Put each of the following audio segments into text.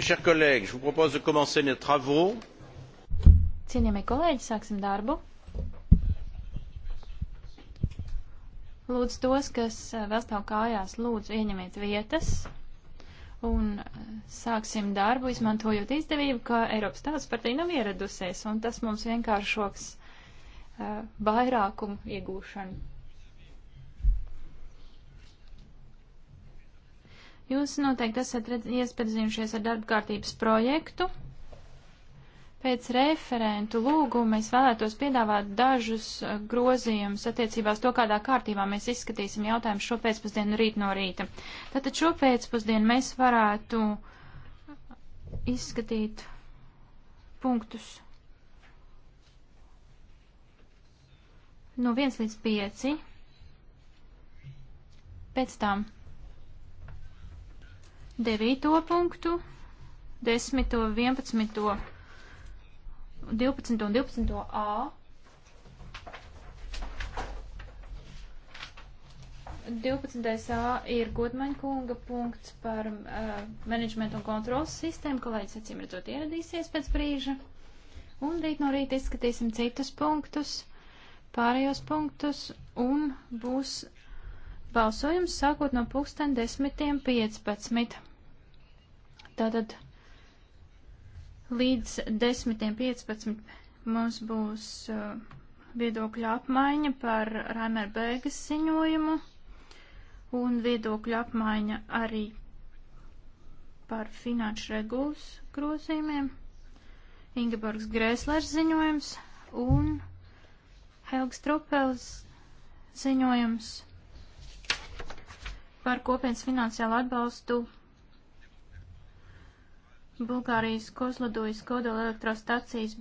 Mes chers collègues, je vous propose de commencer nos travaux. Cienījamie kolēģi, sāksim darbu. Lūdzu tos, kas eh, vēl stāv kājās, lūdzu ieņemiet vietas un eh, sāksim darbu, izmantojot izdevību, ka Eiropas tautas partija nav ieradusies, un tas mums vienkāršoks uh, vairākumu iegūšanu. Jūs noteikti esat iespazījušies ar darba kārtības projektu. Pēc referentu lūguma es vēlētos piedāvāt dažus uh, grozījumus attiecībās to, kādā kārtībā mēs izskatīsim jautājumu šo pēcpusdienu rīt no rīta. Tātad šo pēcpusdienu mēs varētu izskatīt punktus no 1 līdz 5. Pēc tam devīto punktu, desmito, vienpadsmito, divpadsmito un divpadsmito A. 12. A ir Godmaņa kunga punkts par uh, eh, menedžmentu un kontrolas sistēmu. Kolēģis acīm redzot ieradīsies pēc brīža. Un rīt no rīta izskatīsim citus punktus, pārējos punktus, un būs balsojums sākot no pulksten 10.15. Tātad līdz 10.15 mums būs uh, viedokļa apmaiņa par Raimēra Bēgas ziņojumu un viedokļa apmaiņa arī par finanšu regulas grozījumiem. Ingeborgs Grēslers ziņojums un Helgs Trupels ziņojums par kopienas finansiālu atbalstu Bulgārijas Kozlodujas kodola elektrostacijas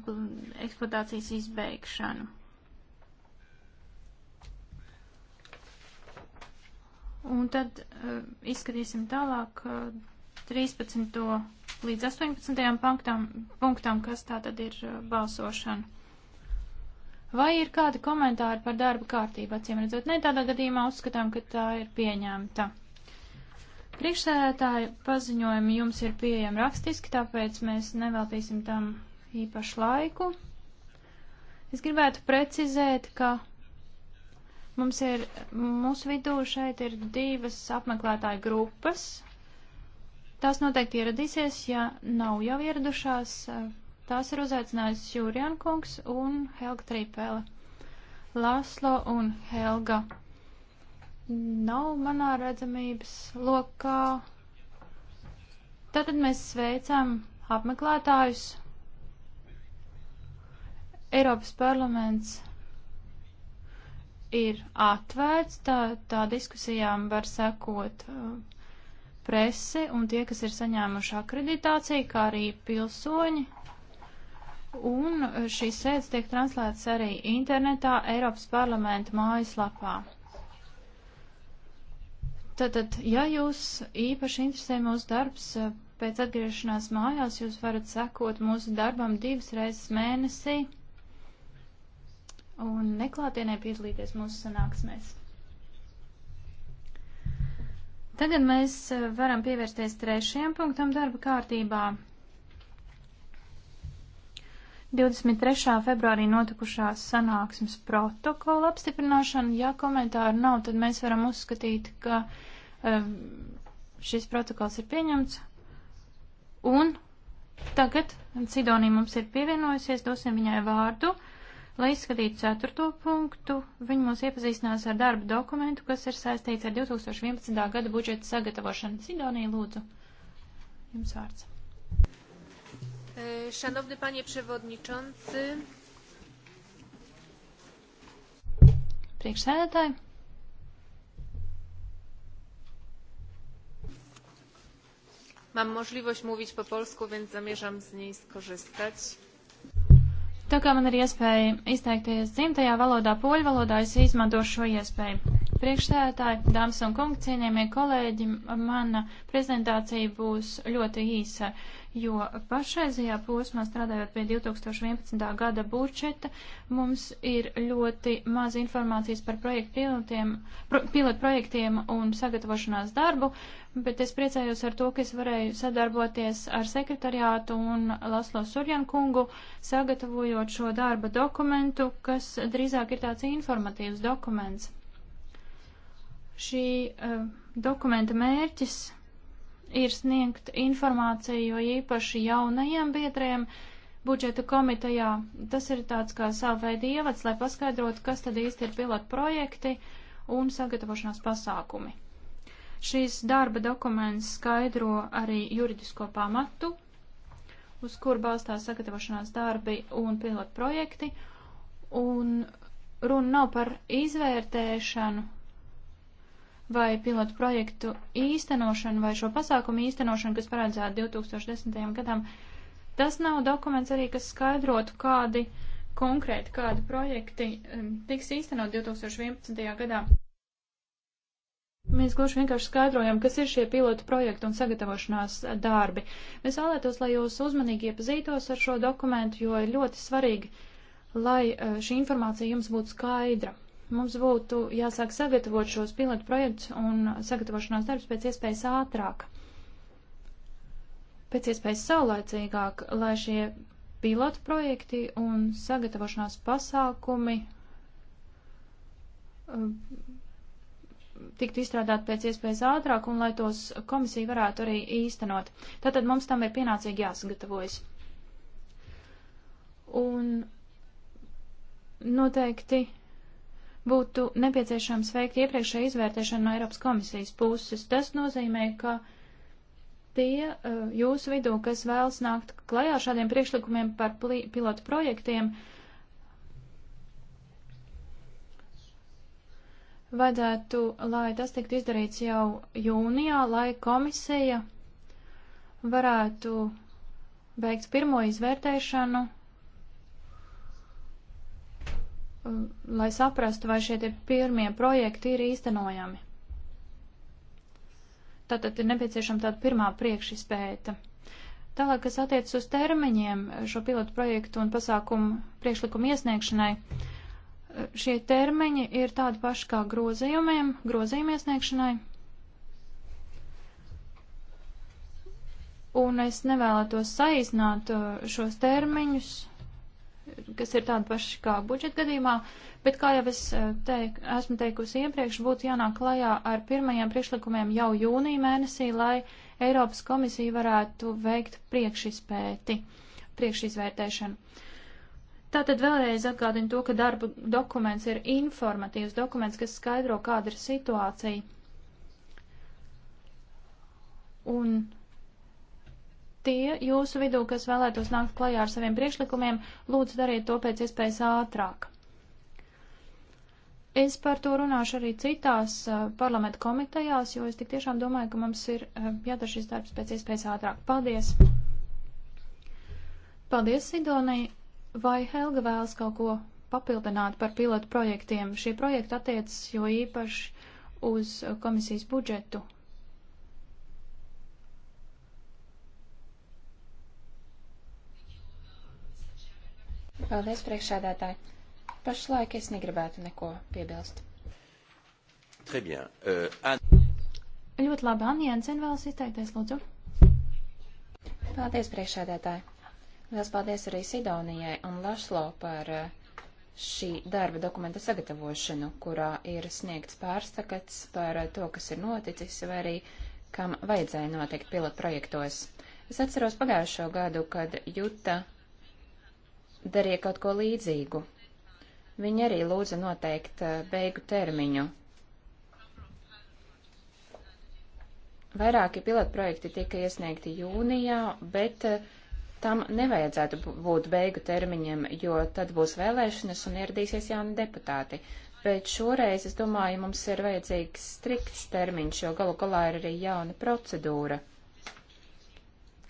eksploatācijas izbeigšanu. Un tad uh, izskatīsim tālāk uh, eh, 13. līdz 18. Punktam, punktam, kas tā tad ir uh, balsošana. Vai ir kādi komentāri par darba kārtību? Acīm redzot, ne tādā gadījumā uzskatām, ka tā ir pieņemta. Priekšsēdētāju paziņojumi jums ir pieejami rakstiski, tāpēc mēs neveltīsim tam īpašu laiku. Es gribētu precizēt, ka mums ir, mūsu vidū šeit ir divas apmeklētāju grupas. Tās noteikti ieradīsies, ja nav jau ieradušās. Tās ir uzaicinājusi Jūriankungs un Helga Trīpēle. Laslo un Helga nav manā redzamības lokā. Tātad mēs sveicam apmeklētājus. Eiropas parlaments ir atvērts, tā, tā diskusijām var sekot uh, presi un tie, kas ir saņēmuši akreditāciju, kā arī pilsoņi. Un šīs sēdes tiek translētas arī internetā Eiropas parlamenta mājaslapā. Tātad, ja jūs īpaši interesē mūsu darbs, eh, pēc atgriešanās mājās jūs varat sekot mūsu darbam divas reizes mēnesī un neklātienē piedalīties mūsu sanāksmēs. Tagad mēs eh, varam pievērsties trešajam punktam darba kārtībā. 23. februārī notikušās sanāksmes protokola apstiprināšana. Ja komentāru nav, tad mēs varam uzskatīt, ka um, šis protokols ir pieņemts. Un tagad Sidonija mums ir pievienojusies, dosim viņai vārdu, lai izskatītu ceturto punktu. Viņa mūs iepazīstinās ar darba dokumentu, kas ir saistīts ar 2011. gada budžeta sagatavošanu. Sidonija, lūdzu, jums vārds. E, szanowny panie przewodniczący. Priekšsēdētāji. Mam możliwość mówić po polsku, więc zamierzam z niej skorzystać. Tā kā man ir iespēja izteikties dzimtajā valodā, poļu valodā, es izmantošu šo iespēju. Priekšsēdētāji, dāmas un kungi, cienījamie kolēģi, mana prezentācija būs ļoti īsa, jo pašreizajā posmā strādājot pie 2011. gada budžeta, mums ir ļoti maz informācijas par projektiem, pro, pilotprojektiem un sagatavošanās darbu, bet es priecājos ar to, ka es varēju sadarboties ar sekretariātu un Laslo Surjankungu, sagatavojot šo darba dokumentu, kas drīzāk ir tāds informatīvs dokuments. Šī uh, dokumenta mērķis ir sniegt informāciju, jo īpaši jaunajiem biedriem budžeta komitejā tas ir tāds kā savu veidu ievads, lai paskaidrotu, kas tad īsti ir pilotu projekti un sagatavošanās pasākumi. Šīs darba dokuments skaidro arī juridisko pamatu, uz kur balstās sagatavošanās darbi un pilotu projekti, un runa nav par izvērtēšanu vai pilotu projektu īstenošanu vai šo pasākumu īstenošanu, kas paredzēta 2010. gadam. Tas nav dokuments arī, kas skaidrotu, kādi konkrēti, kādi projekti tiks īstenot 2011. gadā. Mēs gluži vienkārši skaidrojam, kas ir šie pilotu projekti un sagatavošanās darbi. Mēs vēlētos, lai jūs uzmanīgi iepazītos ar šo dokumentu, jo ir ļoti svarīgi, lai eh, šī informācija jums būtu skaidra. Mums būtu jāsāk sagatavot šos pilotu projektus un sagatavošanās darbs pēc iespējas ātrāk, pēc iespējas saulēcīgāk, lai šie pilotu projekti un sagatavošanās pasākumi um, tiktu izstrādāt pēc iespējas ātrāk un lai tos komisija varētu arī īstenot. Tātad mums tam ir pienācīgi jāsagatavojas. Un noteikti būtu nepieciešams veikt iepriekšēju izvērtēšanu no Eiropas komisijas puses. Tas nozīmē, ka tie eh, jūsu vidū, kas vēlas nākt klajā šādiem priekšlikumiem par pilotu projektiem, vajadzētu, lai tas tiktu izdarīts jau jūnijā, lai komisija varētu veikt pirmo izvērtēšanu lai saprastu, vai šie pirmie projekti ir īstenojami. Tātad ir nepieciešama tāda pirmā priekšizpēta. Tālāk, kas attiecas uz termiņiem šo pilotu projektu un pasākumu priekšlikumu iesniegšanai, šie termiņi ir tādi paši kā grozījumiem, grozījumu iesniegšanai. Un es nevēlētos saīsināt uh, šos termiņus, kas ir tādi paši kā budžeta gadījumā, bet kā jau es eh, teik, esmu teikusi iepriekš, būtu jānāk klajā ar pirmajiem priekšlikumiem jau jūnija mēnesī, lai Eiropas komisija varētu veikt priekšizpēti, priekšizvērtēšanu. Tātad vēlreiz atgādinu to, ka darba dokuments ir informatīvs dokuments, kas skaidro, kāda ir situācija. Un tie jūsu vidū, kas vēlētos nākt klajā ar saviem priekšlikumiem, lūdzu dariet to pēc iespējas ātrāk. Es par to runāšu arī citās uh, parlamenta komitejās, jo es tik tiešām domāju, ka mums ir uh, jādara šis darbs pēc iespējas ātrāk. Paldies! Paldies, Sidonija! Vai Helga vēlas kaut ko papildināt par pilotu projektiem? Šie projekti attiecas jo īpaši uz komisijas budžetu Paldies, priekšādātāji. Pašlaik es negribētu neko piebilst. Très bien. Uh, An... Ļoti labi, Anna Jensen vēlas izteikties, lūdzu. Paldies, priekšādātāji. Liels paldies arī Sidonijai un Lašlo par uh, šī darba dokumenta sagatavošanu, kurā ir sniegts pārstakats par uh, to, kas ir noticis, vai arī kam vajadzēja notikt pilotprojektos. Es atceros pagājušo gadu, kad Juta darīja kaut ko līdzīgu. Viņi arī lūdza noteikt eh, beigu termiņu. Vairāki pilotprojekti tika iesniegti jūnijā, bet eh, tam nevajadzētu būt beigu termiņiem, jo tad būs vēlēšanas un ieradīsies jauni deputāti. Bet šoreiz, es domāju, mums ir vajadzīgs strikts termiņš, jo galu galā ir arī jauna procedūra,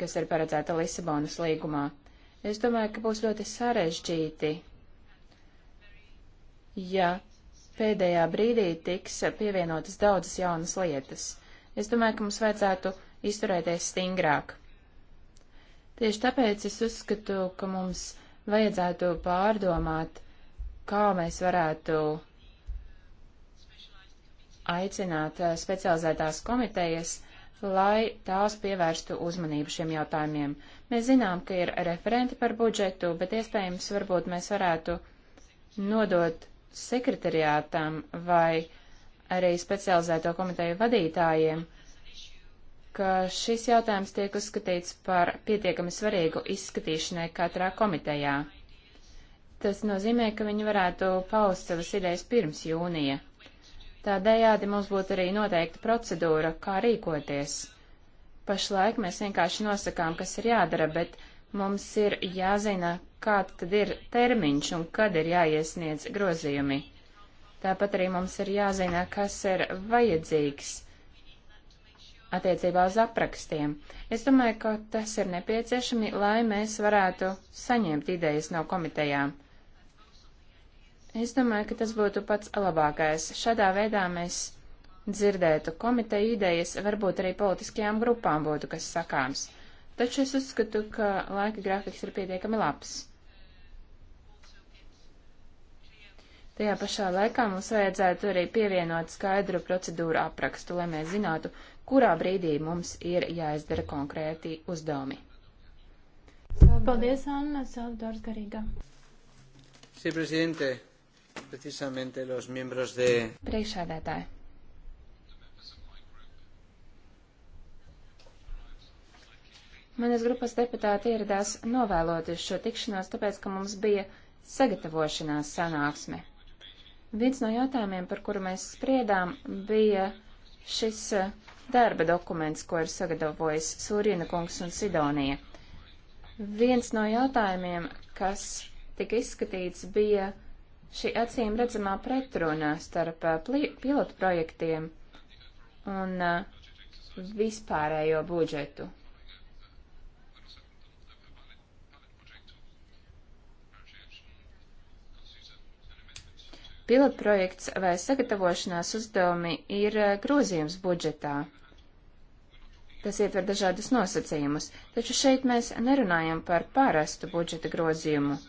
kas ir paredzēta Lisabonas līgumā. Es domāju, ka būs ļoti sarežģīti, ja pēdējā brīdī tiks pievienotas daudzas jaunas lietas. Es domāju, ka mums vajadzētu izturēties stingrāk. Tieši tāpēc es uzskatu, ka mums vajadzētu pārdomāt, kā mēs varētu aicināt eh, specializētās komitejas lai tās pievērstu uzmanību šiem jautājumiem. Mēs zinām, ka ir referenti par budžetu, bet iespējams varbūt mēs varētu nodot sekretariātam vai arī specializēto komiteju vadītājiem, ka šis jautājums tiek uzskatīts par pietiekami svarīgu izskatīšanai katrā komitejā. Tas nozīmē, ka viņi varētu paust savas idejas pirms jūnija. Tādējādi mums būtu arī noteikta procedūra, kā rīkoties. Pašlaik mēs vienkārši nosakām, kas ir jādara, bet mums ir jāzina, kāds tad ir termiņš un kad ir jāiesniedz grozījumi. Tāpat arī mums ir jāzina, kas ir vajadzīgs attiecībā uz aprakstiem. Es domāju, ka tas ir nepieciešami, lai mēs varētu saņemt idejas no komitejām. Es domāju, ka tas būtu pats labākais. Šādā veidā mēs dzirdētu komiteja idejas, varbūt arī politiskajām grupām būtu kas sakāms. Taču es uzskatu, ka laika grafiks ir pietiekami labs. Tajā pašā laikā mums vajadzētu arī pievienot skaidru procedūru aprakstu, lai mēs zinātu, kurā brīdī mums ir jāizdara konkrēti uzdevumi. Paldies, Anna Salvadors Garīga. Sí, presidente. Precisamente los miembros de. Priekšādētāji. Manas grupas deputāti ieradās novēlot uz šo tikšanos, tāpēc, ka mums bija sagatavošanās sanāksme. Viens no jautājumiem, par kuru mēs spriedām, bija šis eh, darba dokuments, ko ir sagatavojis Sūrina kungs un Sidonija. Viens no jautājumiem, kas tika izskatīts, bija šī acīm redzamā pretruna starp pilotu projektiem un vispārējo budžetu. Pilotprojekts vai sagatavošanās uzdevumi ir grozījums budžetā. Tas ietver dažādus nosacījumus, taču šeit mēs nerunājam par pārastu budžeta grozījumu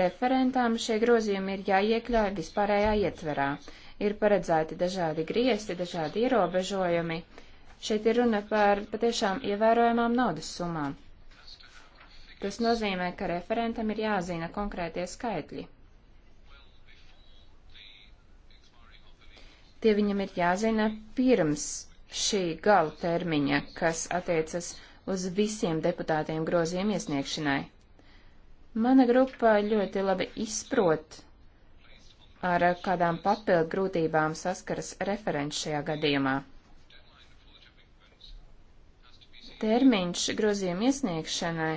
referentām šie grozījumi ir jāiekļauj vispārējā ietverā. Ir paredzēti dažādi griesti, dažādi ierobežojumi. Šeit ir runa par patiešām ievērojamām naudas summām. Tas nozīmē, ka referentam ir jāzina konkrētie skaitļi. Tie viņam ir jāzina pirms šī gala termiņa, kas attiecas uz visiem deputātiem grozījumu iesniegšanai. Mana grupa ļoti labi izprot, ar kādām papildu grūtībām saskaras referents šajā gadījumā. Termiņš grozījuma iesniegšanai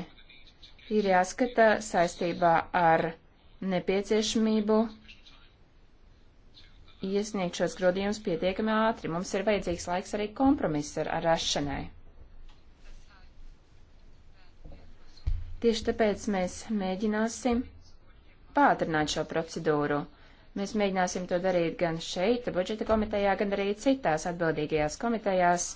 ir jāskata saistībā ar nepieciešamību iesniegt šos grozījumus pietiekami ātri. Mums ir vajadzīgs laiks arī kompromisa ar rašanai. Ar Tieši tāpēc mēs mēģināsim pātrināt šo procedūru. Mēs mēģināsim to darīt gan šeit, budžeta komitejā, gan arī citās atbildīgajās komitejās,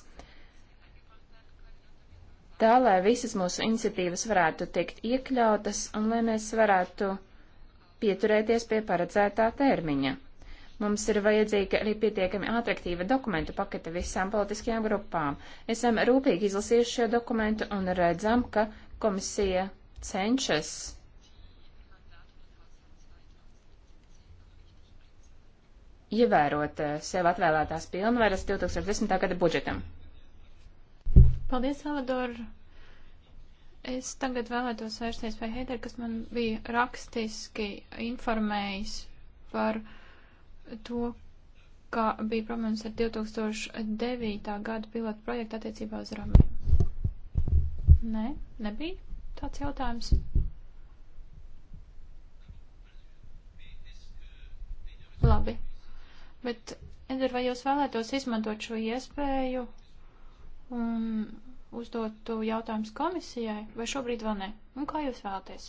tā lai visas mūsu iniciatīvas varētu tikt iekļautas un lai mēs varētu pieturēties pie paredzētā termiņa. Mums ir vajadzīga arī pietiekami atraktīva dokumentu pakete visām politiskajām grupām. Esam rūpīgi izlasījuši šo dokumentu un redzam, ka Komisija cenšas ievērot eh, sev atvēlētās pilnvaras 2010. gada budžetam. Paldies, Salvador! Es tagad vēlētos vērsties pie Heidera, kas man bija rakstiski informējis par to, kā bija problēmas ar 2009. gada pilotu projektu attiecībā uz Romiem. Nē, nebija tāds jautājums. Labi. Bet, Edgar, vai jūs vēlētos izmantot šo iespēju un uzdot jautājumus komisijai, vai šobrīd vēl nē? Un kā jūs vēlaties?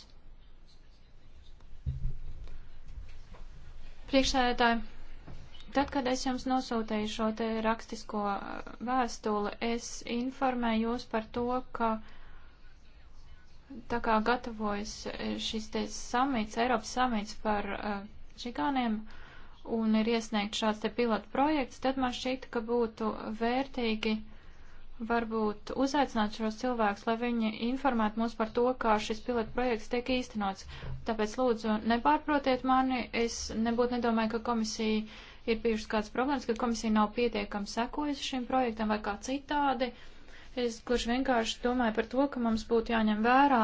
Priekšsēdētāji, tad, kad es jums nosūtīju šo te rakstisko uh, vēstuli, es informēju jūs par to, ka tā kā gatavojas eh, šis te samīts, Eiropas samīts par uh, eh, žigāniem un ir iesniegt šāds te pilotu projekts, tad man šķiet, ka būtu vērtīgi varbūt uzaicināt šos cilvēkus, lai viņi informētu mūs par to, kā šis pilotu projekts tiek īstenots. Tāpēc lūdzu, nepārprotiet mani, es nebūtu nedomāju, ka komisija ir bijušas kādas problēmas, ka komisija nav pietiekami sekojusi šim projektam vai kā citādi. Uh, Es gluži vienkārši domāju par to, ka mums būtu jāņem vērā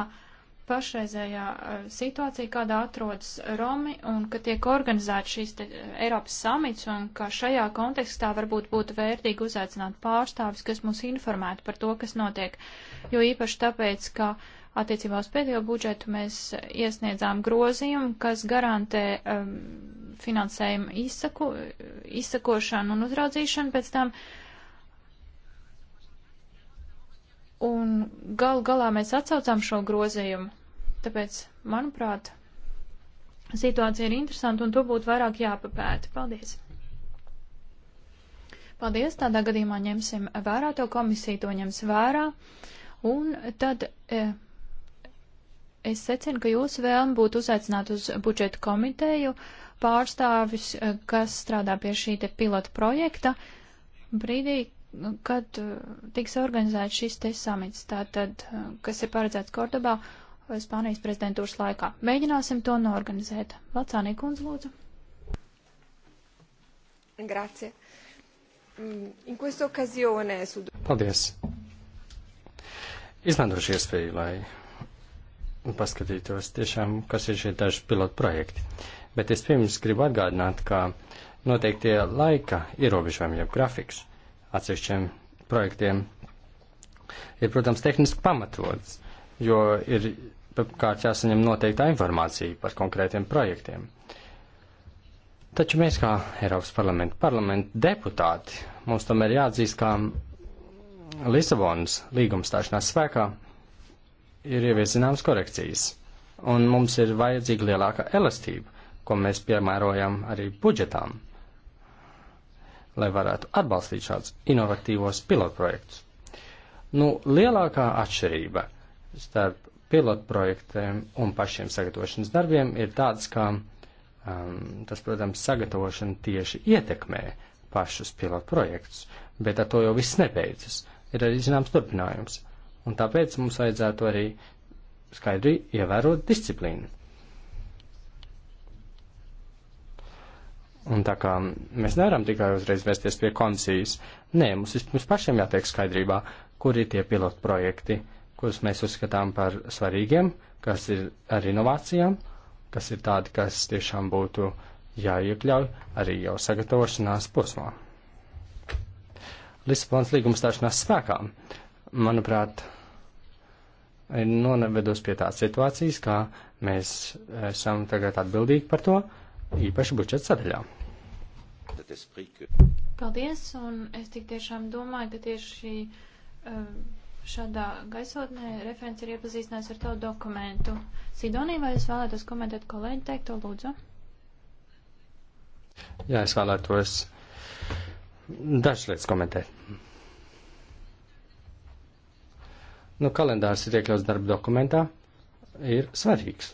pašreizējā eh, situācija, kādā atrodas Romi, un ka tiek organizēts šīs te, eh, Eiropas samits, un ka šajā kontekstā varbūt būtu vērtīgi uzaicināt pārstāvis, kas mūs informētu par to, kas notiek. Jo īpaši tāpēc, ka attiecībā uz pēdējo budžetu mēs iesniedzām grozījumu, kas garantē um, finansējumu izsaku, izsakošanu un uzraudzīšanu pēc tam. Uh, Un gal galā mēs atsaucām šo grozījumu. Tāpēc, manuprāt, situācija ir interesanta un to būtu vairāk jāpapēta. Paldies! Paldies! Tādā gadījumā ņemsim vērā to komisiju, to ņems vērā. Un tad e, es secinu, ka jūsu vēlme būtu uzaicināt uz budžetu komiteju pārstāvis, e, kas strādā pie šī te pilota projekta, brīdī, kad eh, tiks organizēts šis te samits, tātad, eh, kas ir paredzēts Kordobā eh, Spānijas prezidentūras laikā. Mēģināsim to norganizēt. Lacānī kundze, lūdzu. Grazie. Mm, in questa occasione... Sud... Paldies. Izmantošu iespēju, lai paskatītos tiešām, kas ir šie daži pilotu projekti. Bet es pirms gribu atgādināt, ka noteiktie laika ierobežojumi, jeb grafiks, atsevišķiem projektiem, ir, protams, tehniski pamatots, jo ir pirmkārt jāsaņem noteiktā informācija par konkrētiem projektiem. Taču mēs kā Eiropas parlamenta parlamenta deputāti, mums tomēr jāatzīst, ka Lisabonas līguma stāšanās spēkā ir ieviesināmas korekcijas, un mums ir vajadzīga lielāka elastība, ko mēs piemērojam arī budžetām lai varētu atbalstīt šādus inovatīvos pilotprojektus. Nu, lielākā atšķirība starp pilotprojektiem un pašiem sagatavošanas darbiem ir tāds, ka um, tas, protams, sagatavošana tieši ietekmē pašus pilotprojektus, bet ar to jau viss nebeidzas. Ir arī zināms turpinājums. Un tāpēc mums vajadzētu arī skaidri ievērot disciplīnu Un tā kā mēs nevaram tikai uzreiz vērsties pie komisijas, nē, mums vispirms pašiem jātiek skaidrībā, kur ir tie pilotu projekti, kurus mēs uzskatām par svarīgiem, kas ir ar inovācijām, kas ir tādi, kas tiešām būtu jāiekļauj arī jau sagatavošanās posmā. Lisabonas līguma stāšanās spēkā, manuprāt, ir novedusi pie tādas situācijas, kā mēs esam tagad atbildīgi par to, uh, īpaši budžeta sadaļā. Paldies, un es tik tiešām domāju, ka tieši um, šādā gaisotnē referents ir iepazīstinājis ar tavu dokumentu. Sidonī, vai jūs vēlētos komentēt kolēģi teikto lūdzu? Jā, es vēlētos dažas lietas komentēt. Nu, kalendārs ir iekļauts darba dokumentā, ir svarīgs.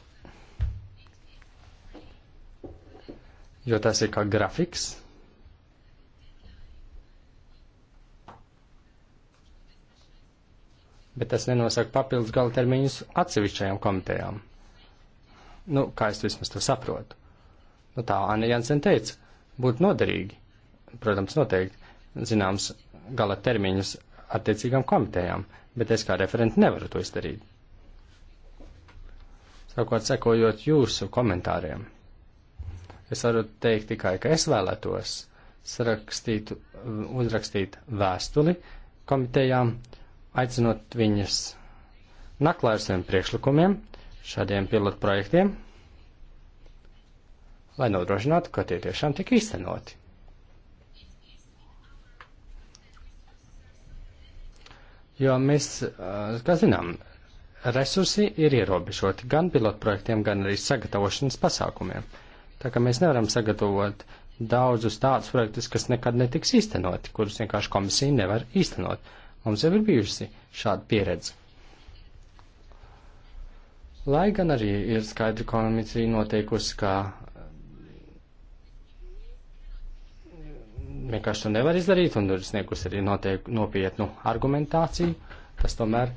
jo tas ir kā grafiks. Bet tas nenosaka papildus gala termiņus atsevišķajām komitejām. Nu, kā es vismaz to saprotu. Nu, tā Anna Jansen teica, būtu noderīgi, protams, noteikti zināms gala termiņus attiecīgām komitejām, bet es kā referenti nevaru to izdarīt. Sākot sekojot jūsu komentāriem. Es varu teikt tikai, ka es vēlētos sarakstīt, uzrakstīt vēstuli komitejām, aicinot viņas naklā ar saviem priekšlikumiem, šādiem pilotu projektiem, lai nodrošinātu, ka tie tiešām tik īstenoti. Jo mēs, kā zinām, resursi ir ierobežoti gan pilotu projektiem, gan arī sagatavošanas pasākumiem. Uh, Tā kā mēs nevaram sagatavot daudzus tādus projektus, kas nekad netiks īstenoti, kurus vienkārši komisija nevar īstenot. Mums jau ir bijusi šāda pieredze. Lai gan arī ir skaidri komisija noteikusi, ka mm, vienkārši to nevar izdarīt, un ir sniegus arī noteik, nopietnu argumentāciju, tas tomēr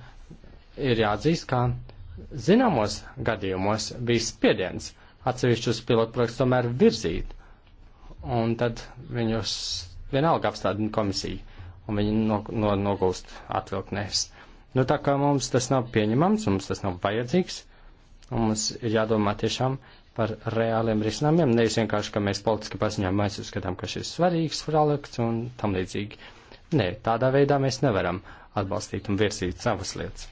ir jāatzīst, ka zināmos gadījumos bija spiediens atsevišķus pilotprojektus tomēr virzīt. Un tad viņus vienalga apstādina komisija, un viņi no, no, nogulst atvilknēs. Nu, tā kā mums tas nav pieņemams, mums tas nav vajadzīgs, un mums ir jādomā tiešām par reāliem risinājumiem, nevis vienkārši, ka mēs politiski paziņām, mēs uzskatām, ka šis svarīgs frālekts un tam līdzīgi. Nē, tādā veidā mēs nevaram atbalstīt un virzīt savas lietas.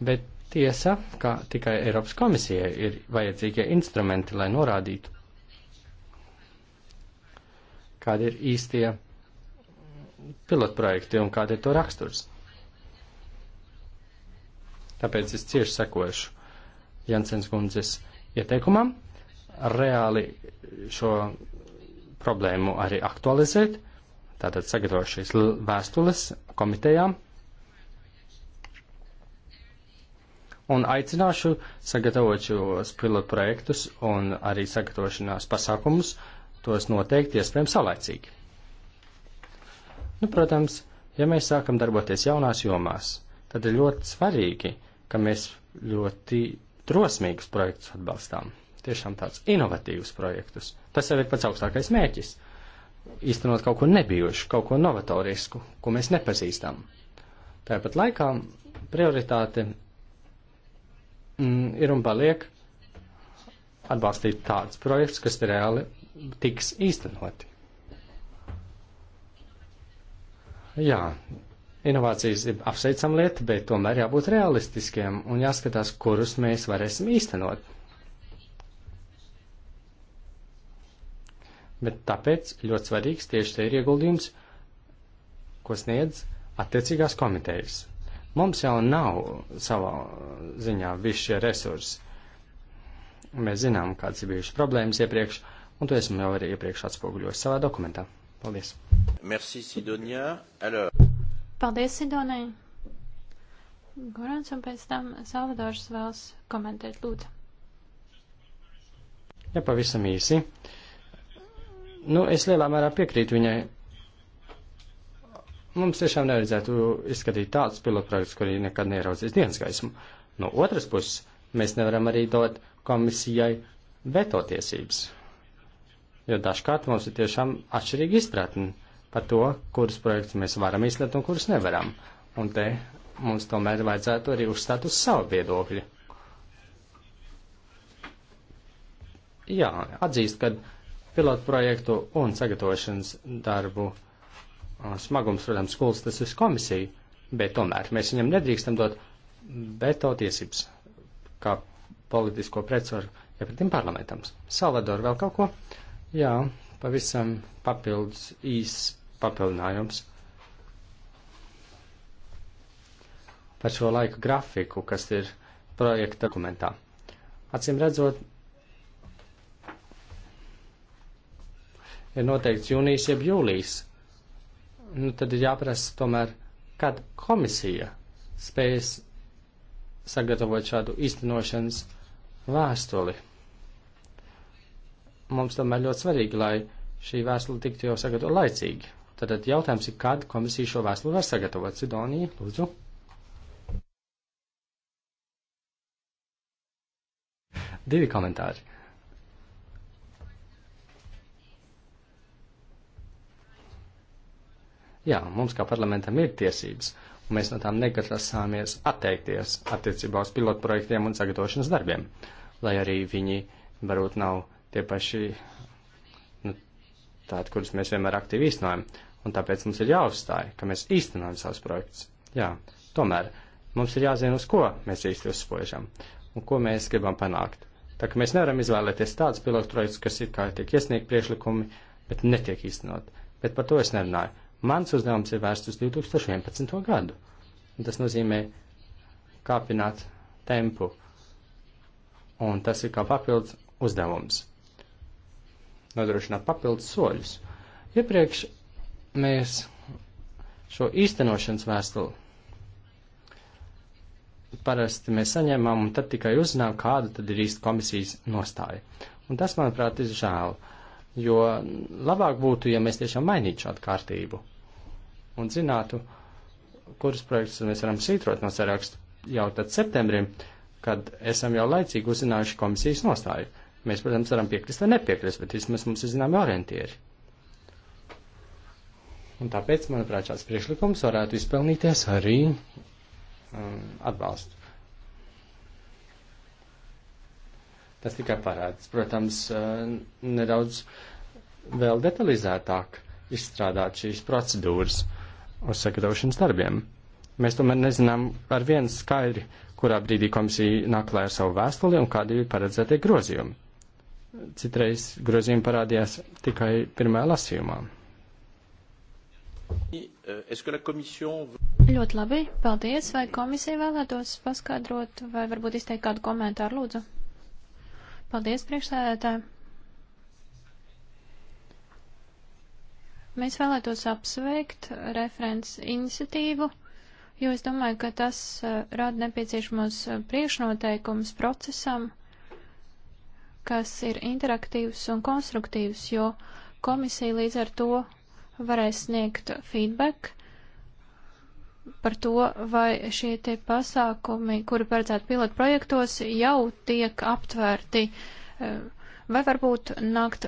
Bet Tiesa, ka tikai Eiropas komisijai ir vajadzīgie instrumenti, lai norādītu, kādi ir īstie pilotprojekti un kāda ir to raksturs. Tāpēc es cieši sekošu Jansens kundzes ieteikumam, reāli šo problēmu arī aktualizēt, tātad sagatavojušies vēstules komitejām un aicināšu sagatavot šos pilotu projektus un arī sagatavošanās pasākumus, tos noteikti iespējams saulēcīgi. Nu, protams, ja mēs sākam darboties jaunās jomās, tad ir ļoti svarīgi, ka mēs ļoti drosmīgus projektus atbalstām. Tiešām tāds inovatīvs projektus. Tas jau ir pats augstākais mērķis. Īstenot kaut ko nebijušu, kaut ko novatorisku, ko mēs nepazīstam. Tāpat laikā prioritāte mm, ir un paliek atbalstīt tādus projektus, kas reāli tiks īstenoti. Jā, inovācijas ir apsveicama lieta, bet tomēr jābūt realistiskiem un jāskatās, kurus mēs varēsim īstenot. Bet tāpēc ļoti svarīgs tieši te ir ieguldījums, ko sniedz attiecīgās komitejas. Mums jau nav savā ziņā visi šie resursi. Mēs zinām, kādas ir bijušas problēmas iepriekš, un to esmu jau arī iepriekš atspoguļojis savā dokumentā. Paldies! Merci, Sidonija. Alors... Paldies, Sidonija! Gorans un pēc tam Salvadors vēlas komentēt lūdzu. Ja pavisam īsi. Nu, es lielā mērā piekrītu viņai Mums tiešām nevajadzētu izskatīt tādus pilotprojektus, kuri nekad nieraudzīs dienas gaismu. No otras puses, mēs nevaram arī dot komisijai veto tiesības. Jo dažkārt mums ir tiešām atšķirīga izpratne par to, kurus projektus mēs varam izslēgt un kurus nevaram. Un te mums tomēr vajadzētu arī uzstāt uz savu viedokļu. Jā, atzīst, ka pilotu projektu un sagatavošanas darbu smagums, protams, skuls tas uz komisiju, bet tomēr mēs viņam nedrīkstam dot veto tiesības kā politisko pretsvaru iepratim ja parlamentam. Salvador, vēl kaut ko? Jā, pavisam papildus īs papildinājums. Par šo laiku grafiku, kas ir projekta dokumentā. Acīm redzot, ir noteikts jūnijas jeb jūlijas nu, tad ir jāprasa tomēr, kad komisija spējas sagatavot šādu īstenošanas vēstuli. Mums tomēr ļoti svarīgi, lai šī vēstule tiktu jau sagatavota laicīgi. Tātad jautājums ir, kad komisija šo vēstuli var sagatavot. Sidonija, lūdzu. Divi komentāri. Jā, mums kā parlamentam ir tiesības, un mēs no tām negrasāmies atteikties attiecībā uz pilotprojektiem un sagatavošanas darbiem, lai arī viņi varbūt nav tie paši, nu, tādi, kurus mēs vienmēr aktīvi īstenojam, un tāpēc mums ir jāuzstāj, ka mēs īstenojam savus projektus. Jā, tomēr mums ir jāzina, uz ko mēs īsti uzspožam, un ko mēs gribam panākt. Tā ka mēs nevaram izvēlēties tādus pilotprojektus, kas ir kā tiek iesniegt priešlikumi, bet netiek īstenot. Bet par to es nerunāju Mans uzdevums ir vērsts uz 2011. gadu. Un tas nozīmē kāpināt tempu. Un tas ir kā papildus uzdevums. Nodrošināt papildus soļus. Iepriekš mēs šo īstenošanas vēstuli parasti mēs saņēmām un tad tikai uzzinām, kāda tad ir īsta komisijas nostāja. Un tas, manuprāt, ir žēl. Uh, jo labāk būtu, ja mēs tiešām mainītu šādu kārtību un zinātu, kurus projektus mēs varam svītrot no sarakstu jau tad septembrim, kad esam jau laicīgi uzzinājuši komisijas nostāju. Mēs, protams, varam piekrist vai nepiekrist, bet vismaz mums ir zināmi orientieri. Un tāpēc, manuprāt, šāds priekšlikums varētu izpelnīties arī um, atbalstu. Tas tikai parāds, protams, eh, nedaudz vēl detalizētāk izstrādāt šīs procedūras uz sagatavošanas darbiem. Mēs tomēr nezinām ar vienu skaidri, kurā brīdī komisija naklē ar savu vēstuli un kādi ir paredzētie grozījumi. Citreiz grozījumi parādījās tikai pirmajā lasījumā. Ļoti labi, paldies. Vai komisija vēlētos paskaidrot vai varbūt izteikt kādu komentāru, lūdzu? Paldies, priekšsēdētāji! Mēs vēlētos apsveikt referents iniciatīvu, jo es domāju, ka tas uh, rada nepieciešamos uh, priekšnoteikumus procesam, kas ir interaktīvs un konstruktīvs, jo komisija līdz ar to varēs sniegt feedback par to, vai šie tie pasākumi, kuri paredzētu pilotu projektos, jau tiek aptvērti, eh, vai varbūt nākt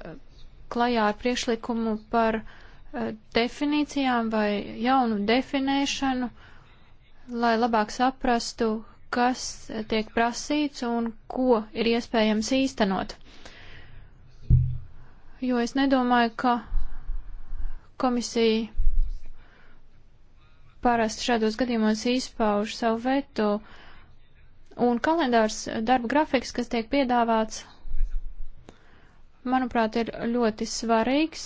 klajā ar priekšlikumu par eh, definīcijām vai jaunu definēšanu, lai labāk saprastu, kas tiek prasīts un ko ir iespējams īstenot. Jo es nedomāju, ka komisija parasti šādos gadījumos izpauž savu veto. Un kalendārs darba grafiks, kas tiek piedāvāts, manuprāt, ir ļoti svarīgs,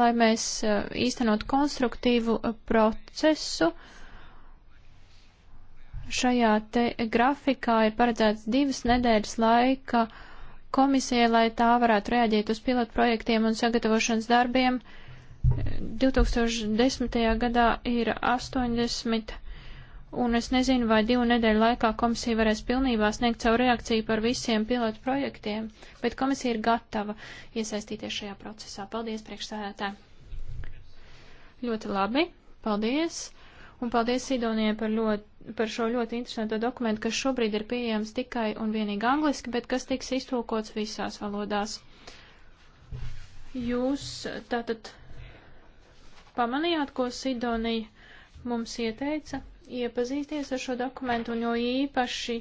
lai mēs eh, īstenot konstruktīvu eh, procesu. Šajā te grafikā ir paredzēts divas nedēļas laika komisijai, lai tā varētu reaģēt uz pilotprojektiem un sagatavošanas darbiem. Uh, 2010. gadā ir 80, un es nezinu, vai divu nedēļu laikā komisija varēs pilnībā sniegt savu reakciju par visiem pilotu projektiem, bet komisija ir gatava iesaistīties šajā procesā. Paldies, priekšsēdētāji! Ļoti labi, paldies! Un paldies Sidonijai par, ļoti, par šo ļoti interesanto dokumentu, kas šobrīd ir pieejams tikai un vienīgi angliski, bet kas tiks iztulkots visās valodās. Jūs tātad pamanījāt, ko Sidonija mums ieteica, iepazīties ar šo dokumentu un jo īpaši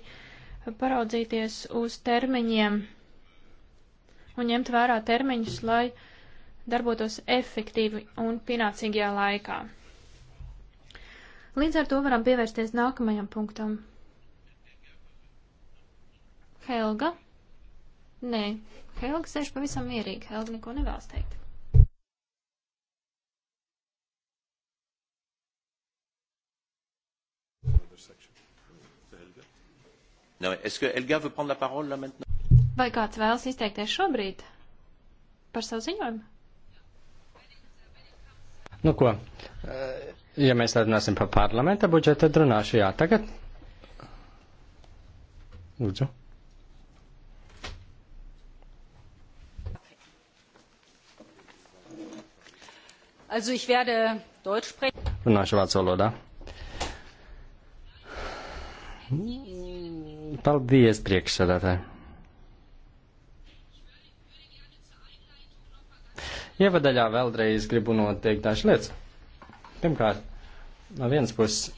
paraudzīties uz termiņiem un ņemt vērā termiņus, lai darbotos efektīvi un pienācīgajā laikā. Līdz ar to varam pievērsties nākamajam punktam. Helga? Nē, Helga sēž pavisam mierīgi. Helga neko nevēlas teikt. Vai kāds vēlas izteikties šobrīd par savu ziņojumu? Nu ko, eh, ja mēs tad runāsim par parlamenta budžetu, tad runāšu jā tagad. Lūdzu. Also ich werde Deutsch sprechen. Runāšu vācu valodā. Paldies, priekšsādātāji! Ievadaļā vēlreiz gribu noteikt dažas lietas. Pirmkārt, no vienas puses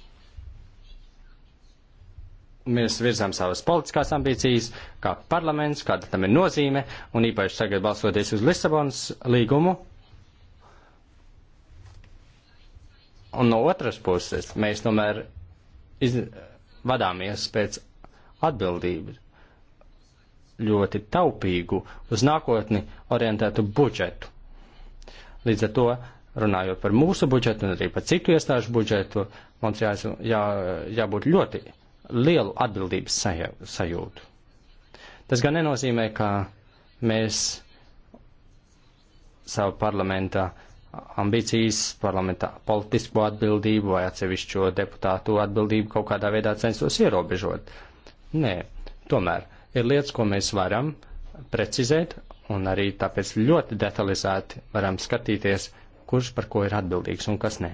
mēs virzām savas politiskās ambīcijas, kā parlaments, kāda tam ir nozīme, un īpaši tagad balsoties uz Lisabonas līgumu. Un no otras puses mēs tomēr iz... vadāmies pēc atbildību, ļoti taupīgu, uz nākotni orientētu budžetu. Līdz ar to, runājot par mūsu budžetu un arī par citu iestāžu budžetu, mums jā, jā, jābūt ļoti lielu atbildības sajūtu. Tas gan nenozīmē, ka mēs savu parlamenta ambīcijas, parlamentā politisko atbildību vai atsevišķo deputātu atbildību kaut kādā veidā censtos ierobežot. Uh, Nē, tomēr ir lietas, ko mēs varam precizēt, un arī tāpēc ļoti detalizēti varam skatīties, kurš par ko ir atbildīgs un kas nē.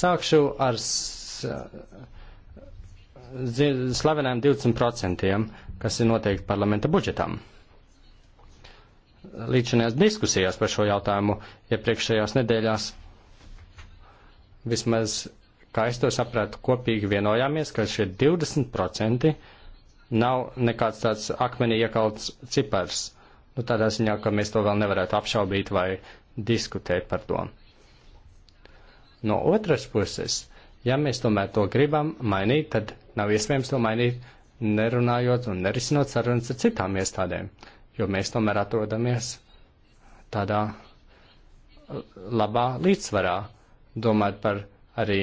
Sākšu ar slavenām 20%, kas ir noteikti parlamenta budžetam. Līdzinājās diskusijās par šo jautājumu iepriekšējās nedēļās vismaz kā es to sapratu, kopīgi vienojāmies, ka šie 20% nav nekāds tāds akmenī iekalts cipars. Nu, tādā ziņā, ka mēs to vēl nevarētu apšaubīt vai diskutēt par to. No otras puses, ja mēs tomēr to gribam mainīt, tad nav iespējams to mainīt, nerunājot un nerisinot sarunas ar citām iestādēm, jo mēs tomēr atrodamies tādā uh, labā līdzsvarā, domājot par arī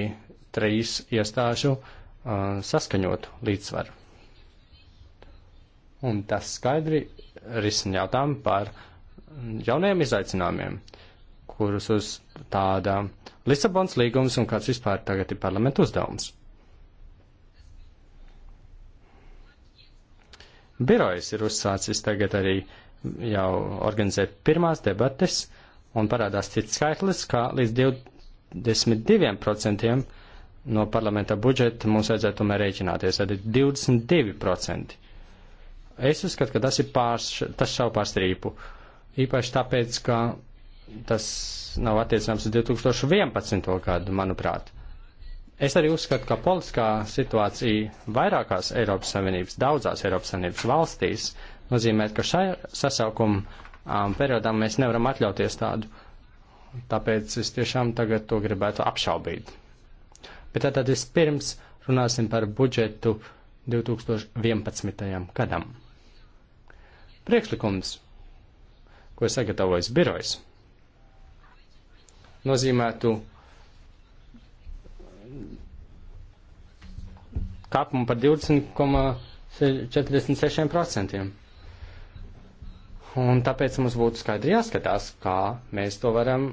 trīs iestāžu uh, saskaņotu līdzsvaru. Un tas skaidri risina jautājumu par jauniem izaicinājumiem, kurus uz tāda Lisabons līgums un kāds vispār tagad ir parlamentu uzdevums. Birojas ir uzsācis tagad arī jau organizēt pirmās debates un parādās cits skaitlis, ka līdz 22% no parlamenta budžeta mums vajadzētu tomēr rēķināties, tad ir 22%. Es uzskatu, ka tas ir pārs, tas šau pārstrīpu. Īpaši tāpēc, ka tas nav attiecināms uz 2011. gadu, manuprāt. Es arī uzskatu, ka politiskā situācija vairākās Eiropas Savienības, daudzās Eiropas Savienības valstīs nozīmē, ka šai sasaukuma um, periodā mēs nevaram atļauties tādu. Tāpēc es tiešām tagad to gribētu apšaubīt. Bet tātad vispirms runāsim par budžetu 2011. gadam. Priekšlikums, ko sagatavojas birojs, nozīmētu kāpumu par 20,46%. Un tāpēc mums būtu skaidri jāskatās, kā mēs to varam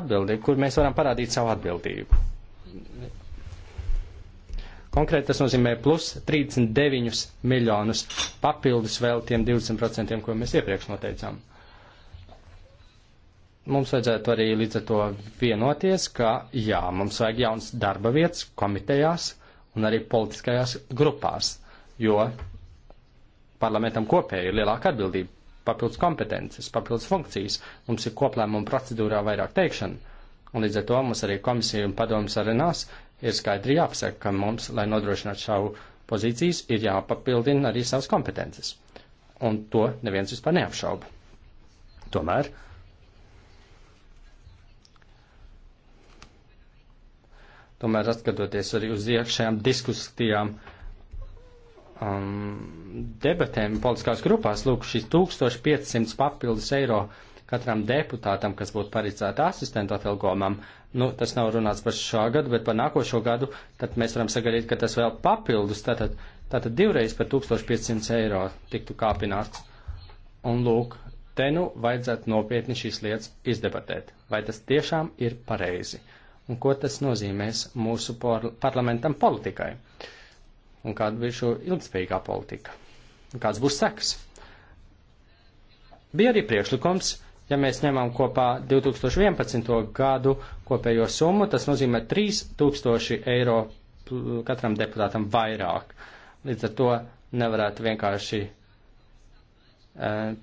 atbildīgi, kur mēs varam parādīt savu atbildību. Konkrēti tas nozīmē plus 39 miljonus papildus vēl tiem 20%, ko mēs iepriekš noteicām. Mums vajadzētu arī līdz ar to vienoties, ka jā, mums vajag jauns darba vietas komitejās un arī politiskajās grupās, jo parlamentam kopēji ir lielāka atbildība, papildus kompetences, papildus funkcijas, mums ir koplēmuma procedūrā vairāk teikšana. Un līdz ar to mums arī komisija un padomas sarunās ir skaidri jāpasaka, ka mums, lai nodrošinātu savu pozīcijas, ir jāpapildina arī savas kompetences. Un to neviens vispār neapšauba. Tomēr. Tomēr, skatoties arī uz iekšējām diskusijām, um, debatēm politiskās grupās, lūk, šis 1500 papildus eiro katram deputātam, kas būtu paredzēta asistentu atalgojumam, uh, Nu, tas nav runāts par šā gadu, bet par nākošo gadu, tad mēs varam sagaidīt, ka tas vēl papildus, tātad, tātad divreiz par 1500 eiro tiktu kāpināts. Un lūk, te nu vajadzētu nopietni šīs lietas izdebatēt, vai tas tiešām ir pareizi, un ko tas nozīmēs mūsu par parlamentam politikai, un kāda bija šo ilgspējīgā politika, un kāds būs seks. Bija arī priekšlikums, Ja mēs ņemam kopā 2011. gadu kopējo summu, tas nozīmē 3000 eiro katram deputātam vairāk. Līdz ar to nevarētu vienkārši eh,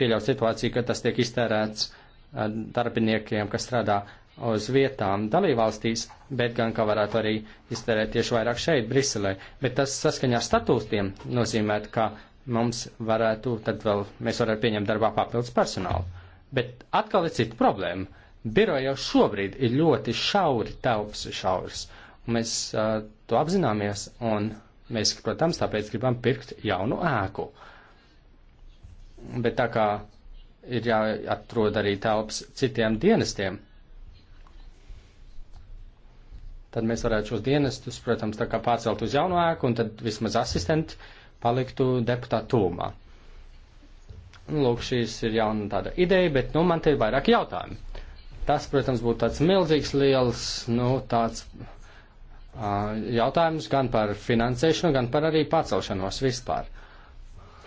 pieļaut situāciju, ka tas tiek iztērēts eh, darbiniekiem, kas strādā uz vietām dalībvalstīs, bet gan kā varētu arī iztērēt tieši vairāk šeit, Briselē. Bet tas saskaņā ar statūtiem nozīmē, ka mums varētu, tad vēl mēs varētu pieņemt darbā papildus personālu. Bet atkal ir cita problēma. Biroja jau šobrīd ir ļoti šauri telpas šauras. Mēs uh, to apzināmies un mēs, protams, tāpēc gribam pirkt jaunu ēku. Bet tā kā ir jāatrod arī telpas citiem dienestiem, tad mēs varētu šos dienestus, protams, tā kā pārcelt uz jaunu ēku un tad vismaz asistenti paliktu deputātu tūmā. Lūk, šīs ir jauna tāda ideja, bet, nu, man te ir vairāk jautājumu. Tas, protams, būtu tāds milzīgs, liels, nu, tāds uh, jautājums gan par finansēšanu, gan par arī pacelšanos vispār.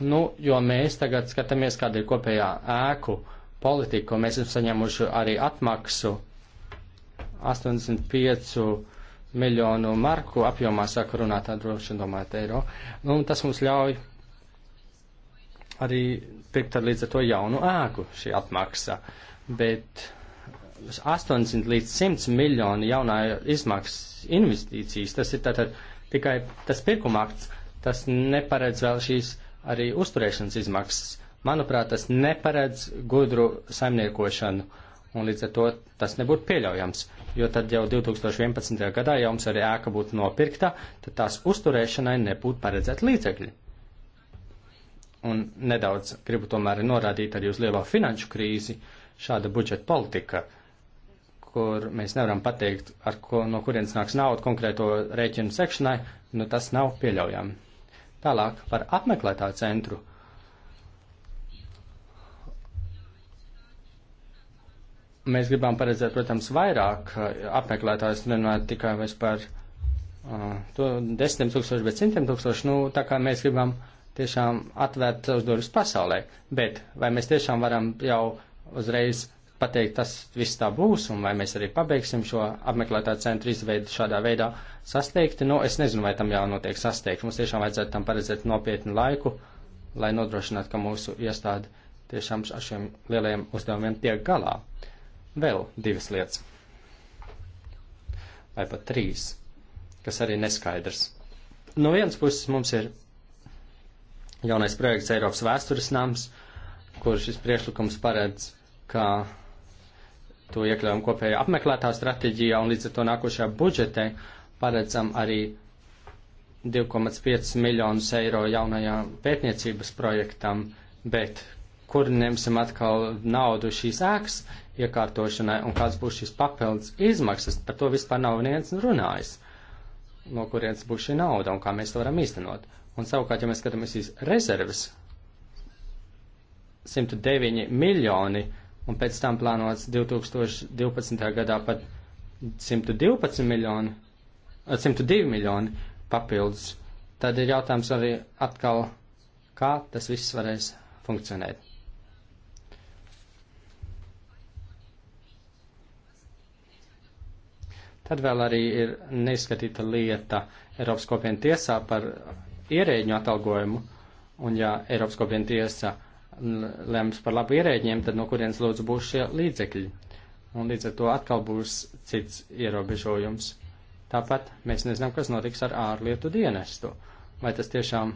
Nu, jo mēs tagad skatāmies, kāda ir kopējā ēku politika, ko mēs esam saņēmuši arī atmaksu 85 miljonu marku apjomā, saka runātā droši domāt eiro. Nu, tas mums ļauj arī pirkt ar līdz ar to jaunu ēku šī apmaksa. Bet 800 līdz 100 miljoni jaunā izmaksas investīcijas, tas ir tātad tikai tas pirkumakts, tas neparedz vēl šīs arī uzturēšanas izmaksas. Manuprāt, tas neparedz gudru saimniekošanu. Un līdz ar to tas nebūtu pieļaujams, jo tad jau 2011. gadā, ja mums arī ēka būtu nopirkta, tad tās uzturēšanai nebūtu paredzēt līdzekļi un nedaudz gribu tomēr norādīt arī uz lielo finanšu krīzi, šāda budžeta politika, kur mēs nevaram pateikt, ar ko, no kurienes nāks nauda konkrēto rēķinu sekšanai, nu tas nav pieļaujami. Tālāk par apmeklētā centru. Mēs gribam paredzēt, protams, vairāk eh, apmeklētājus, nevienmēr nu, tikai mēs par uh, to desmitiem tūkstošu, bet simtiem tūkstošu, nu tā kā mēs gribam uh, tiešām atvērt savus durvis pasaulē. Bet vai mēs tiešām varam jau uzreiz pateikt, tas viss tā būs, un vai mēs arī pabeigsim šo apmeklētā centra izveidu šādā veidā sasteigti? Nu, es nezinu, vai tam jānotiek sasteigti. Mums tiešām vajadzētu tam paredzēt nopietnu laiku, lai nodrošinātu, ka mūsu iestāde tiešām ar šiem lielajiem uzdevumiem tiek galā. Vēl divas lietas, vai pat trīs, kas arī neskaidrs. No vienas puses mums ir jaunais projekts Eiropas vēstures nams, kur šis priekšlikums paredz, ka to iekļaujam kopējā apmeklētā stratēģijā un līdz ar to nākošajā budžetē paredzam arī 2,5 miljonus eiro jaunajā pētniecības projektam, bet kur ņemsim atkal naudu šīs ēkas iekārtošanai un kāds būs šīs papildus izmaksas, par to vispār nav viens runājis, no kurienes būs šī nauda un kā mēs to varam īstenot. Un savukārt, ja mēs skatāmies šīs rezerves, 109 miljoni, un pēc tam plānots 2012. gadā pat 112 miljoni, 102 eh, miljoni papildus, tad ir jautājums arī atkal, kā tas viss varēs funkcionēt. Tad vēl arī ir neizskatīta lieta Eiropas kopienu tiesā par ierēģu atalgojumu, un ja Eiropas kopiena tiesa lems par labu ierēģiem, tad no kurienes lūdzu būs šie līdzekļi. Un līdz ar to atkal būs cits ierobežojums. Tāpat mēs nezinām, kas notiks ar ārlietu dienestu. Vai tas tiešām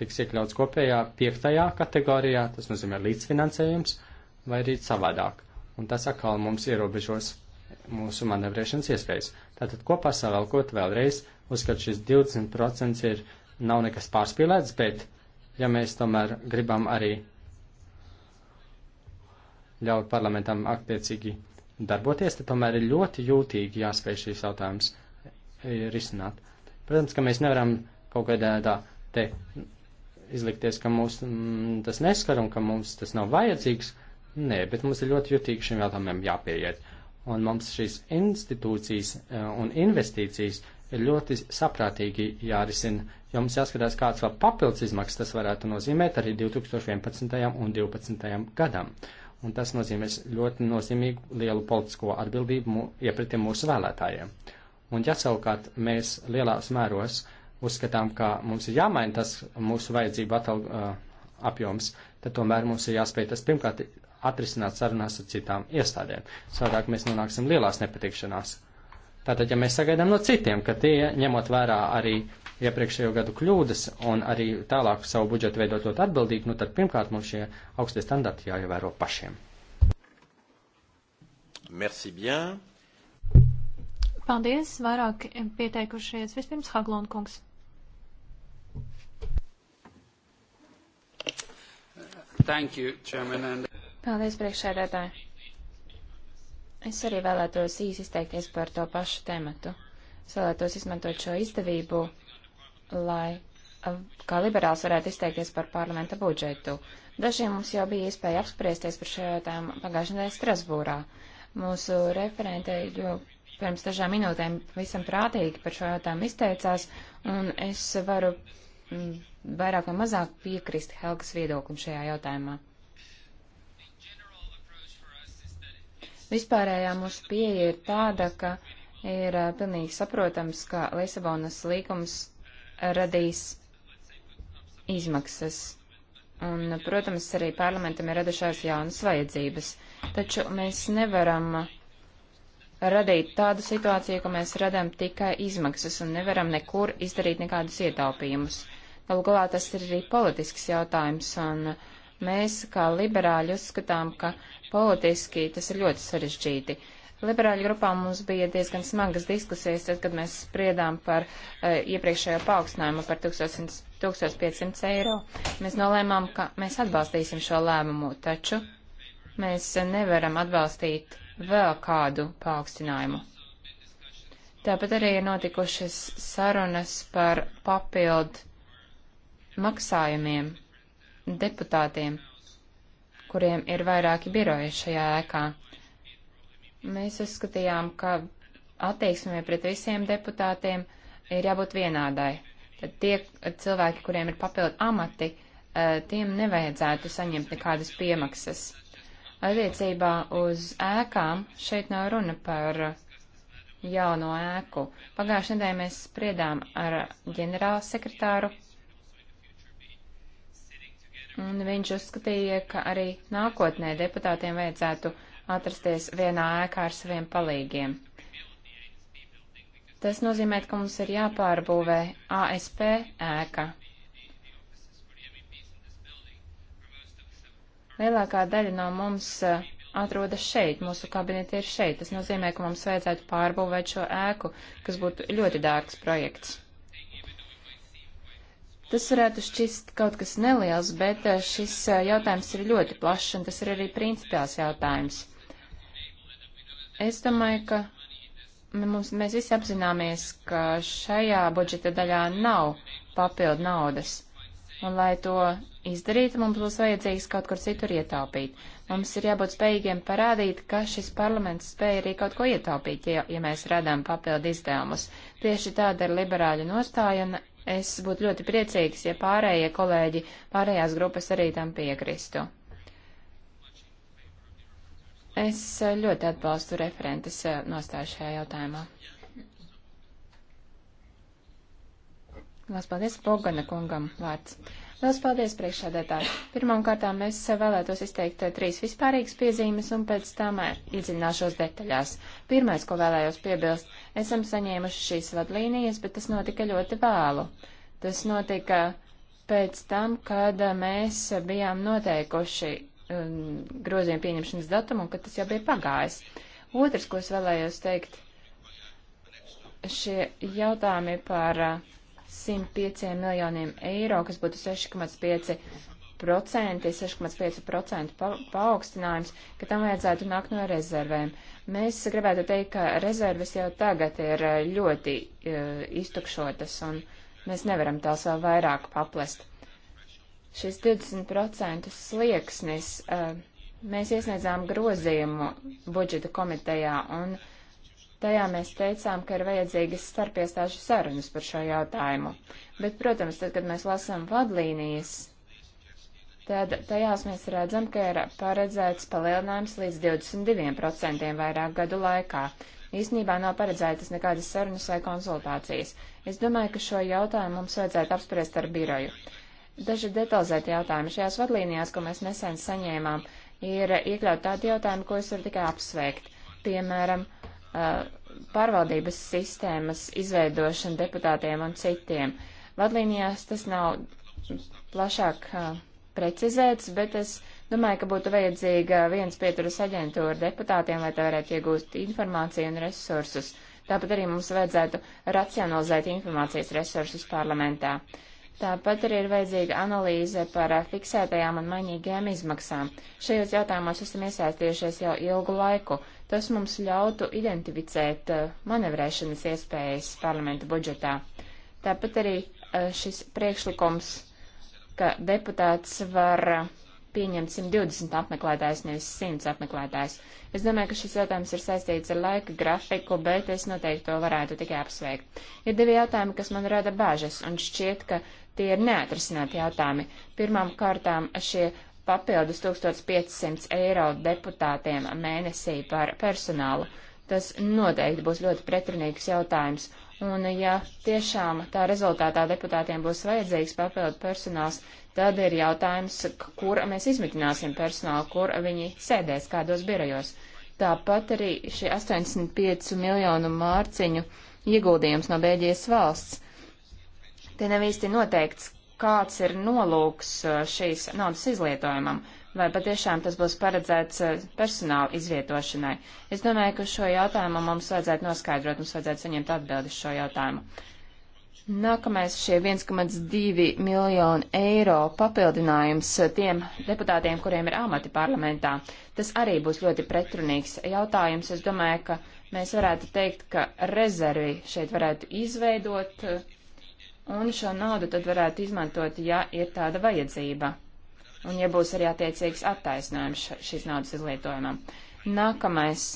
tiks iekļauts kopējā piektajā kategorijā, tas nozīmē līdzfinansējums, vai arī savādāk. Un tas atkal mums ierobežos mūsu manevrēšanas iespējas. Tātad kopā savēlkot vēlreiz, uzskat šis 20% ir nav nekas pārspīlēts, bet ja mēs tomēr gribam arī ļaut parlamentam attiecīgi darboties, tad tomēr ir ļoti jūtīgi jāspēj šīs jautājums e, risināt. Protams, ka mēs nevaram kaut kādā tā te izlikties, ka mūs mm, tas neskar un ka mums tas nav vajadzīgs. Nē, bet mums ir ļoti jutīgi šiem jautājumiem jāpieiet. Un mums šīs institūcijas e, un investīcijas ir ļoti saprātīgi jārisina, jo mums jāskatās, kāds vēl papildus izmaksas tas varētu nozīmēt arī 2011. un 2012. gadam. Un tas nozīmēs ļoti nozīmīgu lielu politisko atbildību mū, iepratiem mūsu vēlētājiem. Un ja savukārt mēs lielās mēros uzskatām, ka mums ir jāmaina tas mūsu vajadzību atal, uh, apjoms, tad tomēr mums ir jāspēj tas pirmkārt atrisināt sarunās ar citām iestādēm. Savādāk mēs nonāksim lielās nepatikšanās. Tātad, ja mēs sagaidām no citiem, ka tie, ņemot vērā arī iepriekšējo gadu kļūdas un arī tālāk savu budžetu veidot ļoti atbildīgi, nu tad pirmkārt mums šie augstie standarti jāievēro pašiem. Merci bien. Paldies, vairāk pieteikušies. Vispirms Haglon kungs. Thank you, Chairman. And... Paldies, priekšsēdētāji. Es arī vēlētos īsi izteikties par to pašu tematu. Es vēlētos izmantot šo izdevību, lai kā liberāls varētu izteikties par parlamenta budžetu. Dažiem mums jau bija iespēja apspriesties par šo jautājumu pagājušajā nedēļā Strasbūrā. Mūsu referente jau pirms dažām minūtēm visam prātīgi par šo jautājumu izteicās, un es varu mm, vairāk vai mazāk piekrist Helgas viedoklim šajā jautājumā. Vispārējā mūsu pieeja ir tāda, ka ir pilnīgi saprotams, ka Lisabonas līgums radīs izmaksas. Un, protams, arī parlamentam ir radušās jaunas vajadzības. Taču mēs nevaram radīt tādu situāciju, ka mēs radām tikai izmaksas un nevaram nekur izdarīt nekādus ietaupījumus. Galu galā tas ir arī politisks jautājums, un Mēs, kā liberāļi, uzskatām, ka politiski tas ir ļoti sarežģīti. Liberāļu grupā mums bija diezgan smagas diskusijas, tad, kad mēs spriedām par e, iepriekšējo paaugstinājumu par 1100, 1500 eiro. Mēs nolēmām, ka mēs atbalstīsim šo lēmumu, taču mēs nevaram atbalstīt vēl kādu paaugstinājumu. Tāpat arī ir notikušas sarunas par papildu maksājumiem deputātiem, kuriem ir vairāki biroji šajā ēkā. Mēs uzskatījām, ka attieksmē pret visiem deputātiem ir jābūt vienādai. Tad tie cilvēki, kuriem ir papildu amati, eh, tiem nevajadzētu saņemt nekādas piemaksas. Attiecībā uz ēkām šeit nav runa par jauno ēku. Pagājušajā nedēļā mēs spriedām ar ģenerāla sekretāru un viņš uzskatīja, ka arī nākotnē deputātiem vajadzētu atrasties vienā ēkā ar saviem palīgiem. Tas nozīmē, ka mums ir jāpārbūvē ASP ēka. Lielākā daļa no mums uh, atrodas šeit, mūsu kabineti ir šeit. Tas nozīmē, ka mums vajadzētu pārbūvēt šo ēku, kas būtu ļoti dārgs projekts. Tas varētu šķist kaut kas neliels, bet eh, šis eh, jautājums ir ļoti plašs un tas ir arī principiāls jautājums. Es domāju, ka mums, mēs visi apzināmies, ka šajā budžeta daļā nav papildu naudas. Un, lai to izdarītu, mums būs vajadzīgs kaut kur citur ietaupīt. Mums ir jābūt spējīgiem parādīt, ka šis parlaments spēja arī kaut ko ietaupīt, ja, ja mēs radām papildu izdevumus. Tieši tāda ir liberāļa nostāja, un Es būtu ļoti priecīgs, ja pārējie kolēģi pārējās grupas arī tam piekristu. Es ļoti atbalstu referentes eh, nostāju šajā jautājumā. Lās paldies Pogana kungam vārds. Lielas paldies, priekšsēdētāji! Pirmkārtām es vēlētos izteikt trīs vispārīgas piezīmes un pēc tam iedziļināšos detaļās. Pirmais, ko vēlējos piebilst, esam saņēmuši šīs vadlīnijas, bet tas notika ļoti vēlu. Tas notika pēc tam, kad mēs bijām noteikuši um, grozījumu pieņemšanas datumu un kad tas jau bija pagājis. Otrs, ko es vēlējos teikt, šie jautājumi par uh, 105 miljoniem eiro, kas būtu 6,5 procenti, 6,5% pa, paaugstinājums, ka tam vajadzētu nākt no rezervēm. Mēs gribētu teikt, ka rezerves jau tagad ir eh, ļoti e, iztukšotas un mēs nevaram tās vēl vairāk paplest. Šis 20% slieksnis, e, mēs iesniedzām grozījumu budžeta komitejā un e, Tajā mēs teicām, ka ir vajadzīgas starpiestāšu sarunas par šo jautājumu. Bet, protams, tad, kad mēs lasām vadlīnijas, tad tajās mēs redzam, ka ir paredzēts palielinājums līdz 22% vairāk gadu laikā. Īsnībā nav paredzētas nekādas sarunas vai konsultācijas. Es domāju, ka šo jautājumu mums vajadzētu apspriest ar biroju. Daži detalizēti jautājumi šajās vadlīnijās, ko mēs nesen saņēmām, ir iekļaut tādi jautājumi, ko es varu tikai apsveikt. Piemēram, Uh, pārvaldības sistēmas izveidošana deputātiem un citiem. Vadlīnijās tas nav plašāk uh, precizēts, bet es domāju, ka būtu vajadzīga viens pieturas aģentūra deputātiem, lai tā varētu iegūst informāciju un resursus. Tāpat arī mums vajadzētu racionalizēt informācijas resursus parlamentā. Tāpat arī ir vajadzīga analīze par uh, fiksētajām un mainīgajām izmaksām. Šajos jautājumos esam iesaistījušies jau ilgu laiku. Tas mums ļautu identificēt eh, manevrēšanas iespējas parlamenta budžetā. Tāpat arī eh, šis priekšlikums, ka deputāts var eh, pieņemt 120 apmeklētājs, nevis 100 apmeklētājs. Es domāju, ka šis jautājums ir saistīts ar laika grafiku, bet es noteikti to varētu tikai apsveikt. Ir divi jautājumi, kas man rada bāžas, un šķiet, ka tie ir neatrisināti jautājumi. Pirmām kārtām šie papildus 1500 eiro deputātiem mēnesī par personālu. Tas noteikti būs ļoti pretrunīgs jautājums. Un ja tiešām tā rezultātā deputātiem būs vajadzīgs papildu personāls, tad ir jautājums, kur mēs izmitināsim personālu, kur viņi sēdēs, kādos birojos. Tāpat arī šie 85 miljonu mārciņu ieguldījums no Bēļģijas valsts. Te nav īsti noteikts, kāds ir nolūks uh, šīs naudas izlietojumam, vai patiešām tas būs paredzēts uh, personāla izvietošanai. Es domāju, ka šo jautājumu mums vajadzētu noskaidrot, mums vajadzētu saņemt atbildi šo jautājumu. Nākamais šie 1,2 miljoni eiro papildinājums uh, tiem deputātiem, kuriem ir amati parlamentā. Tas arī būs ļoti pretrunīgs jautājums. Es domāju, ka mēs varētu teikt, ka rezervi šeit varētu izveidot, un šo naudu tad varētu izmantot, ja ir tāda vajadzība, un ja būs arī attiecīgs attaisnojums šīs naudas izlietojumam. Nākamais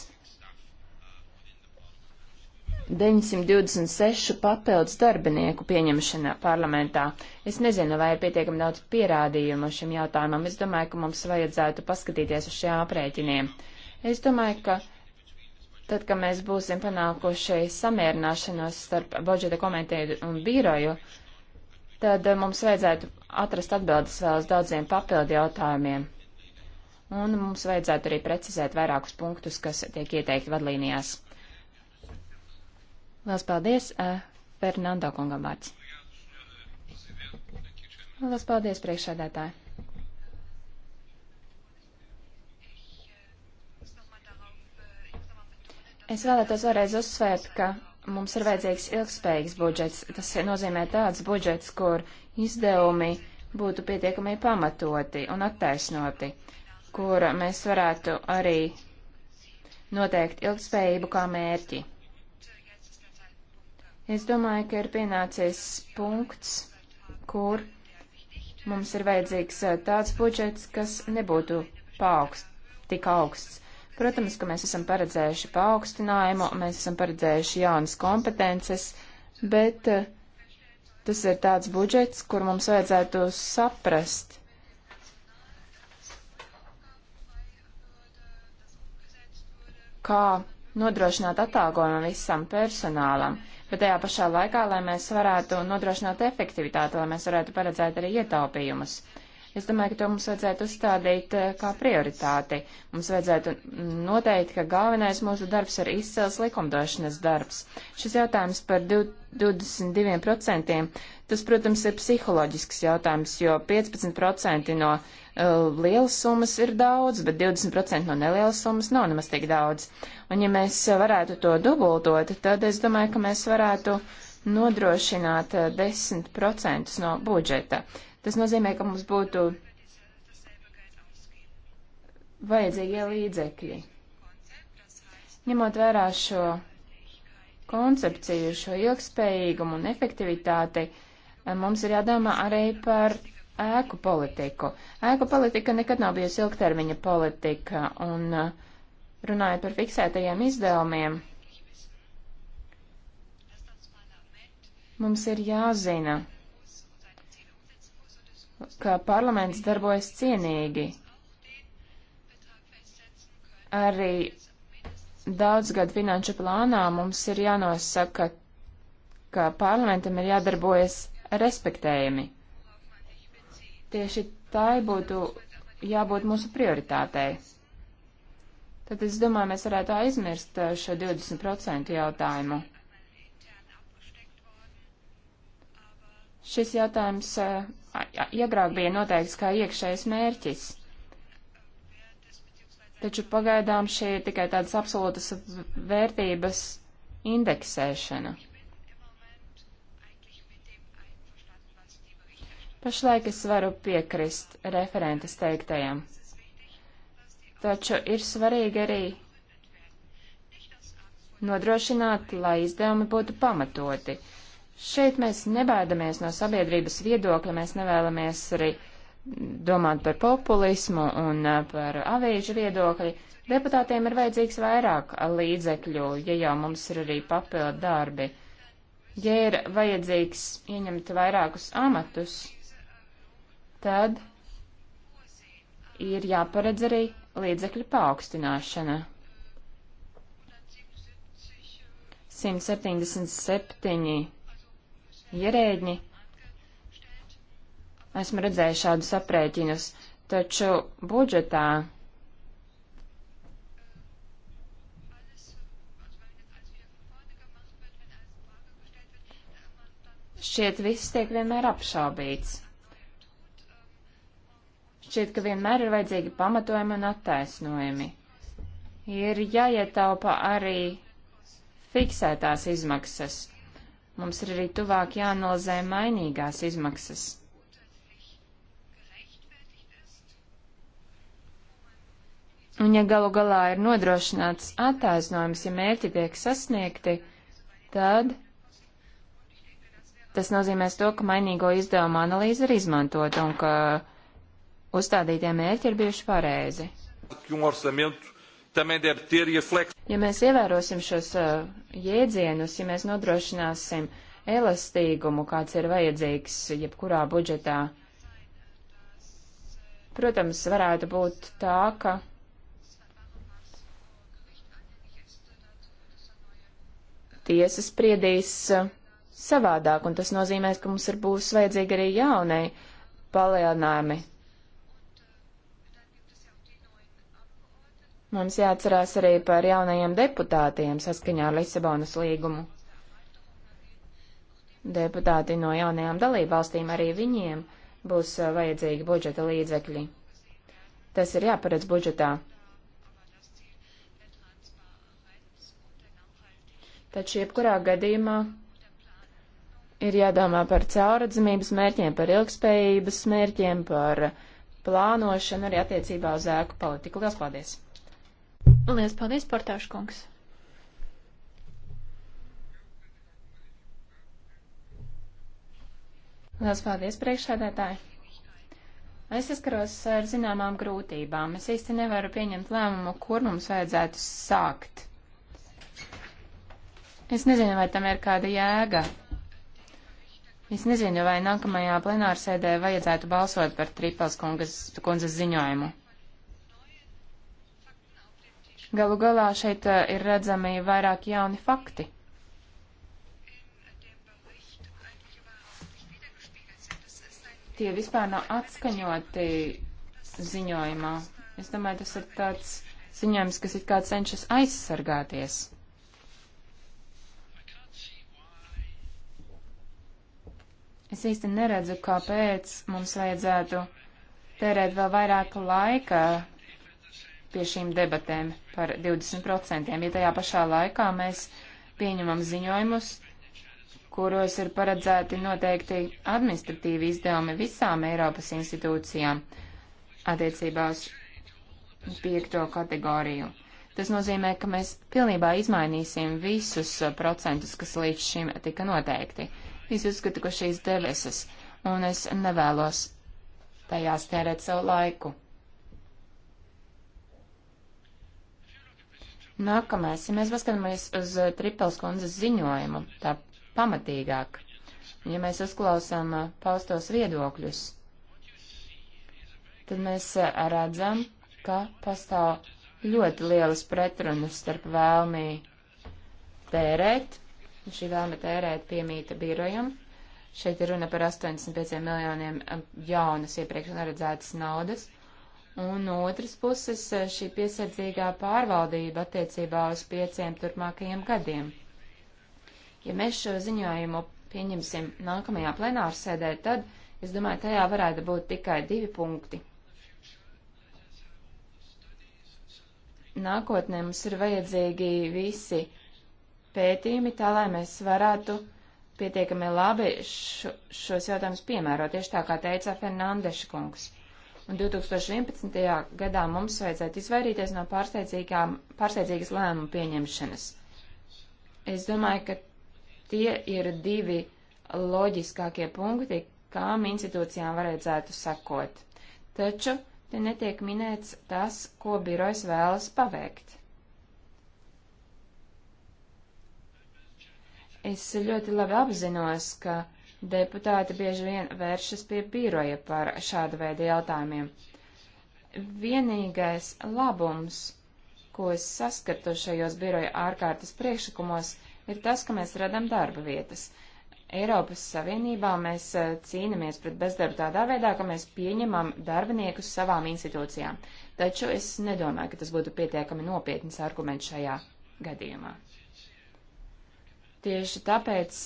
926 papildus darbinieku pieņemšana parlamentā. Es nezinu, vai ir pietiekami daudz pierādījumu šim jautājumam. Es domāju, ka mums vajadzētu paskatīties uz šiem aprēķiniem. Es domāju, ka Tad, kad mēs būsim panākuši samierināšanos starp budžeta komiteju un biroju, tad eh, mums vajadzētu atrast atbildes vēl uz daudziem papildu jautājumiem. Un mums vajadzētu arī precizēt vairākus punktus, kas tiek ieteikti vadlīnijās. Lielas paldies, eh, Fernando kungam vārds. Lielas paldies, priekšsēdētāji. Es vēlētos vēlreiz uzsvērt, ka mums ir vajadzīgs ilgspējīgs budžets. Tas nozīmē tāds budžets, kur izdevumi būtu pietiekami pamatoti un attaisnoti, kur mēs varētu arī noteikt ilgspējību kā mērķi. Es domāju, ka ir pienācis punkts, kur mums ir vajadzīgs eh, tāds budžets, kas nebūtu paaugst, tik augsts. Protams, ka mēs esam paredzējuši paaugstinājumu, mēs esam paredzējuši jaunas kompetences, bet eh, tas ir tāds budžets, kur mums vajadzētu saprast. Kā nodrošināt atalgojumu visam personālam, bet tajā pašā laikā, lai mēs varētu nodrošināt efektivitāti, lai mēs varētu paredzēt arī ietaupījumus. Uh, Es domāju, ka to mums vajadzētu uzstādīt eh, kā prioritāti. Mums vajadzētu noteikt, ka galvenais mūsu darbs ir izcels likumdošanas darbs. Šis jautājums par 22%, tas, protams, ir psiholoģisks jautājums, jo 15% no uh, lielas summas ir daudz, bet 20% no nelielas summas nav nemaz tik daudz. Un ja mēs varētu to dubultot, tad es domāju, ka mēs varētu nodrošināt 10% eh, no budžeta. Tas nozīmē, ka mums būtu vajadzīgie līdzekļi. Ņemot vērā šo koncepciju, šo ilgspējīgumu un efektivitāti, mums ir jādomā arī par ēku politiku. Ēku politika nekad nav bijusi ilgtermiņa politika, un uh, runājot par fiksētajiem izdevumiem, mums ir jāzina, ka parlaments darbojas cienīgi. Arī daudzgad finanšu plānā mums ir jānosaka, ka parlamentam ir jādarbojas respektējami. Tieši tā būtu jābūt mūsu prioritātei. Tad es domāju, mēs varētu aizmirst eh, šo 20% jautājumu. Šis jautājums eh, agrāk bija noteikts kā iekšējais mērķis. Taču pagaidām šī ir tikai tādas absolūtas vērtības indeksēšana. Pašlaik es varu piekrist referentes teiktajam. Taču ir svarīgi arī nodrošināt, lai izdevumi būtu pamatoti. Šeit mēs nebaidamies no sabiedrības viedokļa, mēs nevēlamies arī domāt par populismu un uh, par avīžu viedokļi. Deputātiem ir vajadzīgs vairāk līdzekļu, ja jau mums ir arī papildu darbi. Ja ir vajadzīgs ieņemt vairākus amatus, tad ir jāparedz arī līdzekļu paaugstināšana. 177 ierēģi. Esmu redzējis šādus aprēķinus, taču budžetā šķiet viss tiek vienmēr apšaubīts. Šķiet, ka vienmēr ir vajadzīgi pamatojumi un attaisnojumi. Ir jāietaupa arī fiksētās izmaksas, Mums ir arī tuvāk jāanalizē mainīgās izmaksas. Un ja galu galā ir nodrošināts attaisnojums, ja mērķi tiek sasniegti, tad tas nozīmēs to, ka mainīgo izdevumu analīze ir izmantota un ka uzstādītie mērķi ir bijuši pareizi. Un um orçamento também deve ter e a flexibilidade. Ja mēs ievērosim šos uh, jēdzienus, ja mēs nodrošināsim elastīgumu, kāds ir vajadzīgs jebkurā budžetā, protams, varētu būt tā, ka. Tiesa spriedīs uh, savādāk, un tas nozīmēs, ka mums ir būs vajadzīgi arī jaunai palielinājumi Mums jāatcerās arī par jaunajiem deputātiem saskaņā ar Lisabonas līgumu. Deputāti no jaunajām dalībvalstīm arī viņiem būs uh, vajadzīgi budžeta līdzekļi. Tas ir jāparedz budžetā. Taču jebkurā gadījumā ir jādomā par cauradzamības mērķiem, par ilgspējības mērķiem, par plānošanu arī attiecībā uz ēku politiku. Lielas paldies! Lielas paldies, Portāšu kungs! Lielas paldies, priekšsēdētāji! Es saskaros ar zināmām grūtībām. Es īsti nevaru pieņemt lēmumu, kur mums vajadzētu sākt. Es nezinu, vai tam ir kāda jēga. Es nezinu, vai nākamajā plenārsēdē vajadzētu balsot par Tripels kundzes ziņojumu. Galu galā šeit eh, ir redzami vairāk jauni fakti. Tie vispār nav atskaņoti ziņojumā. Es domāju, tas ir tāds ziņojums, kas it kā cenšas aizsargāties. Es īsti neredzu, kāpēc mums vajadzētu tērēt vēl vairāk laika pie šīm debatēm par 20%, ja tajā pašā laikā mēs pieņemam ziņojumus, kuros ir paredzēti noteikti administratīvi izdevumi visām Eiropas institūcijām attiecībās piekto kategoriju. Tas nozīmē, ka mēs pilnībā izmainīsim visus procentus, kas līdz šim tika noteikti. Es uzskatu, ka šīs debesis, un es nevēlos tajās tērēt savu laiku. Nākamais, ja mēs paskatāmies uz eh, Tripels kundzes ziņojumu, tā pamatīgāk, ja mēs uzklausām eh, paustos viedokļus, tad mēs eh, redzam, ka pastāv ļoti lielas pretrunas starp vēlmī tērēt, šī vēlme tērēt piemīta birojam, šeit ir runa par 85 miljoniem jaunas iepriekš neredzētas naudas, Un no otras puses eh, šī piesardzīgā pārvaldība attiecībā uz pieciem turpmākajiem gadiem. Ja mēs šo ziņojumu pieņemsim nākamajā plenārsēdē, tad, es domāju, tajā varētu būt tikai divi punkti. Nākotnē mums ir vajadzīgi visi pētījumi, tā lai mēs varētu pietiekami labi šo, šos jautājumus piemērot, tieši tā kā teica Fernandeša kungs. Un 2011. gadā mums vajadzētu izvairīties no pārsteidzīgas lēmumu pieņemšanas. Es domāju, ka tie ir divi loģiskākie punkti, kām institūcijām varētu sekot. Taču te netiek minēts tas, ko birojs vēlas paveikt. Es ļoti labi apzinos, ka Deputāti bieži vien vēršas pie biroja par šādu veidu jautājumiem. Vienīgais labums, ko es saskatu šajos biroja ārkārtas priekšlikumos, ir tas, ka mēs radam darba vietas. Eiropas Savienībā mēs eh, cīnāmies pret bezdarbu tādā veidā, ka mēs pieņemam darbiniekus savām institūcijām. Taču es nedomāju, ka tas būtu pietiekami nopietns arguments šajā gadījumā. Tieši tāpēc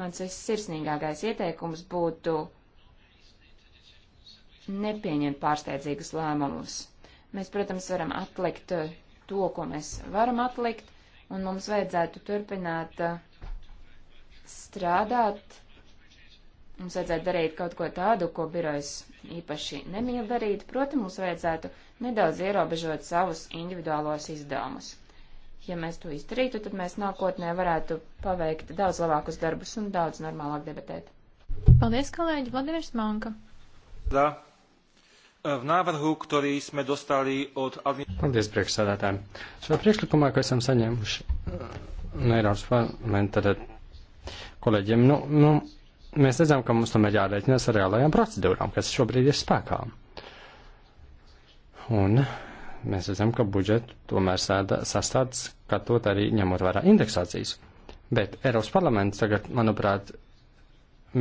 mans vissirsnīgākais ieteikums būtu nepieņemt pārsteidzīgus lēmumus. Mēs, protams, varam atlikt eh, to, ko mēs varam atlikt, un mums vajadzētu turpināt eh, strādāt. Mums vajadzētu darīt kaut ko tādu, ko birojas īpaši nemīl darīt. Protams, mums vajadzētu nedaudz ierobežot savus individuālos izdevumus. Ja mēs to izdarītu, tad mēs nākotnē varētu paveikt daudz labākus darbus un daudz normālāk debatēt. Paldies, kolēģi! Vladimirs Manka! Da. Eh, v návrhu, ktorý sme dostali od... Paldies, priekšsādātājiem! Šo priekšlikumā, ko esam saņēmuši eh, no Eiropas parlamenta, tad kolēģiem, nu, nu, mēs redzam, ka mums tomēr jārēķinās ar reālajām procedūrām, kas šobrīd ir spēkā. Un mēs redzam, ka budžetu tomēr sastāds, skatot arī ņemot vērā indeksācijas. Bet Eiropas parlaments tagad, manuprāt,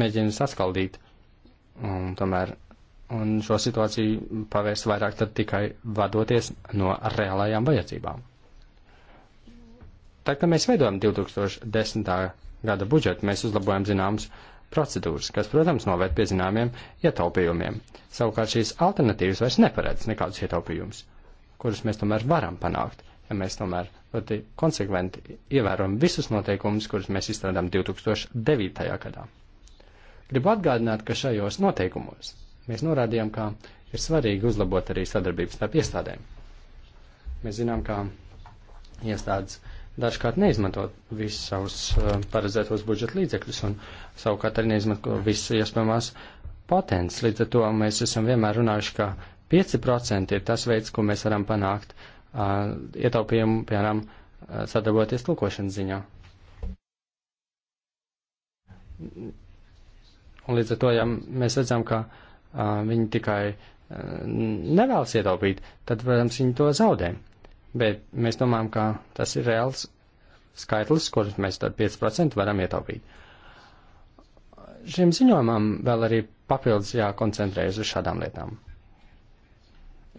mēģina saskaldīt un tomēr un šo situāciju pavērst vairāk tad tikai vadoties no reālajām vajadzībām. Tad, kad mēs veidojam 2010. gada budžetu, mēs uzlabojam zināmas procedūras, kas, protams, novērt pie zināmiem ietaupījumiem. Savukārt šīs alternatīvas vairs neparedz nekādus ietaupījumus kurus mēs tomēr varam panākt, ja mēs tomēr ļoti konsekventi ievērojam visus noteikumus, kurus mēs izstrādājam 2009. gadā. Gribu atgādināt, ka šajos noteikumos mēs norādījām, ka ir svarīgi uzlabot arī sadarbības starp iestādēm. Mēs zinām, ka iestādes dažkārt neizmanto visus savus uh, paredzētos budžeta līdzekļus un savukārt arī neizmanto visas iespējamās patents. Līdz ar to mēs esam vienmēr runājuši, ka 5% ir tas veids, ko mēs varam panākt uh, ietaupījumu, piemēram, sadarboties tulkošanas ziņā. Un līdz ar to, ja mēs redzam, ka uh, viņi tikai uh, nevēlas ietaupīt, tad, protams, viņi to zaudē. Bet mēs domājam, ka tas ir reāls skaitlis, kurus mēs tad 5% varam ietaupīt. Šim ziņojumam vēl arī papildus jākoncentrējas uz šādām lietām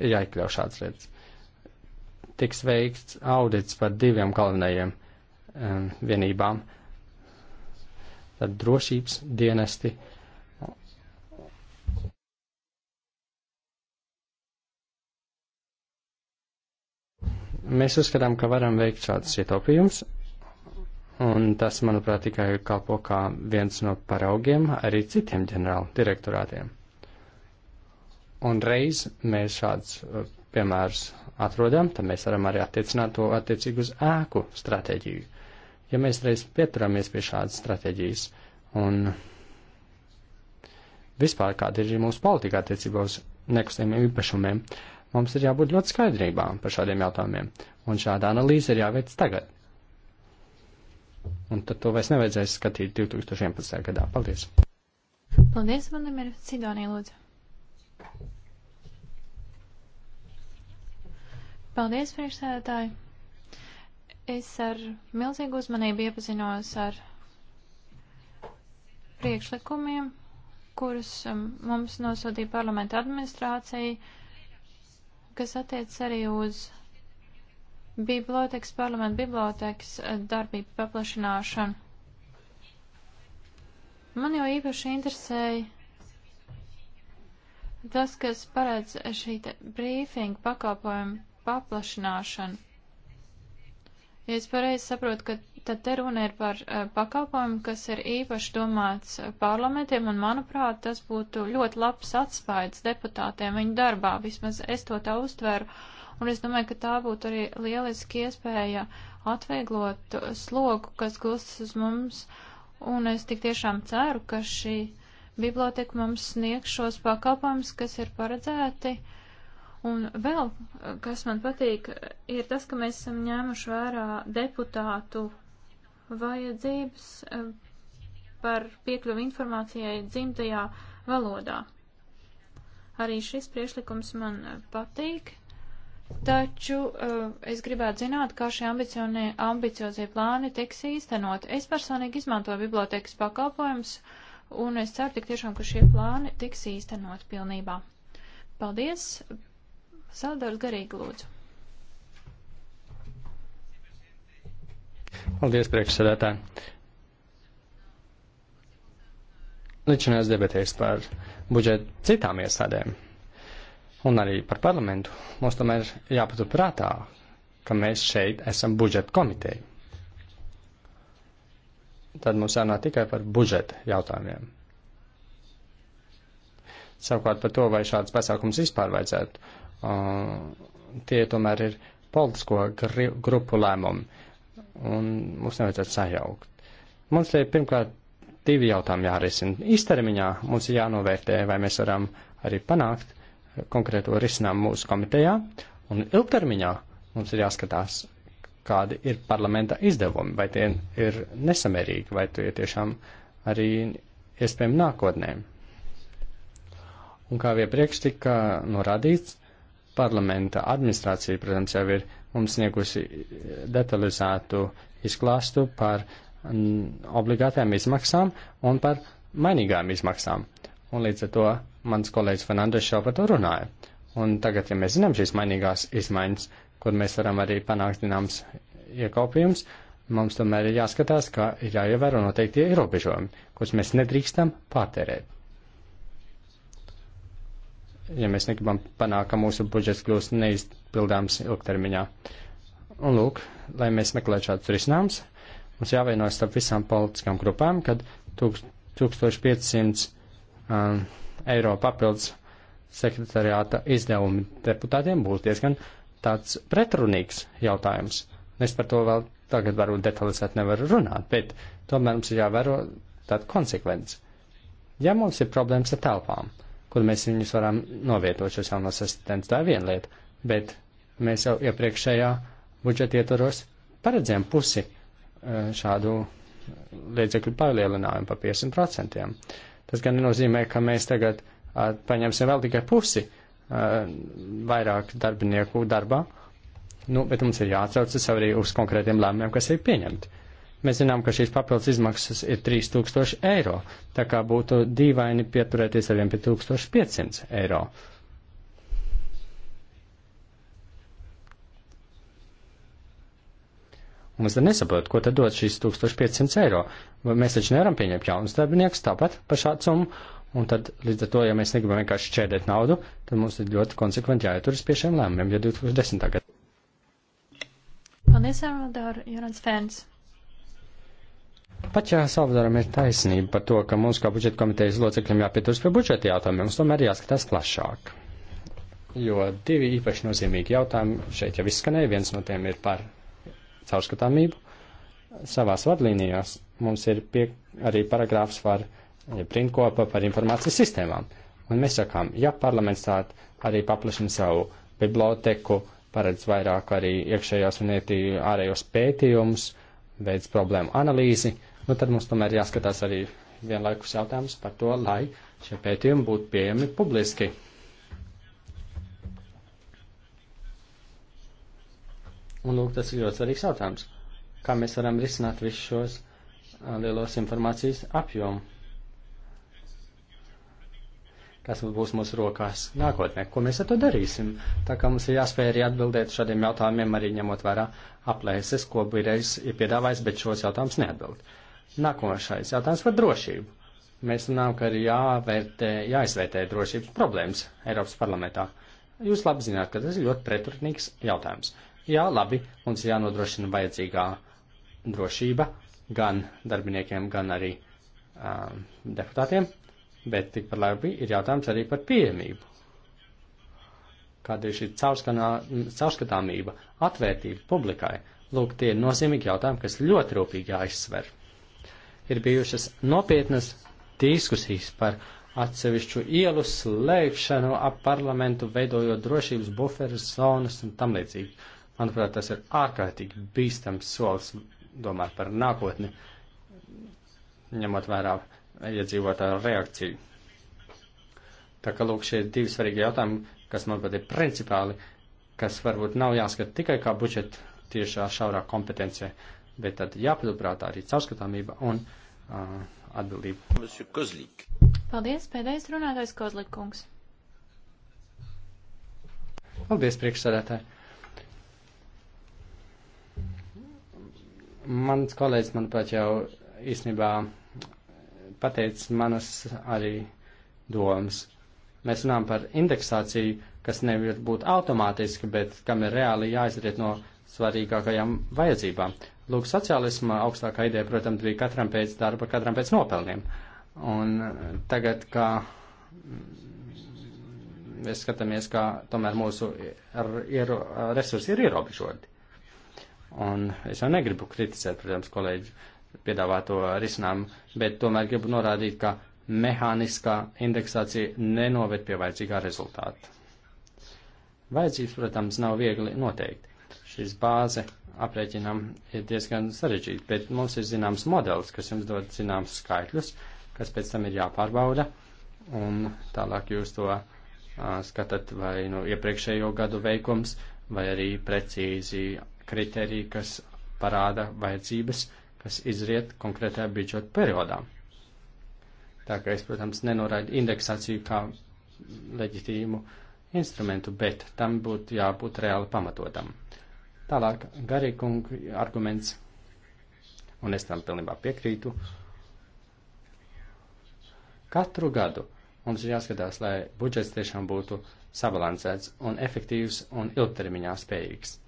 ir jāiekļauj šāds lietas. Tiks veikts audits par diviem galvenajiem um, vienībām. Tad drošības dienesti. Mēs uzskatām, ka varam veikt šādus ietaupījumus, un tas, manuprāt, tikai kalpo kā viens no paraugiem arī citiem ģenerāla direktorātiem un reiz mēs šāds uh, piemērs atrodam, tad mēs varam arī attiecināt to attiecīgi uz ēku stratēģiju. Ja mēs reiz pieturamies pie šādas stratēģijas un vispār kāda ir mūsu politika attiecībā uz nekustamiem īpašumiem, mums ir jābūt ļoti skaidrībām par šādiem jautājumiem, un šāda analīze ir jāveic tagad. Un tad to vairs nevajadzēs skatīt 2011. gadā. Paldies! Paldies, Vandamir Sidonija, lūdzu! Paldies, priekšsēdētāji! Es ar milzīgu uzmanību iepazinos ar priekšlikumiem, kurus um, mums nosūtīja parlamenta administrācija, kas attiec arī uz bibliotekas, parlamenta bibliotekas uh, darbību paplašināšanu. Man jau īpaši interesēja Tas, kas paredz šī brīfinga pakalpojuma paplašināšanu, ja es pareizi saprotu, ka tad te runa ir par uh, pakalpojumu, kas ir īpaši domāts parlamentiem, un manuprāt, tas būtu ļoti labs atspaids deputātiem viņu darbā, vismaz es to tā uztveru, un es domāju, ka tā būtu arī lieliski iespēja atvieglot slogu, kas gulstas uz mums, un es tik tiešām ceru, ka šī biblioteka mums sniegs šos pakalpojumus, kas ir paredzēti. Un vēl, kas man patīk, ir tas, ka mēs esam ņēmuši vērā deputātu vajadzības eh, par piekļuvu informācijai dzimtajā valodā. Arī šis priešlikums man patīk, taču eh, es gribētu zināt, kā šie ambiciozie plāni tiks īstenot. Es personīgi izmantoju bibliotekas pakalpojumus un es ceru tik tiešām, ka šie plāni tiks īstenot pilnībā. Paldies! Saldors Garīgi lūdzu. Paldies, priekšsēdētāji! Līdzinās debatēs par budžetu citām iestādēm un arī par parlamentu. Mums tomēr jāpatur prātā, ka mēs šeit esam budžeta komiteja tad mums jārunā tikai par budžeta jautājumiem. Savukārt par to, vai šāds pasākums vispār vajadzētu, uh, tie tomēr ir politisko grupu lēmumi, un mums nevajadzētu sajaukt. Mums ir pirmkārt divi jautājumi jārisina. Īstermiņā mums ir jānovērtē, vai mēs varam arī panākt konkrēto risinājumu mūsu komitejā, un ilgtermiņā mums ir jāskatās, kādi ir parlamenta izdevumi, vai tie ir nesamērīgi, vai tie tiešām arī iespējami nākotnē. Un kā iepriekš tika norādīts, parlamenta administrācija, protams, jau ir mums sniegusi detalizētu izklāstu par obligātajām izmaksām un par mainīgām izmaksām. Un līdz ar to mans kolēģis Fernandes jau par to runāja. Un tagad, ja mēs zinām šīs mainīgās izmaiņas, uh, kur mēs varam arī panākt zināms iekaupījums, mums tomēr ir jāskatās, ka ir jāievēro noteikti ierobežojumi, kurus mēs nedrīkstam pārtērēt. Ja mēs negribam panākt, ka mūsu budžets kļūst neizpildāms ilgtermiņā. Un lūk, lai mēs meklētu šādus risinājumus, mums jāvienojas starp visām politiskām grupām, kad 1500 um, eiro papildus sekretariāta izdevumi deputātiem būs diezgan tāds pretrunīgs jautājums. Es par to vēl tagad varbūt detalizēt nevaru runāt, bet tomēr mums ir jāvēro tāda konsekvence. Ja mums ir problēmas ar telpām, kur mēs viņus varam novietot šos jaunos asistentus, tā ir viena lieta, bet mēs jau iepriekšējā budžeta ietvaros paredzējām pusi e, šādu līdzekļu palielinājumu par 50%. Tas gan nenozīmē, ka mēs tagad paņemsim vēl tikai pusi, uh, vairāk darbinieku darbā, nu, bet mums ir jāatcaucas arī uz konkrētiem lēmumiem, kas ir pieņemti. Mēs zinām, ka šīs papildus izmaksas ir 3000 eiro, tā kā būtu dīvaini pieturēties ar vien pie 1500 eiro. Mums tad nesaprot, ko tad dod šīs 1500 eiro. Mēs taču nevaram pieņemt jaunus darbiniekus tāpat par šādu summu, Un tad, līdz ar to, ja mēs negribam vienkārši šķērdēt naudu, tad mums ir ļoti konsekventi jāieturas pie šiem lēmumiem, ja 2010. gada. Paldies, Salvador, Jorans Fērns. Pat ja Salvadoram ir taisnība par to, ka mums kā budžeta komitejas locekļiem jāpieturas pie budžeta jautājumiem, mums tomēr jāskatās plašāk. Jo divi īpaši nozīmīgi jautājumi šeit jau izskanēja, viens no tiem ir par caurskatāmību. Savās vadlīnijās mums ir pie, arī paragrāfs par. Var printkopa par informācijas sistēmām. Un mēs sakām, ja parlaments tād arī paplašina savu biblioteku, paredz vairāk arī iekšējos un ārējos pētījumus, veids problēmu analīzi, nu tad mums tomēr jāskatās arī vienlaikus jautājums par to, lai šie pētījumi būtu pieejami publiski. Un lūk, tas ir ļoti svarīgs jautājums. Kā mēs varam risināt visus šos uh, lielos informācijas apjomu? kas būs mūsu rokās nākotnē, ko mēs ar to darīsim. Tā kā mums ir jāspēj arī atbildēt šādiem jautājumiem, arī ņemot vērā aplēses, ko bija reiz ir piedāvājis, bet šos jautājumus neatbild. Nākošais jautājums par drošību. Mēs runājam, ka ir jāvērtē, jāizvērtē drošības problēmas Eiropas parlamentā. Jūs labi zināt, ka tas ir ļoti pretrunīgs jautājums. Jā, labi, mums jānodrošina vajadzīgā drošība gan darbiniekiem, gan arī um, deputātiem, bet tikpat labi ir jautājums arī par pieejamību. Kāda ir šī caurskatāmība, atvērtība publikai? Lūk, tie ir nozīmīgi jautājumi, kas ļoti rūpīgi jāizsver. Ir bijušas nopietnas diskusijas par atsevišķu ielu slēgšanu ap parlamentu, veidojot drošības buferas zonas un tam līdzīgi. Manuprāt, tas ir ārkārtīgi bīstams solis domāt par nākotni, ņemot vērā iedzīvotāju reakciju. Tā kā lūk, šie divi svarīgi jautājumi, kas man pat ir principāli, kas varbūt nav jāskat tikai kā budžeta tiešā šaurā kompetencija, bet tad jāpaturprātā arī caurskatāmība un uh, atbildība. Paldies, pēdējais runātais Kozlikungs. Paldies, priekšsēdētāji. Mans kolēģis, manuprāt, jau īstenībā pateicis manas arī domas. Mēs runājam par indeksāciju, kas nevar būt automātiski, bet kam ir reāli jāizriet no svarīgākajām vajadzībām. Lūk, sociālisma augstākā ideja, protams, bija katram pēc darba, katram pēc nopelniem. Un tagad, kā mēs skatāmies, kā tomēr mūsu ir, resursi ir ierobežoti. Un es jau negribu kritizēt, protams, kolēģi piedāvāto risinājumu, bet tomēr gribu norādīt, ka mehāniskā indeksācija nenoved pie vajadzīgā rezultāta. Vajadzības, protams, nav viegli noteikt. Šis bāze aprēķinam ir diezgan sarežģīta, bet mums ir zināms modelis, kas jums dod zināms skaitļus, kas pēc tam ir jāpārbauda, un tālāk jūs to uh, skatāt vai nu iepriekšējo gadu veikums, vai arī precīzi kriteriji, kas parāda vajadzības. Uh, kas izriet konkrētajā budžeta periodā. Tā kā es, protams, nenoraidu indeksāciju kā leģitīmu instrumentu, bet tam būtu jābūt reāli pamatotam. Tālāk, garīkunga arguments, un es tam pilnībā piekrītu. Katru gadu mums ir jāskatās, lai budžets tiešām būtu sabalansēts un efektīvs un ilgtermiņā spējīgs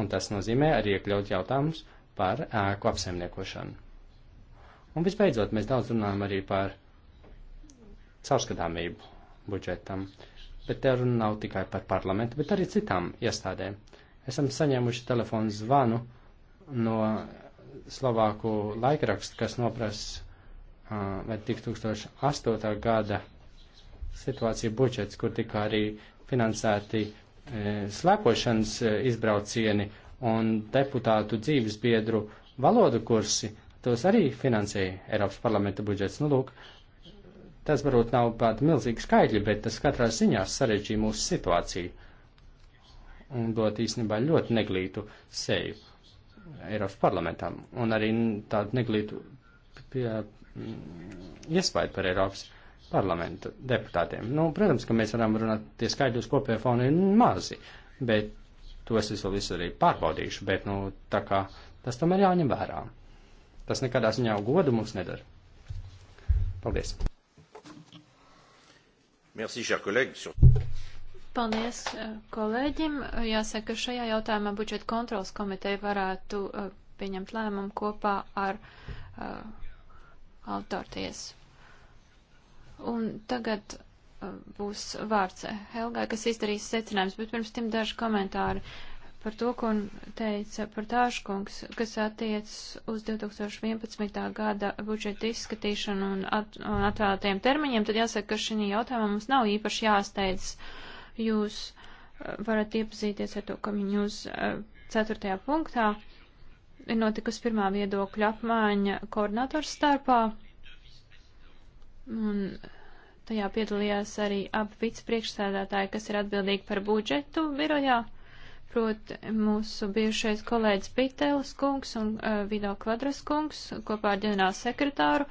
un tas nozīmē arī iekļaut jautājumus par ēku apsaimniekošanu. Un visbeidzot, mēs daudz runājam arī par caurskatāmību budžetam, bet te runa nav tikai par parlamentu, bet arī citām iestādēm. Esam saņēmuši telefonu zvanu no Slovāku laikrakstu, kas nopras uh, 2008. gada situācija budžets, kur tika arī finansēti E, slēpošanas e, izbraucieni un deputātu dzīves biedru valodu kursi, tos arī finansēja Eiropas parlamenta budžets. Nu, lūk, tas varbūt nav tādi milzīgi skaidri, bet tas katrā ziņā sarežģīja mūsu situāciju un dot īstenībā ļoti neglītu seju Eiropas parlamentam un arī tādu neglītu mm, iespēju par Eiropas parlamentu parlamenta deputātiem. Nu, protams, ka mēs varam runāt, tie skaidri uz kopēju fonu ir mazi, bet tos es vēl visu arī pārbaudīšu, bet, nu, tā kā tas tomēr jāņem vērā. Tas nekādā ziņā godu mums nedara. Paldies! Merci, cher collègue. Paldies eh, kolēģim. Jāsaka, šajā jautājumā budžeta kontrolas komiteja varētu eh, pieņemt lēmumu kopā ar uh, eh, autortiesu. Un tagad uh, būs vārds Helgai, kas izdarīs secinājums, bet pirms tam daži komentāri par to, ko teica par tāškungs, kas attiec uz 2011. gada budžeta izskatīšanu un, at, un atvēlētajiem termiņiem, tad jāsaka, ka šī jautājumā mums nav īpaši jāsteidz. Jūs uh, varat iepazīties ar to, ka viņi uz 4. punktā ir notikusi pirmā viedokļa apmaiņa koordinatoru starpā Un tajā piedalījās arī abi vicepriekšsēdētāji, kas ir atbildīgi par budžetu birojā, proti mūsu bijušais kolēģis Pitēlis kungs un uh, Vido Kvadras kungs kopā ar ģenerālu sekretāru.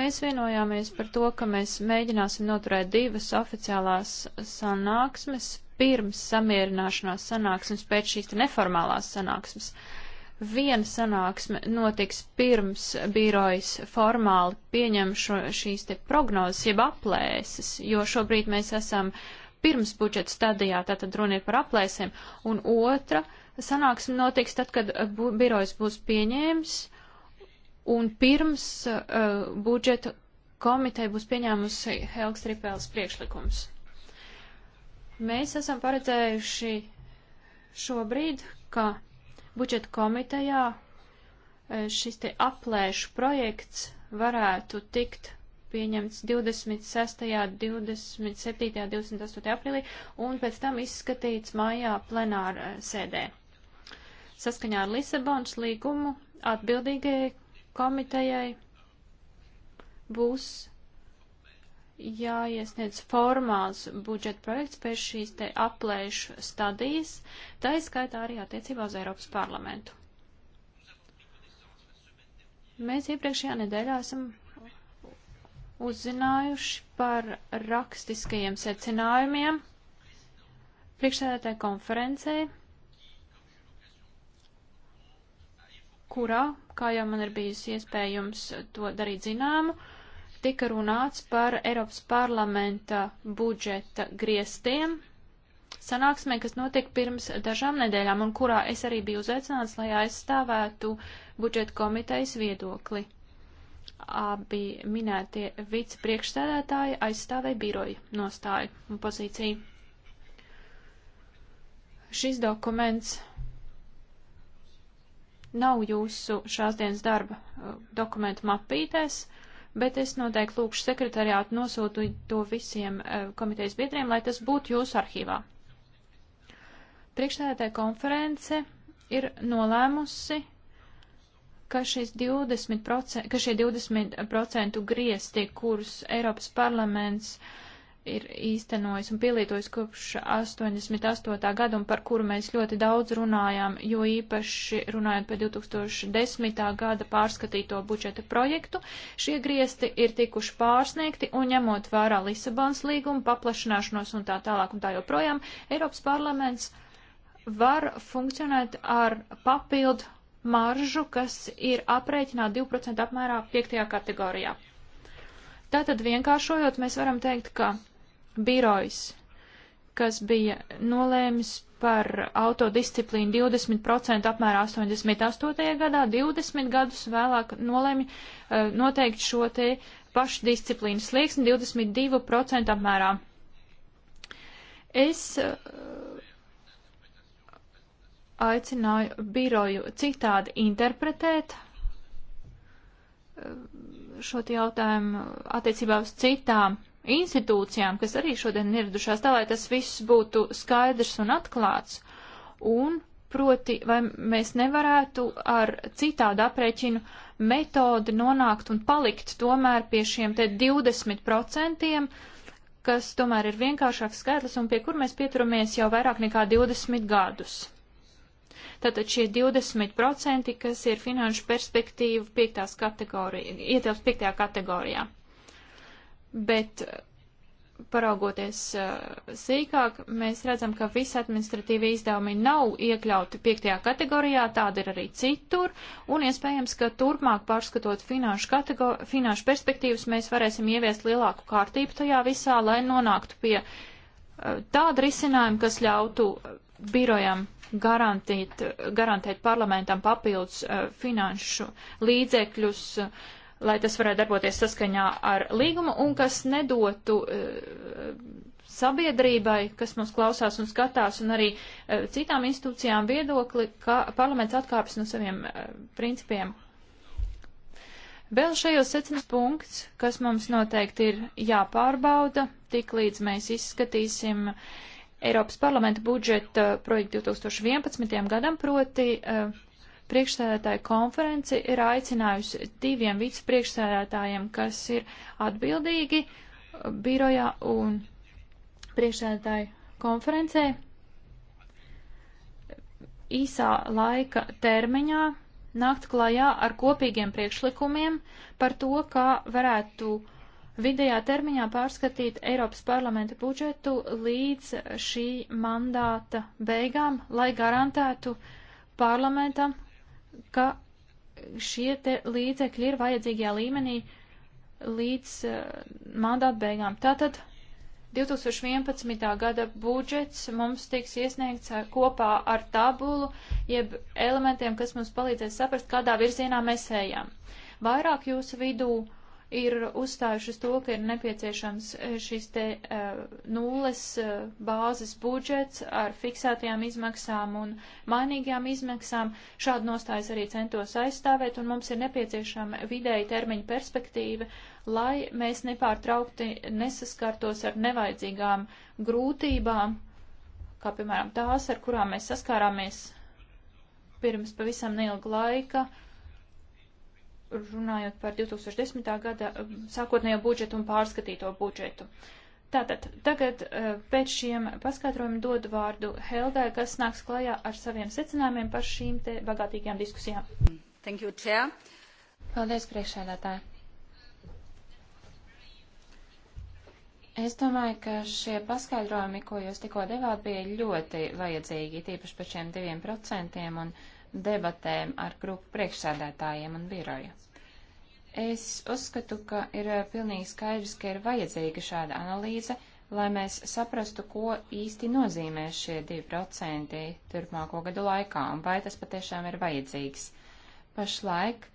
Mēs vienojāmies par to, ka mēs mēģināsim noturēt divas oficiālās sanāksmes pirms samierināšanās sanāksmes, pēc šīs neformālās sanāksmes. Uh, Viena sanāksme notiks pirms birojas formāli pieņem šo, šīs te prognozes, jeb aplēses, jo šobrīd mēs esam pirms budžeta stadijā, tātad runa ir par aplēsēm, un otra sanāksme notiks tad, kad bu, birojas būs pieņēmis un pirms uh, budžeta komiteja būs pieņēmusi Helgas Ripēles priekšlikums. Mēs esam paredzējuši šobrīd, ka budžeta komitejā e, šis te aplēšu projekts varētu tikt pieņemts 26., 27., 28. aprīlī un pēc tam izskatīts mājā plenāra e, sēdē. Saskaņā ar Lisabonas līgumu atbildīgajai komitejai būs jāiesniedz formāls budžeta projekts pēc šīs te aplēšu stadijas, tā izskaitā arī attiecībā uz Eiropas parlamentu. Mēs iepriekšējā nedēļā esam uzzinājuši par rakstiskajiem secinājumiem priekšsēdētāja konferencē, kurā, kā jau man ir bijusi iespējams to darīt zināmu, uh, tika runāts par Eiropas parlamenta budžeta griestiem sanāksmē, kas notika pirms dažām nedēļām un kurā es arī biju uzaicināts, lai aizstāvētu budžeta komitejas viedokli. Abi minētie vicepriekšsēdētāji aizstāvēja biroju nostāju un pozīciju. Šis dokuments nav jūsu šās dienas darba uh, dokumentu mapītēs. Uh, bet es noteikti lūkšu sekretariātu nosūtu to visiem eh, komitejas biedriem, lai tas būtu jūsu arhīvā. Priekšstādātāja konference ir nolēmusi, ka, 20%, ka šie 20% griezti, kurus Eiropas parlaments uh, ir īstenojis un pielietojis kopš 88. gada un par kuru mēs ļoti daudz runājām, jo īpaši runājot par 2010. gada pārskatīto budžeta projektu, šie griesti ir tikuši pārsniegti un ņemot vērā Lisabons līgumu, paplašināšanos un tā tālāk un tā joprojām, Eiropas parlaments var funkcionēt ar papildu maržu, kas ir aprēķināta 2% apmērā 5. kategorijā. Tātad vienkāršojot, mēs varam teikt, ka birojs, kas bija nolēmis par autodisciplīnu 20% apmērā 88. gadā, 20 gadus vēlāk nolēmi uh, noteikt šo te pašu disciplīnu slieksni 22% apmērā. Es uh, aicināju biroju citādi interpretēt uh, šo jautājumu attiecībā uz citām institūcijām, kas arī šodien ieradušās, tā lai tas viss būtu skaidrs un atklāts. Un proti, vai mēs nevarētu ar citādu aprēķinu metodi nonākt un palikt tomēr pie šiem te 20%, kas tomēr ir vienkāršāks skaitlis un pie kur mēs pieturamies jau vairāk nekā 20 gadus. Tātad šie 20%, kas ir finanšu perspektīva piektās kategorija, ietilps piektajā kategorijā bet paraugoties uh, sīkāk, mēs redzam, ka visi administratīvi izdevumi nav iekļauti piektajā kategorijā, tāda ir arī citur, un iespējams, ka turpmāk pārskatot finanšu, kategor... finanšu perspektīvas, mēs varēsim ieviest lielāku kārtību tajā visā, lai nonāktu pie uh, tāda risinājuma, kas ļautu birojam garantīt, garantēt parlamentam papildus uh, finanšu līdzekļus. Uh, lai tas varētu darboties saskaņā ar līgumu un kas nedotu eh, sabiedrībai, kas mums klausās un skatās, un arī eh, citām institūcijām viedokli, ka parlaments atkāpjas no saviem eh, principiem. Vēl šajos secinājums punkts, kas mums noteikti ir jāpārbauda, tik līdz mēs izskatīsim Eiropas parlamenta budžeta projektu 2011. gadam, proti uh, priekšsēdētāju konferenci ir aicinājusi diviem vicepriekšsēdētājiem, kas ir atbildīgi uh, birojā un priekšsēdētāju konferencē īsā laika termiņā nākt klajā ar kopīgiem priekšlikumiem par to, kā varētu vidējā termiņā pārskatīt Eiropas parlamenta budžetu līdz šī mandāta beigām, lai garantētu parlamentam ka šie līdzekļi ir vajadzīgajā līmenī līdz uh, mandāta beigām. Tātad 2011. gada budžets mums tiks iesniegts eh, kopā ar tabulu, jeb elementiem, kas mums palīdzēs saprast, kādā virzienā mēs ejam. Vairāk jūsu vidū ir uzstājušas to, ka ir nepieciešams eh, šis te uh, nulles uh, bāzes budžets ar fiksētajām izmaksām un mainīgajām izmaksām. Šādu nostājas arī centos aizstāvēt, un mums ir nepieciešama vidēji termiņa perspektīva, lai mēs nepārtraukti nesaskartos ar nevajadzīgām grūtībām, kā piemēram tās, ar kurām mēs saskārāmies pirms pavisam neilga laika. Uh, runājot par 2010. gada um, sākotnējo budžetu un pārskatīto budžetu. Tātad, tagad uh, pēc šiem paskaidrojumiem dodu vārdu Helgai, kas nāks klajā ar saviem secinājumiem par šīm te bagātīgajām diskusijām. Thank you, Chair. Paldies, priekšēdētāji. Es domāju, ka šie paskaidrojumi, ko jūs tikko devāt, bija ļoti vajadzīgi, tīpaši par šiem diviem procentiem un 0,5 debatēm ar grupu priekšsēdētājiem un biroju. Es uzskatu, ka ir eh, pilnīgi skaidrs, ka ir vajadzīga šāda analīze, lai mēs saprastu, ko īsti nozīmē šie 2% turpmāko gadu laikā un vai tas patiešām ir vajadzīgs. Pašlaik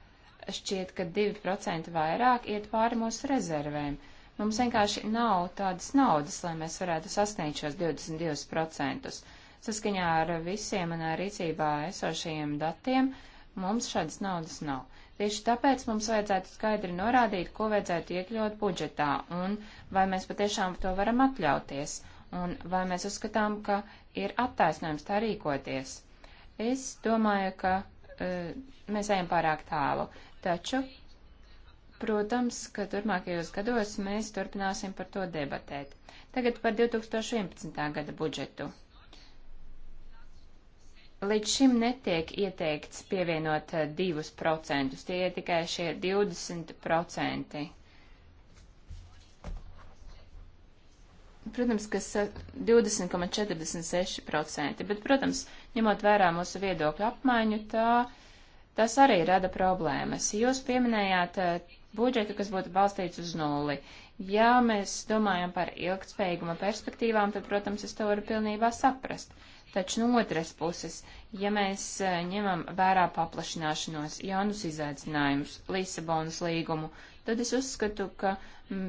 šķiet, ka 2% vairāk iet pāri mūsu rezervēm. Mums vienkārši nav tādas naudas, lai mēs varētu sasniegt šos 22%. Saskaņā ar visiem manā rīcībā esošajiem datiem mums šādas naudas nav. Tieši tāpēc mums vajadzētu skaidri norādīt, ko vajadzētu iekļaut budžetā un vai mēs patiešām to varam atļauties un vai mēs uzskatām, ka ir attaisnojums tā rīkoties. Es domāju, ka uh, mēs ejam pārāk tālu, taču, protams, ka turpmākajos gados mēs turpināsim par to debatēt. Tagad par 2011. gada budžetu. Līdz šim netiek ieteikts pievienot 2%, eh, tie ir tikai šie 20%. Protams, ka 20,46%, bet, protams, ņemot vērā mūsu viedokļu apmaiņu, tā, tas arī rada problēmas. Jūs pieminējāt eh, budžetu, kas būtu balstīts uz nulli. Ja mēs domājam par ilgtspējīguma perspektīvām, tad, protams, es to varu pilnībā saprast. Taču no otras puses, ja mēs e, ņemam vērā paplašināšanos, jaunus izaicinājumus, Lisabonas līgumu, tad es uzskatu, ka m,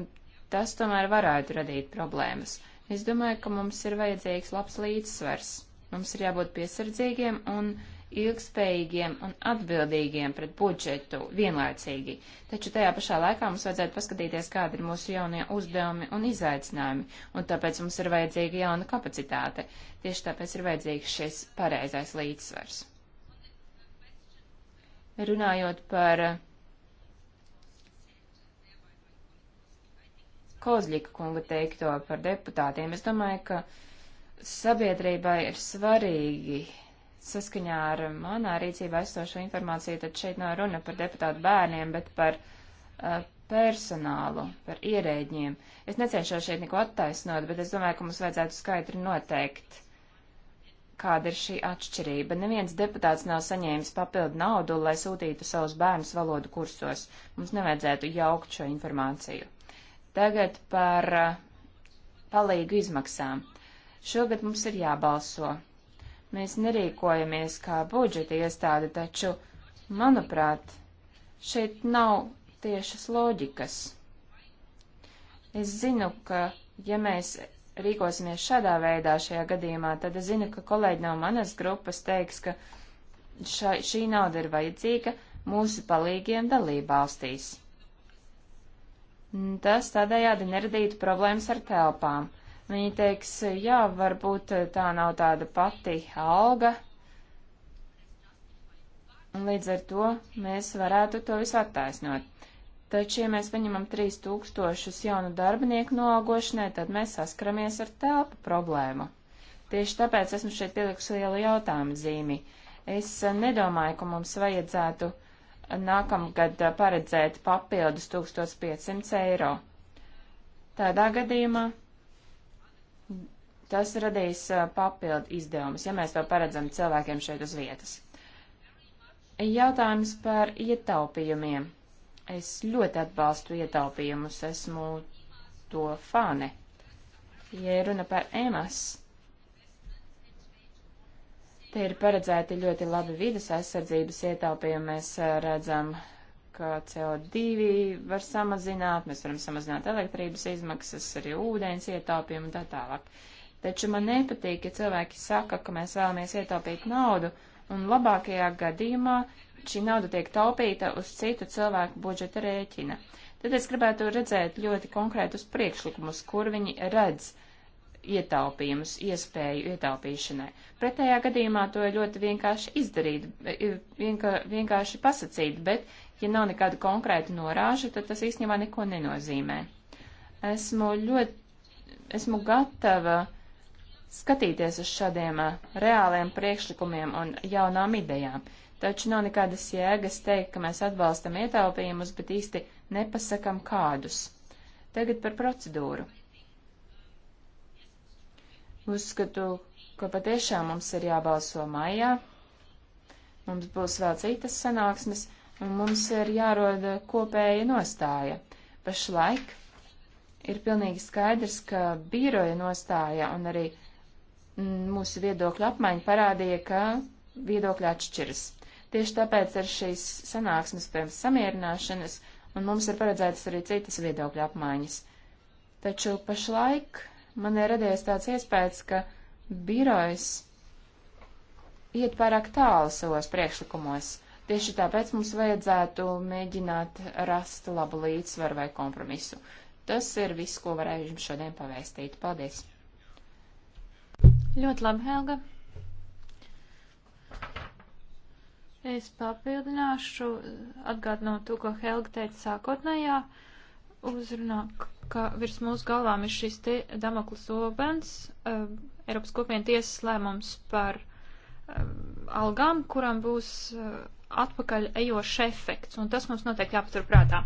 tas tomēr varētu radīt problēmas. Es domāju, ka mums ir vajadzīgs labs līdzsvars. Mums ir jābūt piesardzīgiem un ilgspējīgiem un atbildīgiem pret budžetu vienlaicīgi, taču tajā pašā laikā mums vajadzētu paskatīties, kādi ir mūsu jaunie uzdevumi un izaicinājumi, un tāpēc mums ir vajadzīga jauna kapacitāte. Tieši tāpēc ir vajadzīgs šis pareizais līdzsvars. Runājot par Kozļika kunga teikto par deputātiem, es domāju, ka sabiedrībai ir svarīgi Saskaņā ar manā rīcībā esošo informāciju, tad šeit nav runa par deputātu bērniem, bet par uh, personālu, par ierēģiem. Es necenšos šeit neko attaisnot, bet es domāju, ka mums vajadzētu skaidri noteikt, kāda ir šī atšķirība. Neviens deputāts nav saņēmis papildu naudu, lai sūtītu savus bērnus valodu kursos. Mums nevajadzētu jaukt šo informāciju. Tagad par uh, palīgu izmaksām. Šogad mums ir jābalso. Mēs nerīkojamies kā budžeta iestāde, taču, manuprāt, šeit nav tiešas loģikas. Es zinu, ka, ja mēs rīkosimies šādā veidā šajā gadījumā, tad es zinu, ka kolēģi no manas grupas teiks, ka šai, šī nauda ir vajadzīga mūsu palīgiem dalībvalstīs. Tas tādējādi neradītu problēmas ar telpām. Viņi teiks, jā, varbūt tā nav tāda pati alga. Un līdz ar to mēs varētu to visu attaisnot. Taču, ja mēs paņemam 3000 jaunu darbinieku noalgošanai, tad mēs saskaramies ar telpu problēmu. Tieši tāpēc esmu šeit pielikusi lielu jautājumu zīmi. Es nedomāju, ka mums vajadzētu nākamgad paredzēt papildus 1500 eiro. Tādā gadījumā Tas radīs papildu izdevumus, ja mēs to paredzam cilvēkiem šeit uz vietas. Jautājums par ietaupījumiem. Es ļoti atbalstu ietaupījumus, esmu to fane. Ja runa par EMAS, te ir paredzēti ļoti labi vidas aizsardzības ietaupījumi. Mēs redzam, ka CO2 var samazināt, mēs varam samazināt elektrības izmaksas, arī ūdens ietaupījumu un tā tālāk. Taču man nepatīk, ja cilvēki saka, ka mēs vēlamies ietaupīt naudu, un labākajā gadījumā šī nauda tiek taupīta uz citu cilvēku budžeta rēķina. Tad es gribētu redzēt ļoti konkrētus priekšlikumus, kur viņi redz ietaupījumus, iespēju ietaupīšanai. Pretējā gadījumā to ir ļoti vienkārši izdarīt, vienka, vienkārši pasakīt, bet, ja nav nekādu konkrētu norāžu, tad tas īstenībā neko nenozīmē. Esmu ļoti, esmu gatava uh, skatīties uz šādiem reāliem priekšlikumiem un jaunām idejām. Taču nav nekādas jēgas teikt, ka mēs atbalstam ietaupījumus, bet īsti nepasakam kādus. Tagad par procedūru. Uzskatu, ka patiešām mums ir jābalso maijā, mums būs vēl citas sanāksmes, un mums ir jāroda kopēja nostāja. Pašlaik ir pilnīgi skaidrs, ka bīroja nostāja un arī Mm, mūsu viedokļu apmaiņa parādīja, ka viedokļi atšķiras. Tieši tāpēc ar šīs sanāksmes pirms samierināšanas un mums ir paredzētas arī citas viedokļu apmaiņas. Taču pašlaik man ir radies tāds iespējas, ka birojs iet pārāk tālu savos priekšlikumos. Tieši tāpēc mums vajadzētu mēģināt rast labu līdzsvaru vai kompromisu. Tas ir viss, ko varēju jums šodien pavēstīt. Paldies! Ļoti labi, Helga. Es papildināšu, atgādinot to, ko Helga teica sākotnējā uzrunā, ka virs mūsu galvām ir šis te Damoklis Obens, uh, Eiropas kopienu tiesas lēmums par uh, algām, kuram būs uh, atpakaļ ejošs efekts, un tas mums noteikti jāpatur prātā.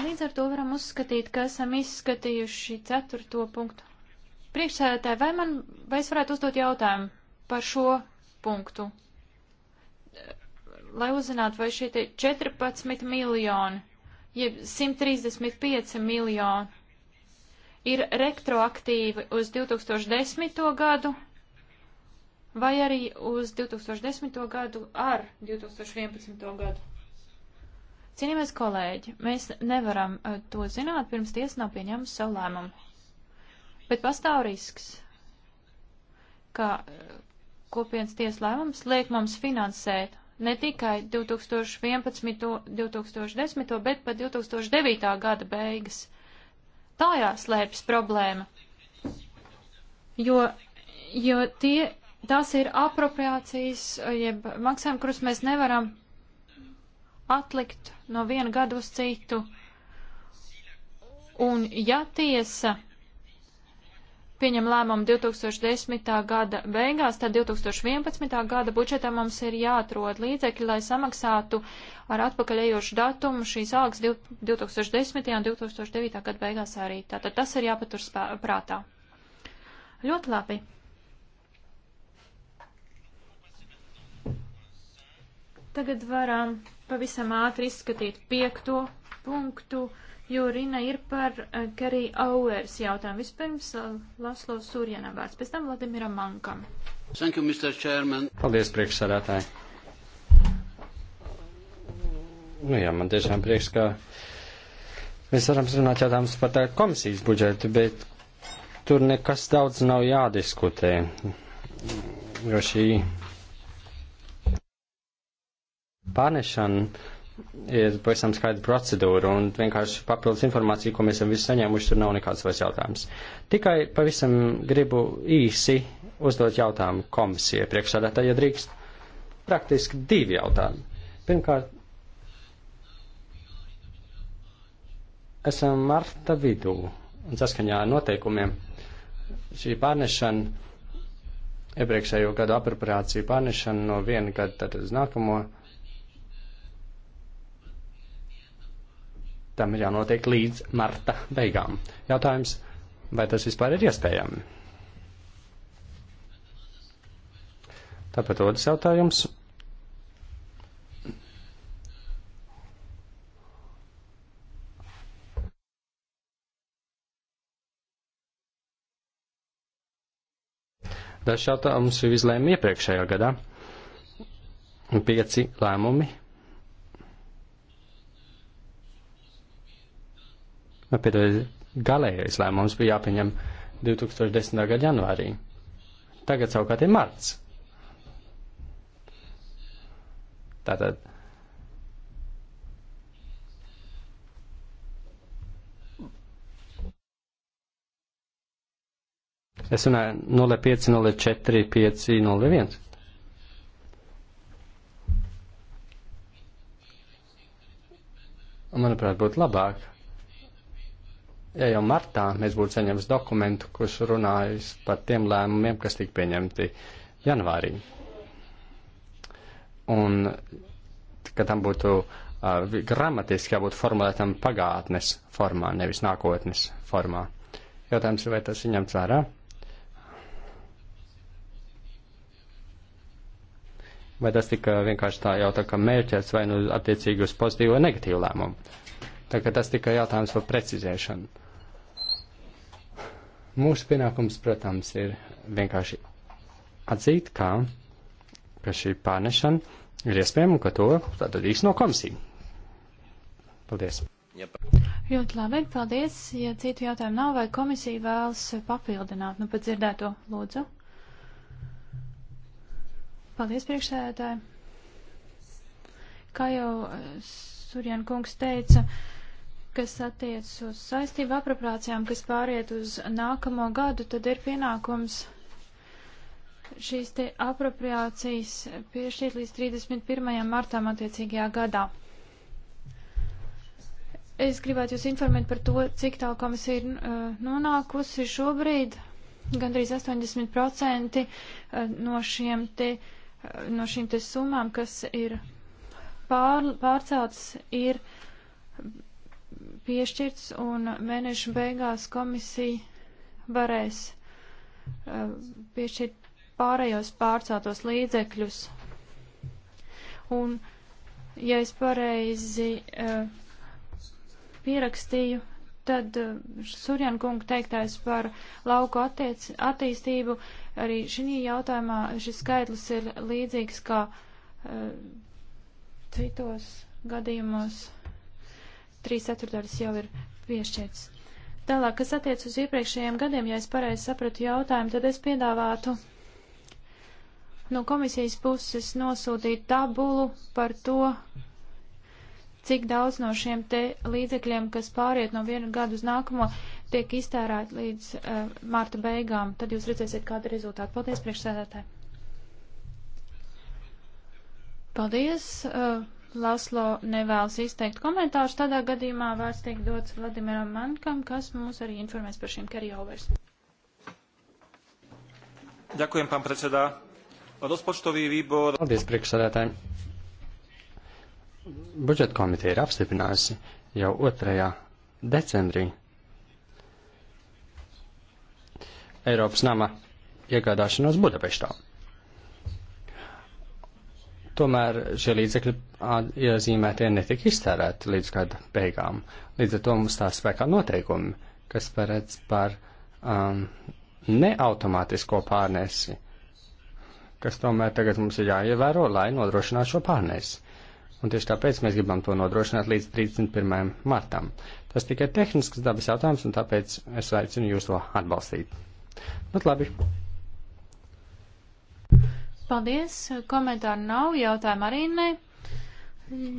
Līdz ar to varam uzskatīt, ka esam izskatījuši ceturto punktu Priekšsēdētāji, vai, man, vai es varētu uzdot jautājumu par šo punktu? Lai uzzinātu, vai šie 14 miljoni, jeb 135 miljoni ir retroaktīvi uz 2010. gadu vai arī uz 2010. gadu ar 2011. gadu. Cienījamies kolēģi, mēs nevaram eh, to zināt, pirms tiesa nav pieņēmusi savu lēmumu. Bet pastāv risks, ka eh, kopienas tiesa lēmums liek mums finansēt ne tikai 2011, 2010, bet pat 2009. gada beigas. Tā jāslēpjas problēma, jo, jo tie, tās ir apropriācijas, jeb maksājumi, kurus mēs nevaram atlikt no viena gada uz citu. Un ja tiesa pieņem lēmumu 2010. gada beigās, tad 2011. gada budžetā mums ir jāatrod līdzekļi, lai samaksātu ar atpakaļējošu datumu šīs algas 2010. un 2009. gada beigās arī. Tātad tas ir jāpatur spā, prātā. Ļoti labi. Tagad varam pavisam ātri izskatīt piekto punktu. Uh, jo Rina ir par uh, eh, Kerry Auers jautājumu. Vispirms uh, Laslo Surjanam vārds, pēc tam Vladimiram Mankam. Thank you, Mr. Chairman. Paldies, priekšsādātāji. Nu jā, man tiešām prieks, ka mēs varam runāt jautājumus par tā komisijas budžetu, bet tur nekas daudz nav jādiskutē, jo šī pārnešana ir pavisam skaidra procedūra un vienkārši papildus informācija, ko mēs esam visi saņēmuši, tur nav nekāds vairs jautājums. Tikai pavisam gribu īsi uzdot jautājumu komisijai priekšsādātāji, ja drīkst. Praktiski divi jautājumi. Pirmkārt, esam marta vidū un saskaņā ar noteikumiem šī pārnešana, iepriekšējo gadu apropriācija pārnešana no viena gada tad uz nākamo tam ir jānotiek līdz marta beigām. Jautājums, vai tas vispār ir iespējami? Tāpēc otrs jautājums. Dažs jautājums jau izlēma iepriekšējā gadā. Pieci lēmumi nu, piedodat, galējais lēmums bija jāpieņem 2010. gada janvārī. Tagad savukārt ir marts. Tātad. Es runāju 05, 04, 5, 01. Manuprāt, būtu labāk, Ja jau martā mēs būtu saņēmuši dokumentu, kurš runājas par tiem lēmumiem, kas tika pieņemti janvārī. Un, ka tam būtu uh, gramatiski jābūt formulētam pagātnes formā, nevis nākotnes formā. Jautājums ir, vai tas ir ņemts vērā? Vai tas tika vienkārši tā jau tā kā mērķēts vai nu attiecīgi uz pozitīvu vai negatīvu lēmumu? Tā kā tas tika jautājums par precizēšanu. Mūsu pienākums, protams, ir vienkārši atzīt, kā, ka šī pārnešana ir iespējama un ka to tātad īsno komisija. Paldies. Ļoti labi, paldies. Ja citu jautājumu nav, vai komisija vēlas papildināt, nu pat dzirdēto lūdzu. Paldies, priekšsēdētāji. Kā jau eh, Surjan kungs teica, uh, kas attiec uz saistību apropriācijām, kas pāriet uz nākamo gadu, tad ir pienākums šīs te apropriācijas piešķirt līdz 31. martām attiecīgajā gadā. Es gribētu jūs informēt par to, cik tālu komisija ir uh, nonākusi šobrīd. Gandrīz 80% uh, no, šiem te, uh, no šīm te summām, kas ir pār, pārceltas, ir piešķirts, un mēneša beigās komisija varēs uh, piešķirt pārējos pārceltos līdzekļus. Un, ja es pareizi uh, pierakstīju, tad uh, Surjan kunga teiktais par lauku attiec, attīstību, arī šī jautājumā šis skaitlis ir līdzīgs kā citos gadījumos trīs ceturtdaļas jau ir piešķirts. Tālāk, kas attiec uz iepriekšējiem gadiem, ja es pareizi sapratu jautājumu, tad es piedāvātu no komisijas puses nosūtīt tabulu par to, cik daudz no šiem te līdzekļiem, kas pāriet no viena gada uz nākamo, tiek iztērēt līdz uh, marta beigām. Tad jūs redzēsiet, kāda ir rezultāta. Paldies, priekšsēdētāji! Paldies! Uh, Laslo nevēlas izteikt komentārus, tādā gadījumā vārds tiek dots Vladimiram Mankam, kas mums arī informēs par šiem carryovers. Ďakujem, pán predsedá. Rozpočtový výbor... Paldies, priekšsādātāji. Budžeta komiteja ir apstiprinājusi jau 2. decembrī Eiropas nama iegādāšanos Budapeštā tomēr šie līdzekļi iezīmētie netika iztērēti līdz gada beigām. Līdz ar to mums tā spēkā noteikumi, kas paredz par um, neautomātisko pārnesi, kas tomēr tagad mums ir jāievēro, lai nodrošinātu šo pārnesi. Un tieši tāpēc mēs gribam to nodrošināt līdz 31. martam. Tas tikai tehnisks dabas jautājums, un tāpēc es aicinu jūs to atbalstīt. Bet labi, Paldies. Komentāru nav, jautājumu arī nē.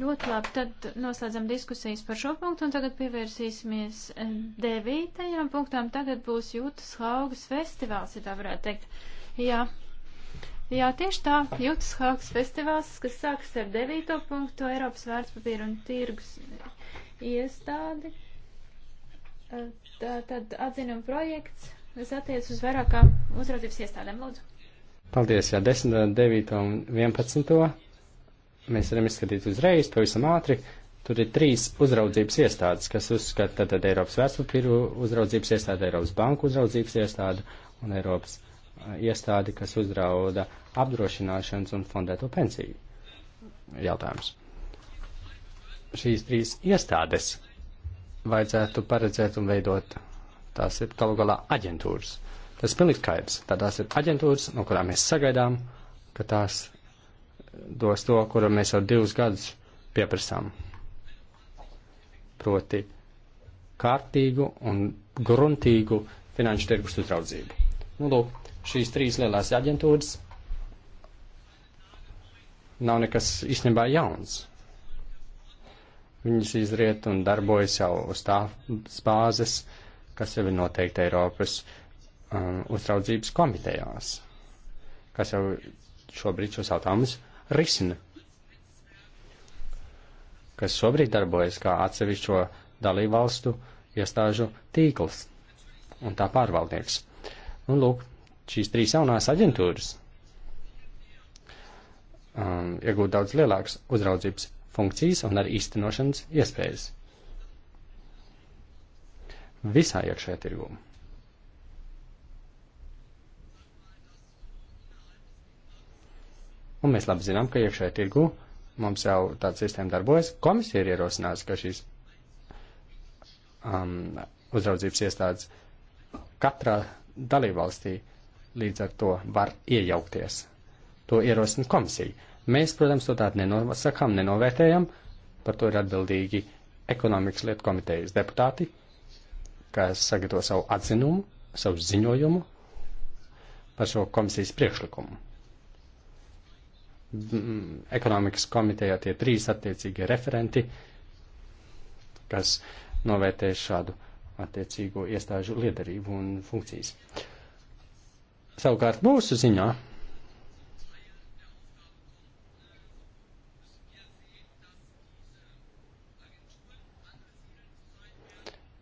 Ļoti labi, tad noslēdzam diskusijas par šo punktu un tagad pievērsīsimies eh, devītajām punktām. Tagad būs jūtas haugas festivāls, ja tā varētu teikt. Jā, jā tieši tā, jūtas haugas festivāls, kas sāks ar devīto punktu Eiropas vērtspapīru un tirgus iestādi. Eh, tā, tad atzinuma projekts, kas attiec uz vairākām uzraudzības iestādēm. Lūdzu. Paldies, jā, 10, 9 un 11. Mēs varam izskatīt uzreiz, pavisam ātri. Tur ir trīs uzraudzības iestādes, kas uzskata tad Eiropas vērtspapīru uzraudzības iestādi, Eiropas banku uzraudzības iestādi un Eiropas iestādi, kas uzrauda apdrošināšanas un fondēto pensiju jautājums. Šīs trīs iestādes vajadzētu paredzēt un veidot, tās ir galu galā aģentūras Tas pilnīgi skaidrs. Tādās ir aģentūras, no kurām mēs sagaidām, ka tās eh, dos to, kuru mēs jau divus gadus pieprasām. Proti kārtīgu un gruntīgu finanšu tirgus uzraudzību. Nu, lūk, šīs trīs lielās aģentūras nav nekas īstenībā jauns. Viņas izriet un darbojas jau uz tās bāzes, kas jau ir noteikti Eiropas uh, um, uzraudzības komitejās, kas jau šobrīd šos jautājumus risina, kas šobrīd darbojas kā atsevišķo dalībvalstu iestāžu tīkls un tā pārvaldnieks. Un lūk, šīs trīs jaunās aģentūras um, iegūt daudz lielākas uzraudzības funkcijas un arī īstenošanas iespējas visā iekšējā tirgumā. Un mēs labi zinām, ka iekšējā tirgu mums jau tāda sistēma darbojas. Komisija ir ierosinājusi, ka šīs um, uzraudzības iestādes katrā dalībvalstī līdz ar to var iejaukties. To ierosina komisija. Mēs, protams, to tādu nenosakām, nenovērtējam. Par to ir atbildīgi ekonomikas lietu komitejas deputāti, kas sagatavo savu atzinumu, savu ziņojumu par šo komisijas priekšlikumu. Mm, ekonomikas komitejā tie trīs attiecīgie referenti, kas novērtē šādu attiecīgo iestāžu liederību un funkcijas. Savukārt mūsu ziņā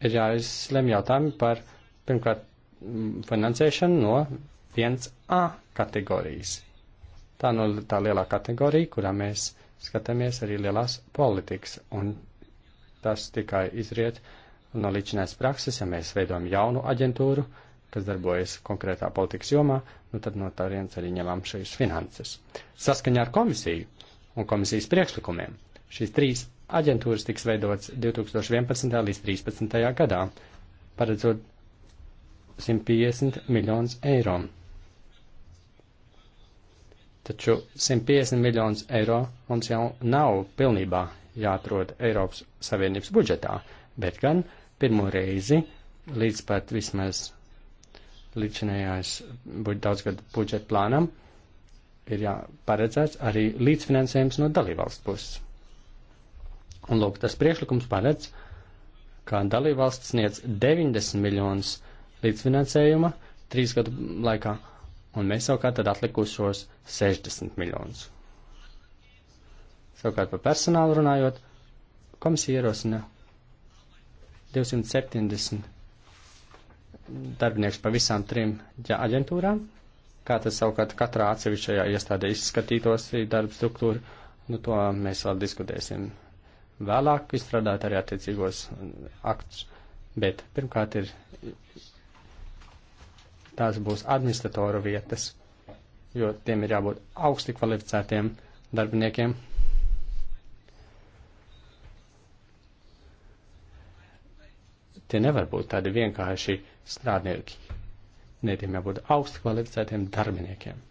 ir jāizlem jautājumi par, pirmkārt, finansēšanu no 1A kategorijas Tā no nu, tā lielā kategorija, kurā mēs skatāmies arī lielās politikas, un tas tikai izriet no līdzinās prakses, ja mēs veidojam jaunu aģentūru, kas darbojas konkrētā politikas jomā, nu tad no tā viens arī ņemam šīs finanses. Saskaņā ar komisiju un komisijas priekšlikumiem šīs trīs aģentūras tiks veidotas 2011. līdz 2013. gadā, paredzot 150 miljonus eiro. Taču 150 miljonus eiro mums jau nav pilnībā jāatrod Eiropas Savienības budžetā, bet gan pirmo reizi līdz pat vismaz līdzinējās daudzgadu budžeta plānam ir jāparedzēts arī līdzfinansējums no dalībvalsts puses. Un lūk, tas priekšlikums paredz, ka dalībvalsts sniedz 90 miljonus līdzfinansējuma trīs gadu laikā un mēs savukārt tad atlikušos 60 miljonus. Savukārt par personālu runājot, komisija ierosina 270 darbinieks pa visām trim aģentūrām, kā tas savukārt katrā atsevišķajā iestādē izskatītos darba struktūra, nu to mēs vēl diskutēsim vēlāk, izstrādāt arī attiecīgos aktus, bet pirmkārt ir tās būs administratoru vietas, jo tiem ir jābūt augsti kvalificētiem darbiniekiem. Tie nevar būt tādi vienkārši strādnieki. Nē, tiem jābūt augsti kvalificētiem darbiniekiem.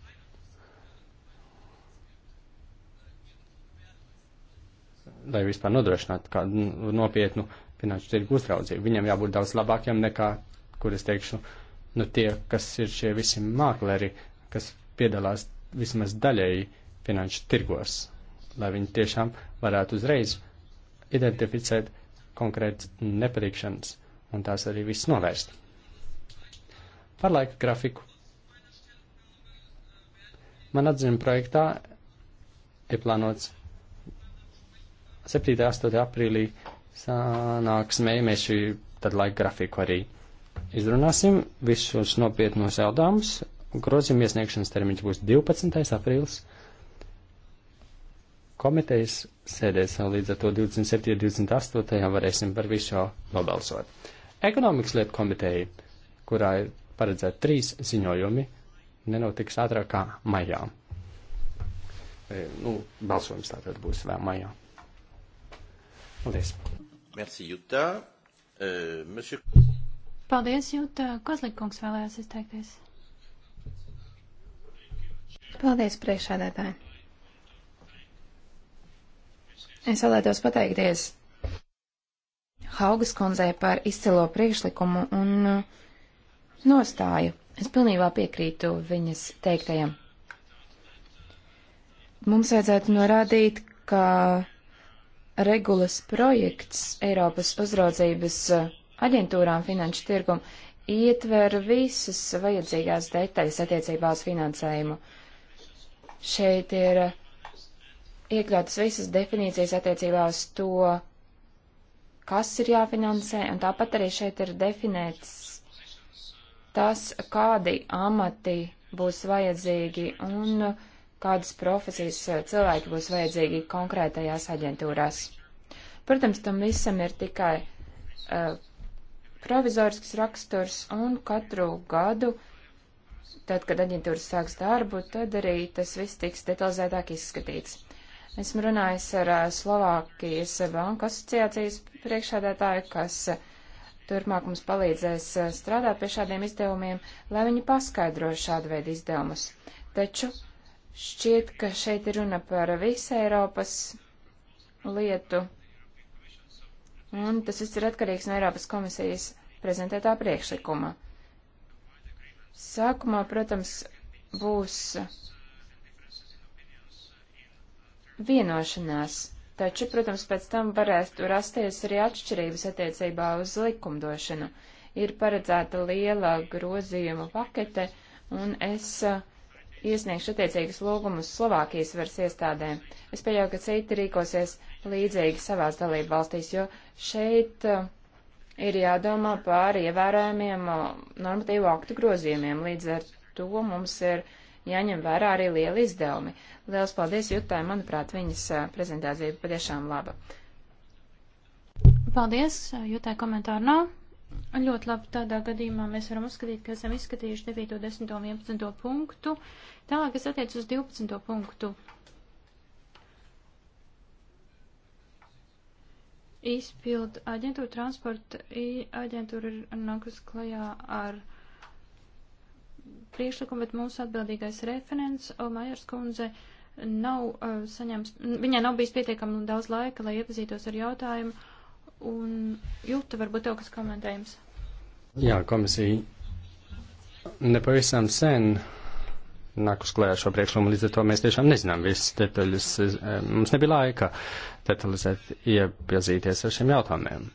Lai vispār nodrošinātu kādu nopietnu finanšu tirgu uzraudzību, viņam jābūt daudz labākiem nekā, kur es teikšu, uh, nu, tie, kas ir šie visi mākleri, kas piedalās vismaz daļēji finanšu tirgos, lai viņi tiešām varētu uzreiz identificēt konkrētas nepatikšanas un tās arī viss novērst. Par laika grafiku. Man atzīme projektā ir plānots 7. un 8. aprīlī sanāksmē, mēs šī tad laika grafiku arī izrunāsim visus šos nopietnos jautājumus. Grozījuma iesniegšanas termiņš būs 12. aprīlis. Komitejas sēdēs jau līdz ar to 27. un 28. varēsim par visu jau nobalsot. Ekonomikas lietu komiteja, kurā ir paredzēti trīs ziņojumi, nenotiks ātrāk kā maijā. E, nu, balsojums tātad būs vēl maijā. Paldies. Merci, Jutta. Uh, monsieur... Paldies, Jūta. Kozlikungs vēlējās izteikties. Paldies, priekšādētāji. Es vēlētos pateikties Haugas kundzei par izcilo priekšlikumu un uh, nostāju. Es pilnībā piekrītu viņas teiktajam. Mums vajadzētu norādīt, ka regulas projekts Eiropas uzraudzības uh, aģentūrām finanšu tirgumu ietver visas vajadzīgās detaļas attiecībā uz finansējumu. Šeit ir eh, iekļautas visas definīcijas attiecībā uz to, kas ir jāfinansē, un tāpat arī šeit ir definēts tas, kādi amati būs vajadzīgi un kādas profesijas eh, cilvēki būs vajadzīgi konkrētajās aģentūrās. Protams, tam visam ir tikai uh, provizorisks raksturs, un katru gadu, tad, kad aģentūra sāks darbu, tad arī tas viss tiks detalizētāk izskatīts. Esmu runājis ar Slovākijas banku asociācijas priekšādātāju, kas turpmāk mums palīdzēs strādāt pie šādiem izdevumiem, lai viņi paskaidro šādu veidu izdevumus. Taču šķiet, ka šeit ir runa par visu Eiropas lietu, Un tas viss ir atkarīgs no Eiropas komisijas prezentētā priekšlikuma. Sākumā, protams, būs vienošanās, taču, protams, pēc tam varēs tur rasties arī atšķirības attiecībā uz likumdošanu. Ir paredzēta liela grozījumu pakete, un es uh, iesniegšu attiecīgus lūgumus Slovākijas varas iestādēm. Es pieļauju, ka citi rīkosies līdzīgi savās dalību valstīs, jo šeit uh, ir jādomā par ievērojumiem uh, normatīvu aktu grozījumiem. Līdz ar to mums ir jāņem vērā arī lieli izdevumi. Liels paldies Jutai, manuprāt, viņas uh, prezentācija bija patiešām laba. Paldies, Jutai komentāru nav. Ļoti labi, tādā gadījumā mēs varam uzskatīt, ka esam izskatījuši 9, 10 un 11 punktu. Tālāk, kas attiec uz 12 punktu, izpildu aģentūra, transporta aģentūra ir nākus klajā ar priekšlikumu, bet mūsu atbildīgais referents, Omajers kundze, nav uh, saņēmis, viņai nav bijis pietiekami daudz laika, lai iepazītos ar jautājumu, un jūta varbūt tev kas komentējums. Jā, komisija nepavisam sen nāk uz klējā šo priekšlikumu, līdz ar to mēs tiešām nezinām visas detaļas, mums nebija laika detalizēt iepazīties ar šiem jautājumiem.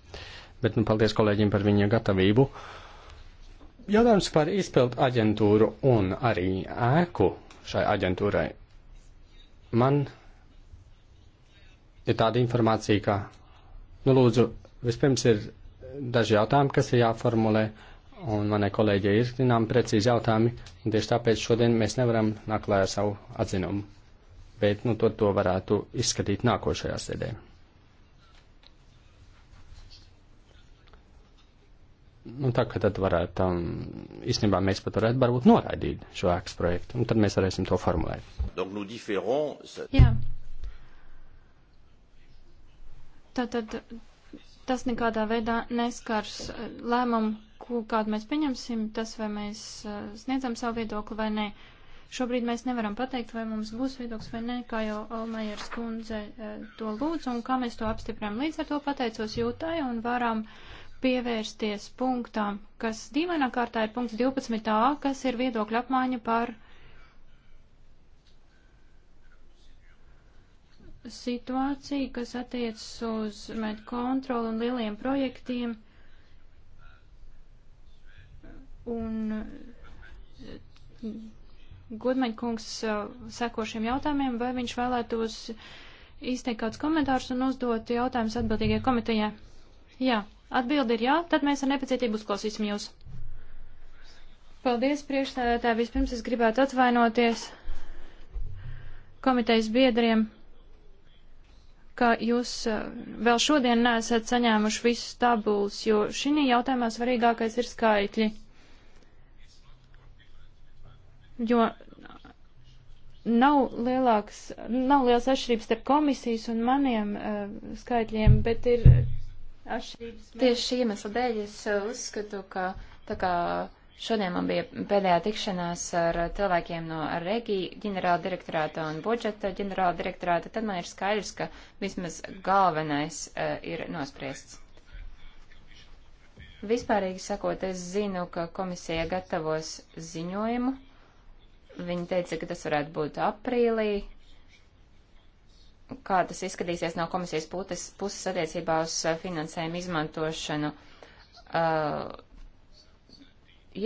Bet, nu, paldies kolēģiem par viņu gatavību. Jautājums par izpildu aģentūru un arī ēku šai aģentūrai. Man ir tāda informācija, ka, nu, lūdzu, vispirms ir daži jautājumi, kas ir jāformulē. Uh, un manai kolēģi ir zinām precīzi jautājumi, un tieši tāpēc šodien mēs nevaram naklēt ar savu atzinumu. Bet, nu, to, to varētu izskatīt nākošajā sēdē. Nu, tā kā tad varētu, um, īstenībā mēs pat varētu varbūt noraidīt šo ēkas projektu, un tad mēs varēsim to formulēt. Jā. Tātad tas nekādā veidā neskars uh, lēmumu ko, kādu mēs pieņemsim, tas vai mēs eh, sniedzam savu viedokli vai nē. Šobrīd mēs nevaram pateikt, vai mums būs viedoklis vai nē, kā jau Almajers kundze eh, to lūdz un kā mēs to apstiprinām. Līdz ar to pateicos jūtai un varam pievērsties punktam, kas dīvainā kārtā ir punkts 12a, kas ir viedokļa apmaiņa par situāciju, kas attiecas uz medkontrolu un lieliem projektiem. Un Gudmaņkungs uh, seko šiem jautājumiem, vai viņš vēlētos izteikt kādus komentārus un uzdot jautājumus atbildīgajai komitejai. Jā, atbildi ir jā, tad mēs ar nepacietību uzklausīsim jūs. Paldies, priekšstādētāji. Vispirms es gribētu atvainoties komitejas biedriem, ka jūs uh, vēl šodien nesat saņēmuši visus tabulas, jo šī jautājumā svarīgākais ir skaitļi jo nav lielāks, nav liels atšķirības starp komisijas un maniem uh, skaitļiem, bet ir atšķirības. Tieši šī iemesla dēļ es eh, uzskatu, ka tā kā šodien man bija pēdējā tikšanās ar eh, cilvēkiem no Regi ģenerāla direktorāta un budžeta ģenerāla direktorāta, tad man ir skaidrs, ka vismaz galvenais uh, ir nospriests. Vispārīgi sakot, es zinu, ka komisija gatavos ziņojumu Viņa teica, ka tas varētu būt aprīlī. Kā tas izskatīsies no komisijas puses, puses attiecībā uz uh, finansējumu izmantošanu uh,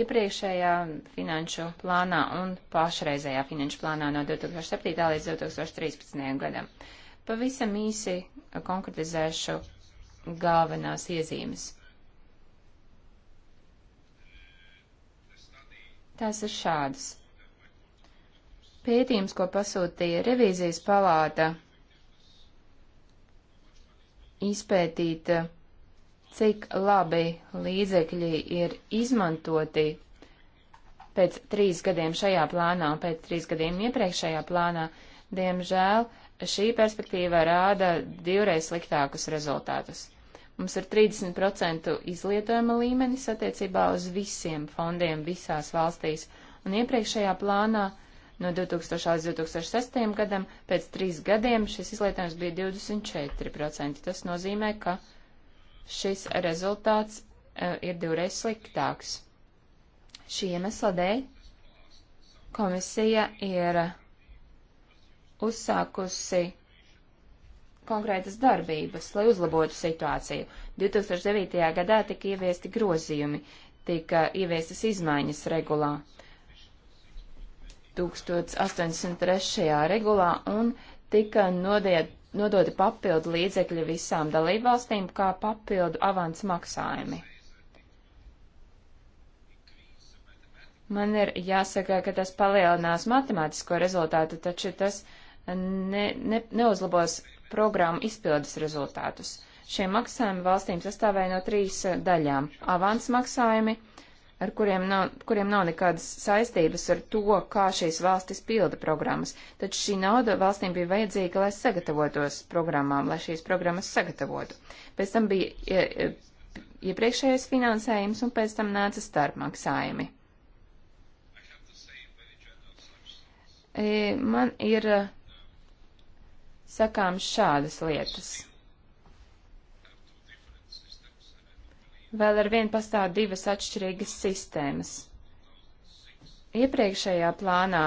iepriekšējā finanšu plānā un pašreizējā finanšu plānā no 2007. līdz 2013. gadam. Pavisam īsi konkretizēšu galvenās iezīmes. Tās ir šādas. Pētījums, ko pasūtīja revīzijas palāta, izpētīt, cik labi līdzekļi ir izmantoti pēc trīs gadiem šajā plānā un pēc trīs gadiem iepriekšējā plānā, diemžēl šī perspektīva rāda divreiz sliktākus rezultātus. Mums ir 30% izlietojuma līmenis attiecībā uz visiem fondiem visās valstīs, un iepriekšējā plānā no 2000 līdz 2006 gadam, pēc trīs gadiem šis izlietojums bija 24%. Tas nozīmē, ka šis rezultāts uh, ir divreiz sliktāks. Šī iemesla dēļ komisija ir uzsākusi konkrētas darbības, lai uzlabotu situāciju. 2009. gadā tika ieviesti grozījumi, tika ieviestas izmaiņas regulā. Uh, 1083. regulā un tika nodiet, nodoti papildu līdzekļi visām dalībvalstīm kā papildu avans maksājumi. Man ir jāsaka, ka tas palielinās matemātisko rezultātu, taču tas ne, ne, neuzlabos programmu izpildes rezultātus. Šie maksājumi valstīm sastāvēja no trīs daļām - avans maksājumi, ar kuriem nav, kuriem nav nekādas saistības ar to, kā šīs valstis pilda programmas, taču šī nauda valstīm bija vajadzīga, lai sagatavotos programmām, lai šīs programmas sagatavotu. Pēc tam bija iepriekšējais finansējums un pēc tam nāca starpmaksājumi. E, man ir sakām šādas lietas. vēl ar vienu pastāv divas atšķirīgas sistēmas. Iepriekšējā plānā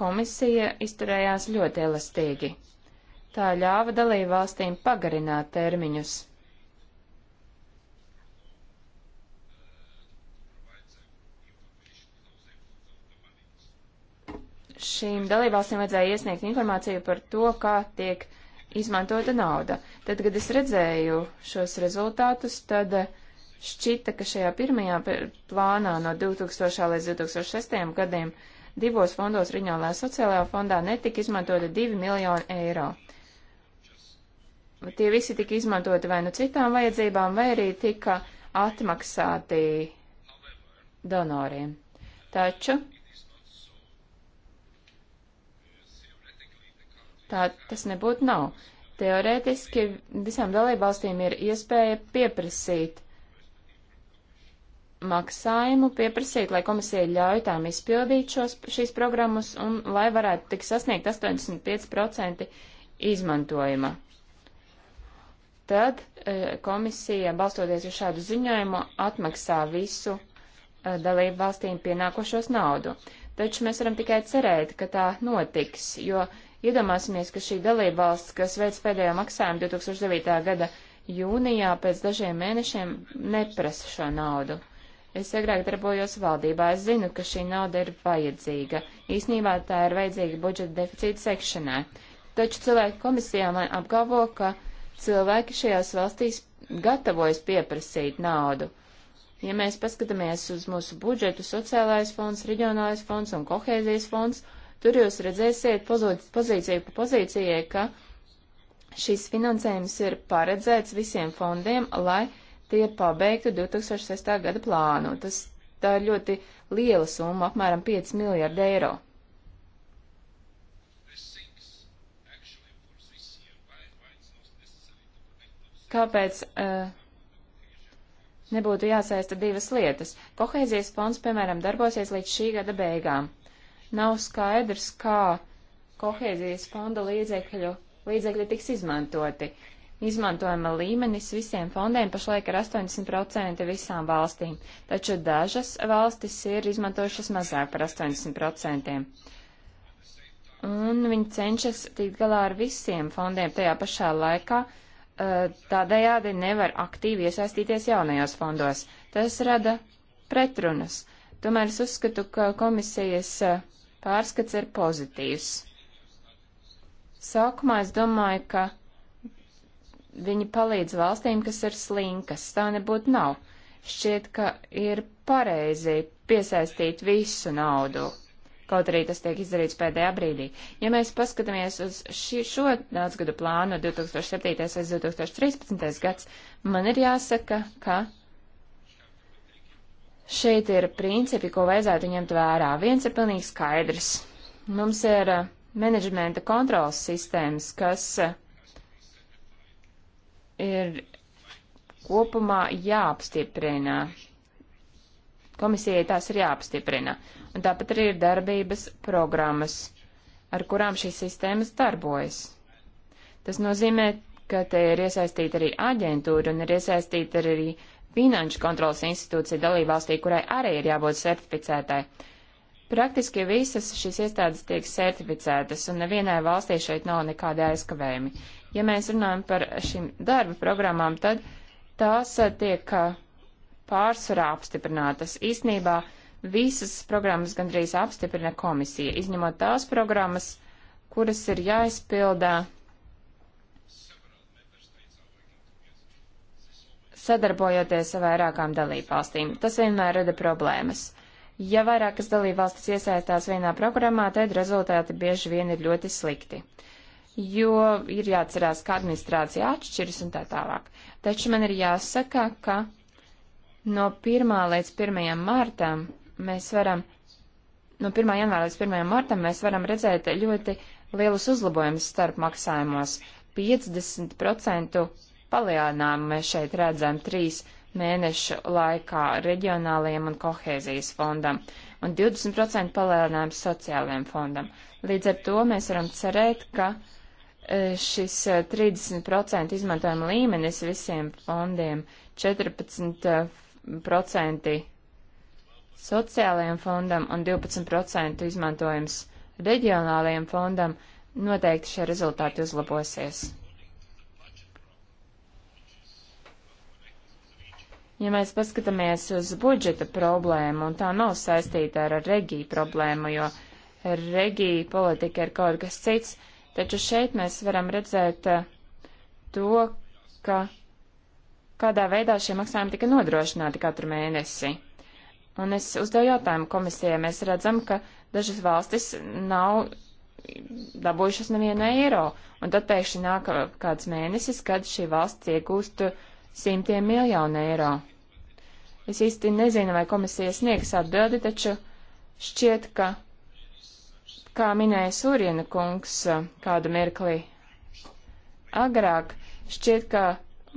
komisija izturējās ļoti elastīgi. Tā ļāva dalībvalstīm pagarināt termiņus. Šīm dalībvalstīm vajadzēja iesniegt informāciju par to, kā tiek uh, izmantota nauda. Tad, kad es redzēju šos rezultātus, tad šķita, ka šajā pirmajā plānā no 2000. līdz 2006. gadiem divos fondos Riņolā sociālajā fondā netika izmantota 2 miljoni eiro. Tie visi tika izmantoti vai nu citām vajadzībām, vai arī tika atmaksāti donoriem. Taču Tā tas nebūtu nav. Teorētiski visām dalībvalstīm ir iespēja pieprasīt maksājumu, pieprasīt, lai komisija ļauj tām izpildīt šos, šīs programmas un lai varētu tik sasniegt 85% izmantojuma. Tad e, komisija, balstoties uz šādu ziņojumu, atmaksā visu e, dalību valstīm pienākošos naudu. Taču mēs varam tikai cerēt, ka tā notiks, jo Iedomāsimies, ka šī dalībvalsts, kas veids pēdējo maksājumu 2009. gada jūnijā, pēc dažiem mēnešiem neprasa šo naudu. Es agrāk darbojos valdībā, es zinu, ka šī nauda ir vajadzīga. Īsnībā tā ir vajadzīga budžeta deficīta sekšanai. Taču cilvēki komisijā man apgalvo, ka cilvēki šajās valstīs gatavojas pieprasīt naudu. Ja mēs paskatāmies uz mūsu budžetu, sociālais fonds, reģionālais fonds un kohēzijas fonds, Tur jūs redzēsiet pozīciju pa pozīcijai, ka šis finansējums ir paredzēts visiem fondiem, lai tie pabeigtu 2006. gada plānu. Tas tā ir ļoti liela summa, apmēram 5 miljārdi eiro. Kāpēc uh, nebūtu jāsaista divas lietas? Kohēzijas fonds, piemēram, darbosies līdz šī gada beigām nav skaidrs, kā kohēzijas fonda līdzekļu, līdzekļi tiks izmantoti. Izmantojama līmenis visiem fondiem pašlaik ir 80% visām valstīm, taču dažas valstis ir izmantojušas mazāk par 80%. Un viņi cenšas tikt galā ar visiem fondiem tajā pašā laikā, eh, tādējādi nevar aktīvi iesaistīties jaunajos fondos. Tas rada pretrunas. Tomēr es uzskatu, ka komisijas eh, Pārskats ir pozitīvs. Sākumā es domāju, ka viņi palīdz valstīm, kas ir slinkas. Tā nebūtu nav. Šķiet, ka ir pareizi piesaistīt visu naudu. Kaut arī tas tiek izdarīts pēdējā brīdī. Ja mēs paskatāmies uz ši, šo daudzgadu plānu 2007. līdz 2013. gads, man ir jāsaka, ka Šeit ir principi, ko vajadzētu ņemt vērā. Viens ir pilnīgi skaidrs. Mums ir uh, menedžmenta kontrolas sistēmas, kas uh, ir kopumā jāapstiprina. Komisijai tās ir jāapstiprina. Un tāpat arī ir darbības programmas, ar kurām šīs sistēmas darbojas. Tas nozīmē, ka te ir iesaistīta arī aģentūra un ir iesaistīta arī uh, finanšu kontrolas institūcija dalībvalstī, kurai arī ir jābūt certificētai. Praktiski visas šīs iestādes tiek certificētas, un nevienai valstī šeit nav nekāda aizkavējumi. Ja mēs runājam par šīm darba programmām, tad tās eh, tiek eh, pārsvarā apstiprinātas. Īsnībā visas programmas gandrīz apstiprina komisija, izņemot tās programmas, kuras ir jāizpildā sadarbojoties ar vairākām dalībvalstīm. Tas vienmēr rada problēmas. Ja vairākas dalībvalstis iesaistās vienā programmā, tad rezultāti bieži vien ir ļoti slikti, jo ir jāatcerās, ka administrācija atšķiras un tā tālāk. Taču man ir jāsaka, ka no 1. līdz 1. martam mēs varam, no 1. janvāra līdz 1. martam mēs varam redzēt ļoti lielus uzlabojumus starp maksājumos. 50% palielinām. Mēs šeit redzam trīs mēnešu laikā reģionālajiem un kohēzijas fondam un 20% palielinājums sociālajiem fondam. Līdz ar to mēs varam cerēt, ka e, šis 30% e, izmantojuma līmenis visiem fondiem, 14% e, sociālajiem fondam un 12% izmantojums reģionālajiem fondam, noteikti šie rezultāti uzlabosies. Ja mēs paskatāmies uz budžeta problēmu, un tā nav saistīta ar regiju problēmu, jo regija politika ir kaut kas cits, taču šeit mēs varam redzēt eh, to, ka kādā veidā šie maksājumi tika nodrošināti katru mēnesi. Un es uzdevu jautājumu komisijai, mēs redzam, ka dažas valstis nav dabūjušas nevienu eiro, un tad pēkšņi nāk kāds mēnesis, kad šī valsts iegūst simtiem miljonu eiro. Es īsti nezinu, vai komisija sniegs atbildi, taču šķiet, ka, kā minēja Sūriena kungs kādu mirklī agrāk, šķiet, ka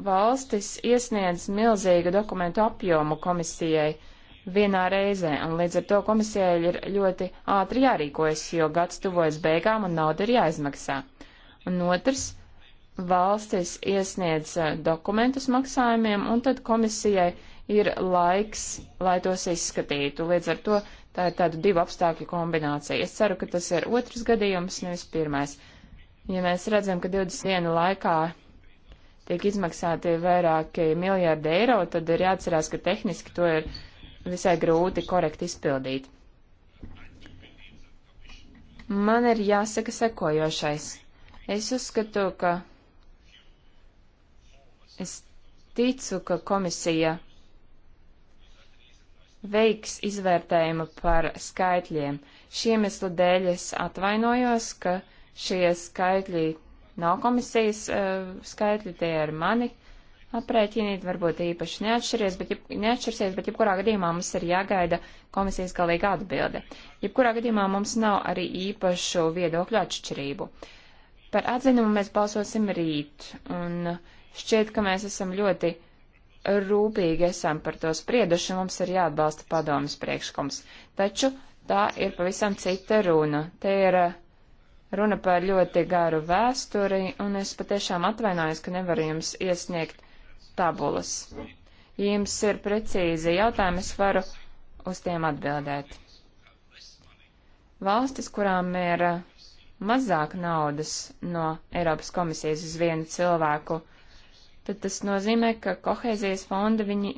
valstis iesniedz milzīgu dokumentu apjomu komisijai vienā reizē, un līdz ar to komisijai ir ļoti ātri jārīkojas, jo gads tuvojas beigām un nauda ir jāizmaksā. Un otrs, valstis iesniedz dokumentus maksājumiem, un tad komisijai ir laiks, lai tos izskatītu. Līdz ar to tā ir tāda divu apstākļu kombinācija. Es ceru, ka tas ir otrs gadījums, nevis pirmais. Ja mēs redzam, ka 20 dienu laikā tiek izmaksāti vairāki miljārdi eiro, tad ir jāatcerās, ka tehniski to ir visai grūti korekti izpildīt. Man ir jāsaka sekojošais. Es uzskatu, ka es ticu, ka komisija veiks izvērtējumu par skaitļiem. Šī iemesla dēļ es atvainojos, ka šie skaitļi nav komisijas uh, skaitļi, tie ir mani aprēķinīt, varbūt īpaši neatšķiries, bet, jeb, neatšķirsies, bet jebkurā gadījumā mums ir jāgaida komisijas galīga atbilde. Jebkurā gadījumā mums nav arī īpašu viedokļu atšķirību. Par atzinumu mēs balsosim rīt, un šķiet, ka mēs esam ļoti rūpīgi esam par to sprieduši, mums ir jāatbalsta padomas priekšlikums. Taču tā ir pavisam cita runa. Te ir eh, runa par ļoti garu vēsturi, un es patiešām atvainojos, ka nevaru jums iesniegt tabulas. Ja jums ir precīzi jautājumi, es varu uz tiem atbildēt. Valstis, kurām ir eh, mazāk naudas no Eiropas komisijas uz vienu cilvēku, uh, tad tas nozīmē, ka kohēzijas fonda viņi,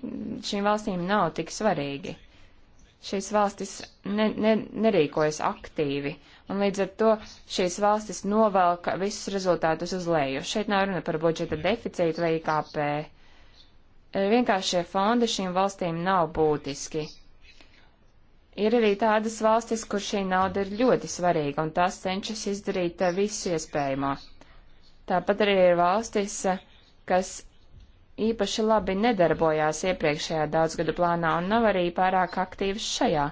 šīm valstīm nav tik svarīgi. Šīs valstis ne, ne, nerīkojas aktīvi, un līdz ar to šīs valstis novelk visus rezultātus uz leju. Šeit nav runa par budžeta deficītu vai IKP. Vienkārši šie fondi šīm valstīm nav būtiski. Ir arī tādas valstis, kur šī nauda ir ļoti svarīga, un tās cenšas izdarīt eh, visu iespējamo. Tāpat arī ir valstis, uh, kas īpaši labi nedarbojās iepriekšējā daudzgadu plānā un nav arī pārāk aktīvas šajā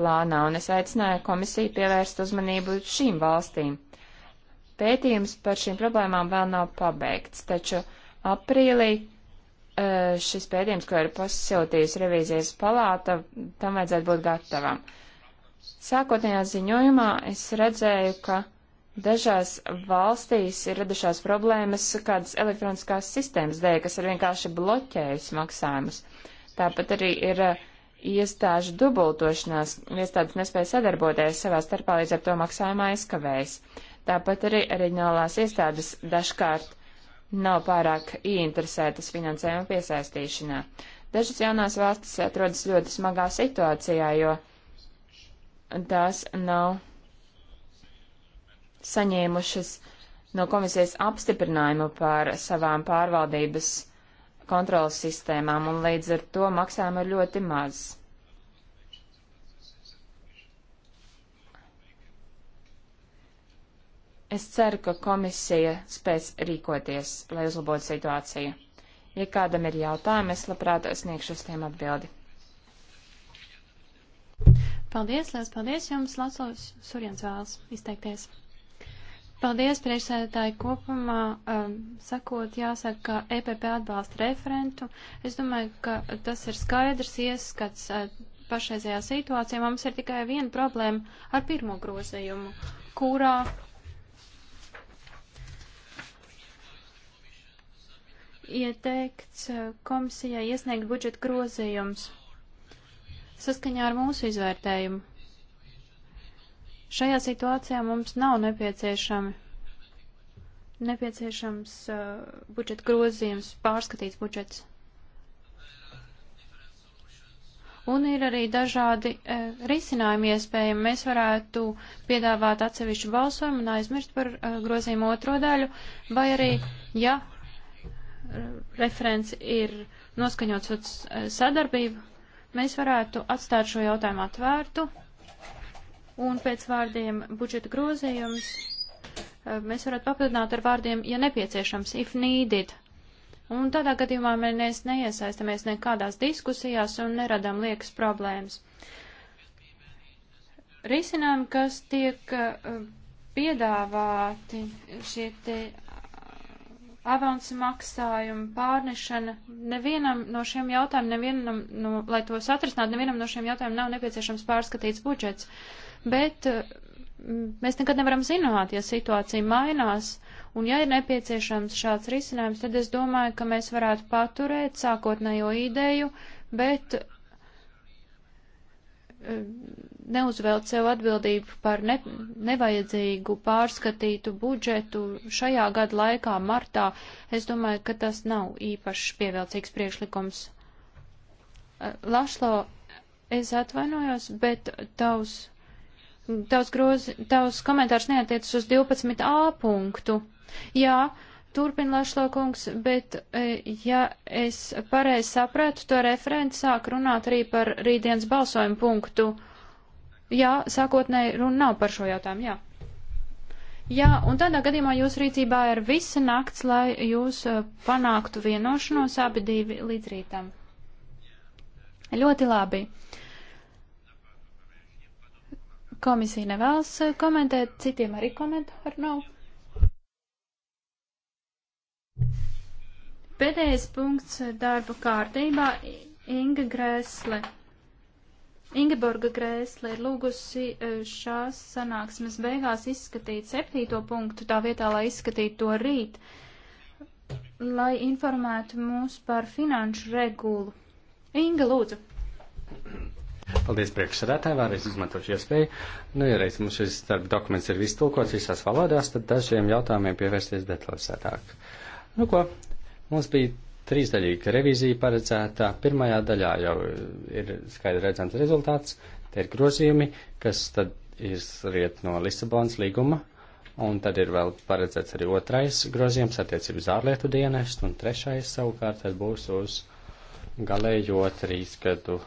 plānā, un es aicināju komisiju pievērst uzmanību šīm valstīm. Pētījums par šīm problēmām vēl nav pabeigts, taču aprīlī eh, šis pētījums, ko ir pasūtījusi revīzijas palāta, tam vajadzētu būt gatavam. Sākotnējā ziņojumā es redzēju, ka Dažās valstīs ir radušās problēmas kādas elektroniskās sistēmas dēļ, kas ir vienkārši bloķējusi maksājumus. Tāpat arī ir uh, iestāžu dubultošanās, iestādes nespēja sadarboties savā starpā, līdz ar to maksājumā aizkavējas. Tāpat arī reģionālās iestādes dažkārt nav pārāk ieinteresētas finansējuma piesaistīšanā. Dažas jaunās valstis atrodas ļoti smagā situācijā, jo tās nav saņēmušas no komisijas apstiprinājumu par savām pārvaldības kontrolas sistēmām, un līdz ar to maksājumi ir ļoti maz. Es ceru, ka komisija spēs rīkoties, lai uzlabotu situāciju. Ja kādam ir jautājumi, es labprāt sniegšu uz tiem atbildi. Paldies, liels paldies jums, Laslovs Surjans vēlas izteikties. Paldies, priekšsēdētāji, kopumā, um, sakot, jāsaka, ka EPP atbalsta referentu. Es domāju, ka tas ir skaidrs ieskats uh, pašreizējā situācijā. Mums ir tikai viena problēma ar pirmo grozījumu, kurā ieteikts uh, komisijai iesniegt budžeta grozījums saskaņā ar mūsu izvērtējumu. Šajā situācijā mums nav nepieciešami nepieciešams uh, budžeta grozījums, pārskatīts budžets. Un ir arī dažādi uh, risinājumi iespējami. Mēs varētu piedāvāt atsevišķu balsojumu un aizmirst par uh, grozījumu otro daļu, vai arī, ja uh, referents ir noskaņots uz uh, sadarbību, mēs varētu atstāt šo jautājumu atvērtu un pēc vārdiem budžeta grozījums eh, mēs varētu papildināt ar vārdiem, ja nepieciešams, if needed. Un tādā gadījumā mēs neiesaistamies nekādās diskusijās un neradam liekas problēmas. Risinājumi, kas tiek eh, piedāvāti, šie te eh, avansu maksājumu pārnešana, nevienam no šiem jautājumiem, nevienam, no, lai tos atrastinātu, nevienam no šiem jautājumiem nav nepieciešams pārskatīts budžets. Uh, bet eh, mēs nekad nevaram zināt, ja situācija mainās, un ja ir nepieciešams šāds risinājums, tad es domāju, ka mēs varētu paturēt sākotnējo ideju, bet eh, neuzvelt sev atbildību par ne, nevajadzīgu pārskatītu budžetu šajā gada laikā, martā. Es domāju, ka tas nav īpaši pievilcīgs priekšlikums. Eh, Lašlo, es atvainojos, bet tavs tavs, grozi, tavs komentārs neatiecas uz 12a punktu. Jā, turpina Lašlokungs, bet e, ja es pareizi sapratu, to referents sāk runāt arī par rītdienas balsojumu punktu. Jā, sākotnēji runa nav par šo jautājumu, jā. Jā, un tādā gadījumā jūs rīcībā ir visa nakts, lai jūs e, panāktu vienošanos abi divi līdz rītam. Ļoti labi. Uh, Komisija nevēlas eh, komentēt, citiem arī komentāru nav. Pēdējais punkts eh, darba kārtībā Inga Grēsle. Ingeborga Grēsle ir lūgusi eh, šās sanāksmes beigās izskatīt septīto punktu, tā vietā, lai izskatītu to rīt, lai informētu mūs par finanšu regulu. Inga, lūdzu! Paldies priekšsēdētāji, vēlreiz izmantošu iespēju. Nu, ja reiz mums šis darba dokuments ir iztulkots visās valodās, tad dažiem jautājumiem pievērsties detalizētāk. Nu ko, mums bija trīsdaļīga revīzija paredzēta. Pirmajā daļā jau ir skaidri redzams rezultāts, tie ir grozījumi, kas tad izriet no Lisabonas līguma, un tad ir vēl paredzēts arī otrais grozījums attiecībā uz ārlietu dienestu, un trešais savukārt būs uz galējo trīs gadu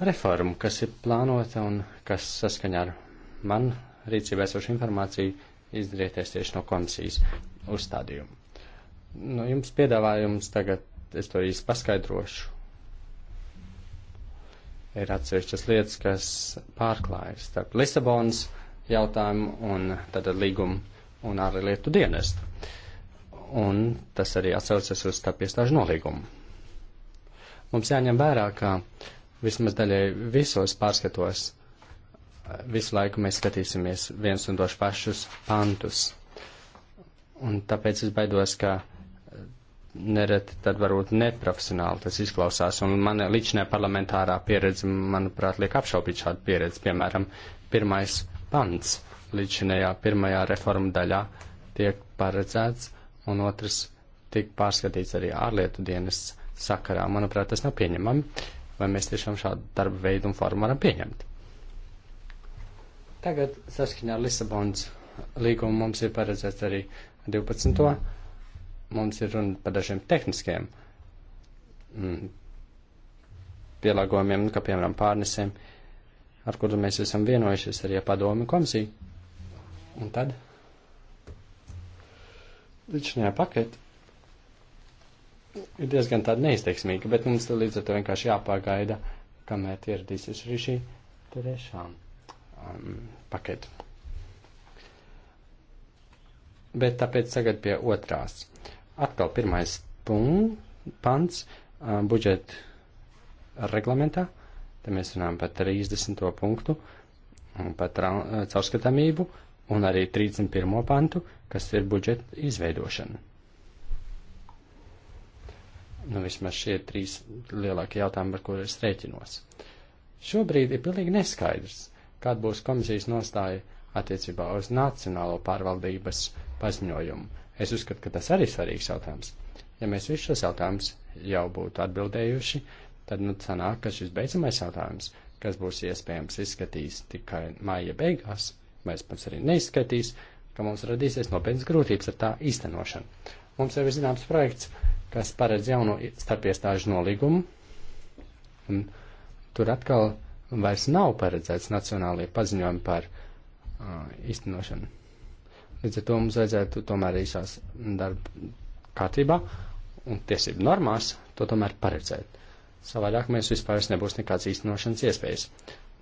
reformu, kas ir plānota un kas saskaņā ar man rīcībā esošu informāciju izdarieties tieši no komisijas uzstādījuma. Nu, jums piedāvājums tagad, es to īsti paskaidrošu. Ir atsevišķas lietas, kas pārklājas starp Lisabonas jautājumu un tātad līgumu un ārlietu dienestu. Un tas arī atsaucas uz starp iestāžu nolīgumu. Mums jāņem vērā, ka uh, vismaz daļai visos pārskatos visu laiku mēs skatīsimies viens un tos pašus pantus. Un tāpēc es baidos, ka eh, nereti tad varbūt neprofesionāli tas izklausās. Un mana līdzinē parlamentārā pieredze, manuprāt, liek apšaubīt šādu pieredzi. Piemēram, pirmais pants līdzinējā pirmajā reforma daļā tiek paredzēts, un otrs tik pārskatīts arī ārlietu dienas sakarā. Manuprāt, tas nav pieņemami. Uh, vai mēs tiešām šādu darba veidu un formu varam pieņemt. Tagad saskaņā ar Lisabonas līgumu mums ir paredzēts arī 12. Mums ir runa par dažiem tehniskiem mm, pielāgojumiem, nu, kā piemēram pārnesēm, ar kuru mēs esam vienojušies arī ar padomi komisiju. Un tad? Līdz šajā paketē ir diezgan tāda neizteiksmīga, bet mums līdz ar to vienkārši jāpagaida, kamēr ieradīsies arī šī trešā um, paketa. Bet tāpēc tagad pie otrās. Atkal pirmais punkts, pants, um, uh, budžeta reglamentā. Te mēs runājam par 30. punktu, par uh, caurskatāmību un arī 31. pantu, kas ir budžeta izveidošana. Nu, vismaz šie trīs lielākie jautājumi, par kuriem es rēķinos. Šobrīd ir pilnīgi neskaidrs, kāda būs komisijas nostāja attiecībā uz nacionālo pārvaldības paziņojumu. Es uzskatu, ka tas arī svarīgs jautājums. Ja mēs visus šos jautājumus jau būtu atbildējuši, tad nu sanāk, ka šis beidzamais jautājums, kas būs iespējams izskatīs tikai māja beigās, vai es pats arī neizskatīs, ka mums radīsies nopietnas grūtības ar tā īstenošanu. Mums jau ir zināms projekts, kas paredz jauno starpiestāžu nolīgumu, un tur atkal vairs nav paredzēts nacionālie paziņojumi par uh, īstenošanu. Līdz ar to mums vajadzētu tomēr īsās darba kārtībā un tiesību normās to tomēr paredzēt. Savādāk mēs vispār nebūs nekāds īstenošanas iespējas.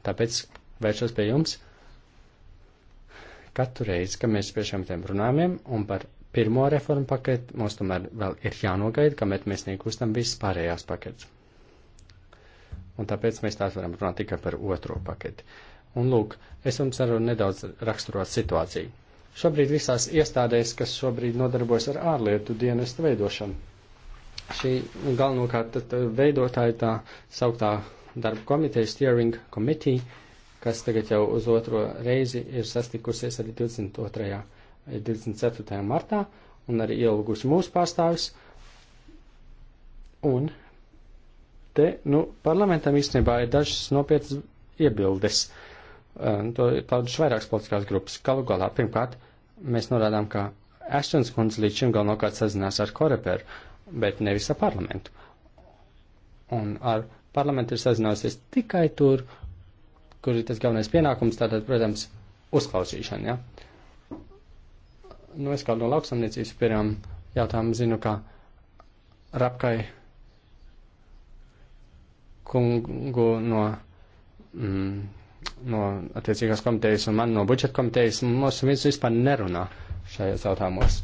Tāpēc vēršos pie jums katru reizi, kad mēs pie šiem tiem runājumiem un par pirmo reformu paketu, mums tomēr vēl ir jānogaida, kamēr mēs niekūstam visas pārējās paketes. Un tāpēc mēs tās varam runāt tikai par otro paketi. Un lūk, es jums varu nedaudz raksturot situāciju. Šobrīd visās iestādēs, kas šobrīd nodarbojas ar ārlietu dienestu veidošanu, šī galvenokārt veidotāja tā sauktā darba komiteja, steering committee, kas tagad jau uz otro reizi ir sastikusies arī 22 24. martā, un arī ielūgusi mūsu pārstāvis. Un te, nu, parlamentam īstenībā ir dažas nopietnas iebildes. To ir tādas vairākas politiskās grupas. Galu galā, pirmkārt, mēs norādām, ka Ashtons kundze līdz šim galvenokārt sazinās ar Koreperu, bet nevis ar parlamentu. Un ar parlamentu ir sazinājusies tikai tur, kur ir tas galvenais pienākums, tātad, protams, uzklausīšana, ja? nu, es kā no lauksamniecības pirām jautājumu zinu, ka Rapkai kungu no, mm, no attiecīgās komitejas un man no budžeta komitejas mums viens vispār nerunā šajos jautājumos.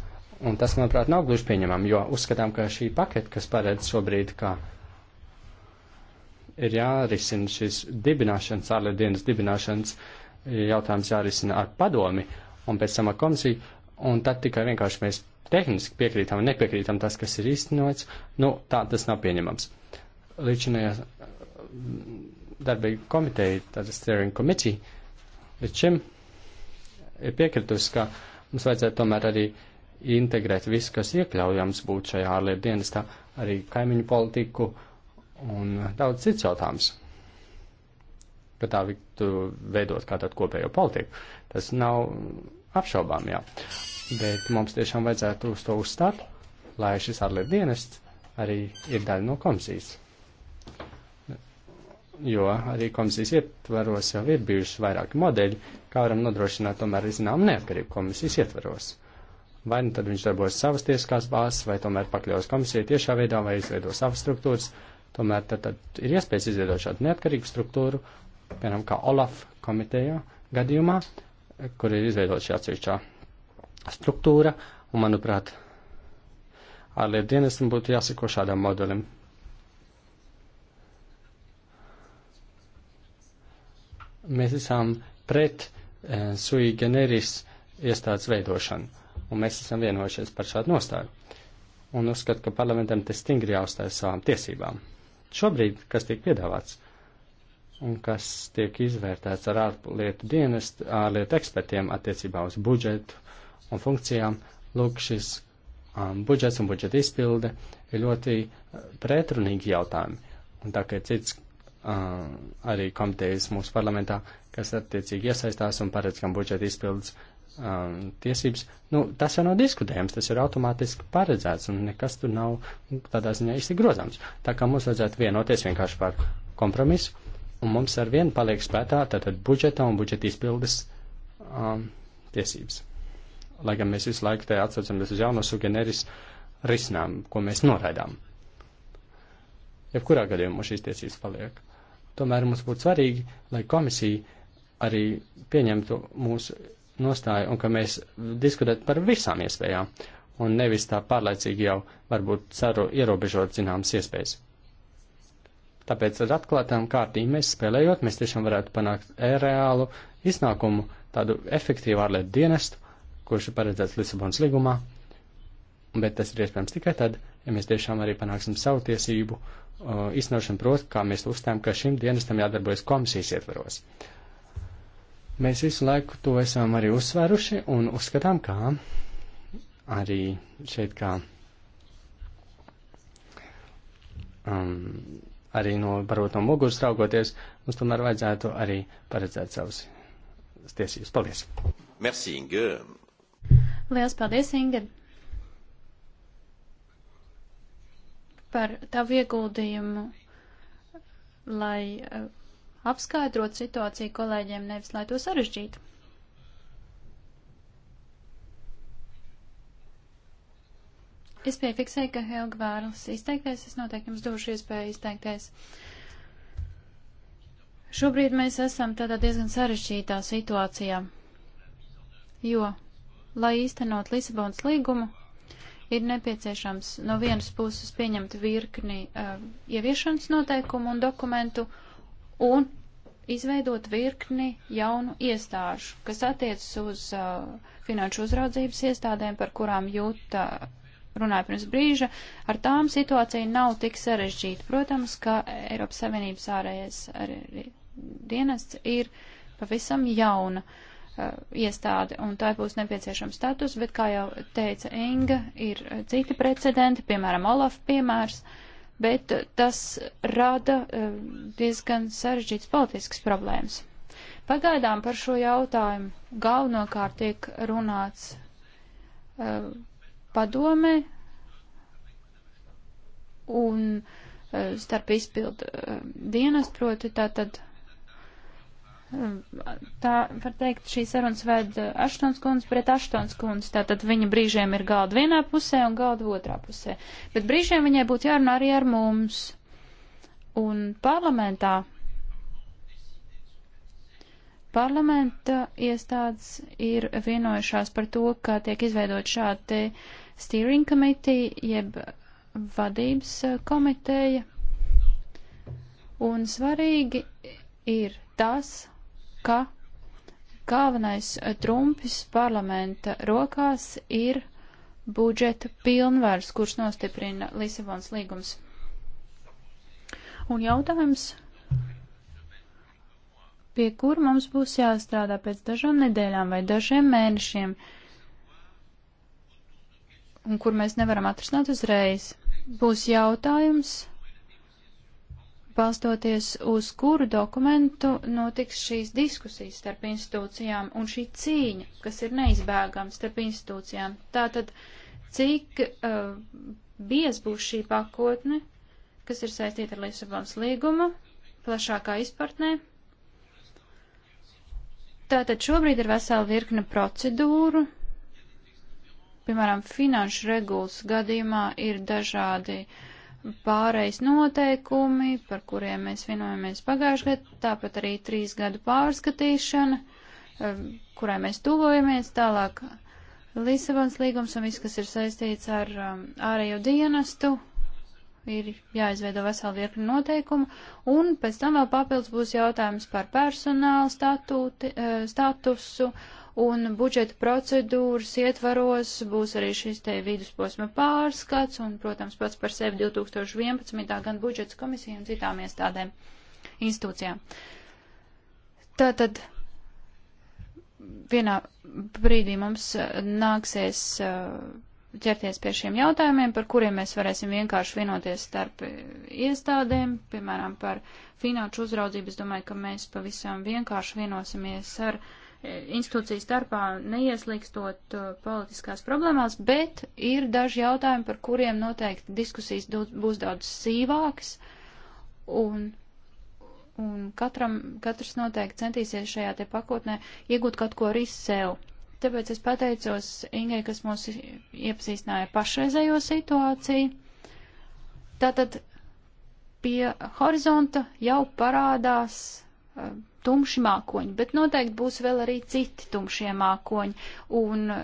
Un tas, manuprāt, nav gluži pieņemam, jo uzskatām, ka šī paketa, kas paredz šobrīd, ka ir jārisina šis dibināšanas, ārlietu dienas dibināšanas jautājums jārisina ar padomi un pēc tam ar komisiju, un tad tikai vienkārši mēs tehniski piekrītam un nepiekrītam tas, kas ir īstenots, nu, tā tas nav pieņemams. Līdzinājā mm, darbīga komiteja, tāda steering committee, līdz šim ir piekritusi, ka mums vajadzētu tomēr arī integrēt visu, kas iekļaujams būtu šajā ārlietu dienestā, arī kaimiņu politiku un daudz cits jautājums. Ka tā viktu veidot kā tādu kopējo politiku. Tas nav apšaubām, jā. Bet mums tiešām vajadzētu uz to uzstāt, lai šis ārlietu dienests arī ir daļa no komisijas. Jo arī komisijas ietvaros jau ir bijuši vairāki modeļi, kā varam nodrošināt tomēr zinām neatkarību komisijas ietvaros. Vai nu tad viņš darbos savas tiesiskās bāzes, vai tomēr pakļaus komisijai tiešā veidā, vai izveido savas struktūras. Tomēr tad, tad ir iespējas izveidot šādu neatkarīgu struktūru, piemēram, kā Olaf komiteja gadījumā, kur ir izveidot šī atsevišķā struktūra, un, manuprāt, ārlietu dienestam būtu jāsako šādam modelim. Mēs esam pret e, sui generis iestādes veidošanu, un mēs esam vienojušies par šādu nostāju. Un uzskatu, ka parlamentam te stingri jāuzstājas savām tiesībām. Šobrīd, kas tiek piedāvāts, un kas tiek izvērtēts ar ārlietu dienestu, ārlietu ekspertiem attiecībā uz budžetu un funkcijām. Lūk, šis um, budžets un budžeta izpilde ir ļoti uh, pretrunīgi jautājumi. Un tā kā ir cits um, arī komitejas mūsu parlamentā, kas attiecīgi iesaistās un paredz, kam budžeta izpildes um, tiesības, nu, tas jau nav diskutējams, tas ir automātiski paredzēts un nekas tur nav nu, tādā ziņā īsti grozams. Tā kā mums vajadzētu vienoties vienkārši par kompromisu un mums ar vienu paliek spētā tātad budžeta un budžeta izpildes um, tiesības. Lai gan mēs visu laiku te atsaucamies uz jauno sugeneris risinām, ko mēs noraidām. Jebkurā gadījumā šīs tiesības paliek. Tomēr mums būtu svarīgi, lai komisija arī pieņemtu mūsu nostāju un ka mēs diskutētu par visām iespējām un nevis tā pārlaicīgi jau varbūt ceru ierobežot zināmas iespējas. Tāpēc ar atklātām kārtīm mēs spēlējot, mēs tiešām varētu panākt e reālu iznākumu, tādu efektīvu ārlietu dienestu, kurš ir paredzēts Lisabonas līgumā, bet tas ir iespējams tikai tad, ja mēs tiešām arī panāksim savu tiesību uh, iznošanu, proti, kā mēs uzstājam, ka šim dienestam jādarbojas komisijas ietveros. Mēs visu laiku to esam arī uzsvēruši un uzskatām, kā arī šeit kā um, arī no, varbūt no muguras raugoties, mums tomēr vajadzētu arī paredzēt savas tiesības. Paldies! Merci, Inge! Liels paldies, Inge! Par tavu ieguldījumu, lai eh, apskaidrot situāciju kolēģiem, nevis lai to sarežģītu. Es piefiksēju, ka Helga vēlas izteikties. Es noteikti jums došu iespēju izteikties. Šobrīd mēs esam tādā diezgan sarežģītā situācijā, jo, lai īstenot Lisabonas līgumu, ir nepieciešams no vienas puses pieņemt virkni uh, ieviešanas noteikumu un dokumentu un izveidot virkni jaunu iestāžu, kas attiecas uz uh, finanšu uzraudzības iestādēm, par kurām jūta runāju pirms brīža, ar tām situācija nav tik sarežģīta. Protams, ka Eiropas Savienības ārējais dienests ir pavisam jauna uh, iestāde, un tā būs nepieciešama status, bet, kā jau teica Inga, ir citi precedenti, piemēram, Olaf piemērs, bet tas rada uh, diezgan sarežģīts politisks problēmas. Pagaidām par šo jautājumu galvenokārt tiek runāts uh, padomē un eh, starp izpildu eh, dienas, proti tātad eh, tā var teikt, šī sarunas ved Aštons kundze pret Aštons kundze, tātad viņa brīžiem ir galda vienā pusē un galda otrā pusē, bet brīžiem viņai būtu jārunā arī ar mums. Un parlamentā, parlamenta iestādes ir vienojušās par to, ka tiek izveidot šādi steering committee, jeb vadības e, komiteja. Un svarīgi ir tas, ka galvenais e, trumpis parlamenta rokās ir budžeta pilnvars, kurš nostiprina Lisabons līgums. Un jautājums, pie kur mums būs jāstrādā pēc dažām nedēļām vai dažiem mēnešiem, uh, un kur mēs nevaram atrisināt uzreiz. Būs jautājums, balstoties uz kuru dokumentu notiks šīs diskusijas starp institūcijām un šī cīņa, kas ir neizbēgama starp institūcijām. Tātad, cik uh, bies būs šī pakotne, kas ir saistīta ar Lisabonas līgumu, plašākā izpratnē. Tātad šobrīd ir vesela virkne procedūru, Piemēram, finanšu regulas gadījumā ir dažādi pārejas noteikumi, par kuriem mēs vienojamies pagājušajā gadā, tāpat arī trīs gadu pārskatīšana, eh, kurai mēs tuvojamies tālāk. Lisabons līgums un viss, kas ir saistīts ar um, ārējo dienestu, ir jāizveido vesela virkni noteikumu, un pēc tam vēl papildus būs jautājums par personālu statūti, eh, statusu un budžeta procedūras ietvaros būs arī šis te vidusposma pārskats un, protams, pats par sevi 2011. gan budžets komisija un citām iestādēm, institūcijām. Tātad vienā brīdī mums uh, nāksies uh, ķerties pie šiem jautājumiem, par kuriem mēs varēsim vienkārši vienoties starp uh, iestādēm, piemēram, par finanšu uzraudzību. Es domāju, ka mēs pavisam vienkārši vienosimies ar uh, institūcijas starpā neieslīkstot uh, politiskās problēmās, bet ir daži jautājumi, par kuriem noteikti diskusijas būs daudz sīvākas, un, un katram, katrs noteikti centīsies šajā te pakotnē iegūt kaut ko arī sev. Tāpēc es pateicos Ingai, kas mūs iepazīstināja pašreizējo situāciju. Tātad pie horizonta jau parādās uh, tumši mākoņi, bet noteikti būs vēl arī citi tumšie mākoņi. Un e,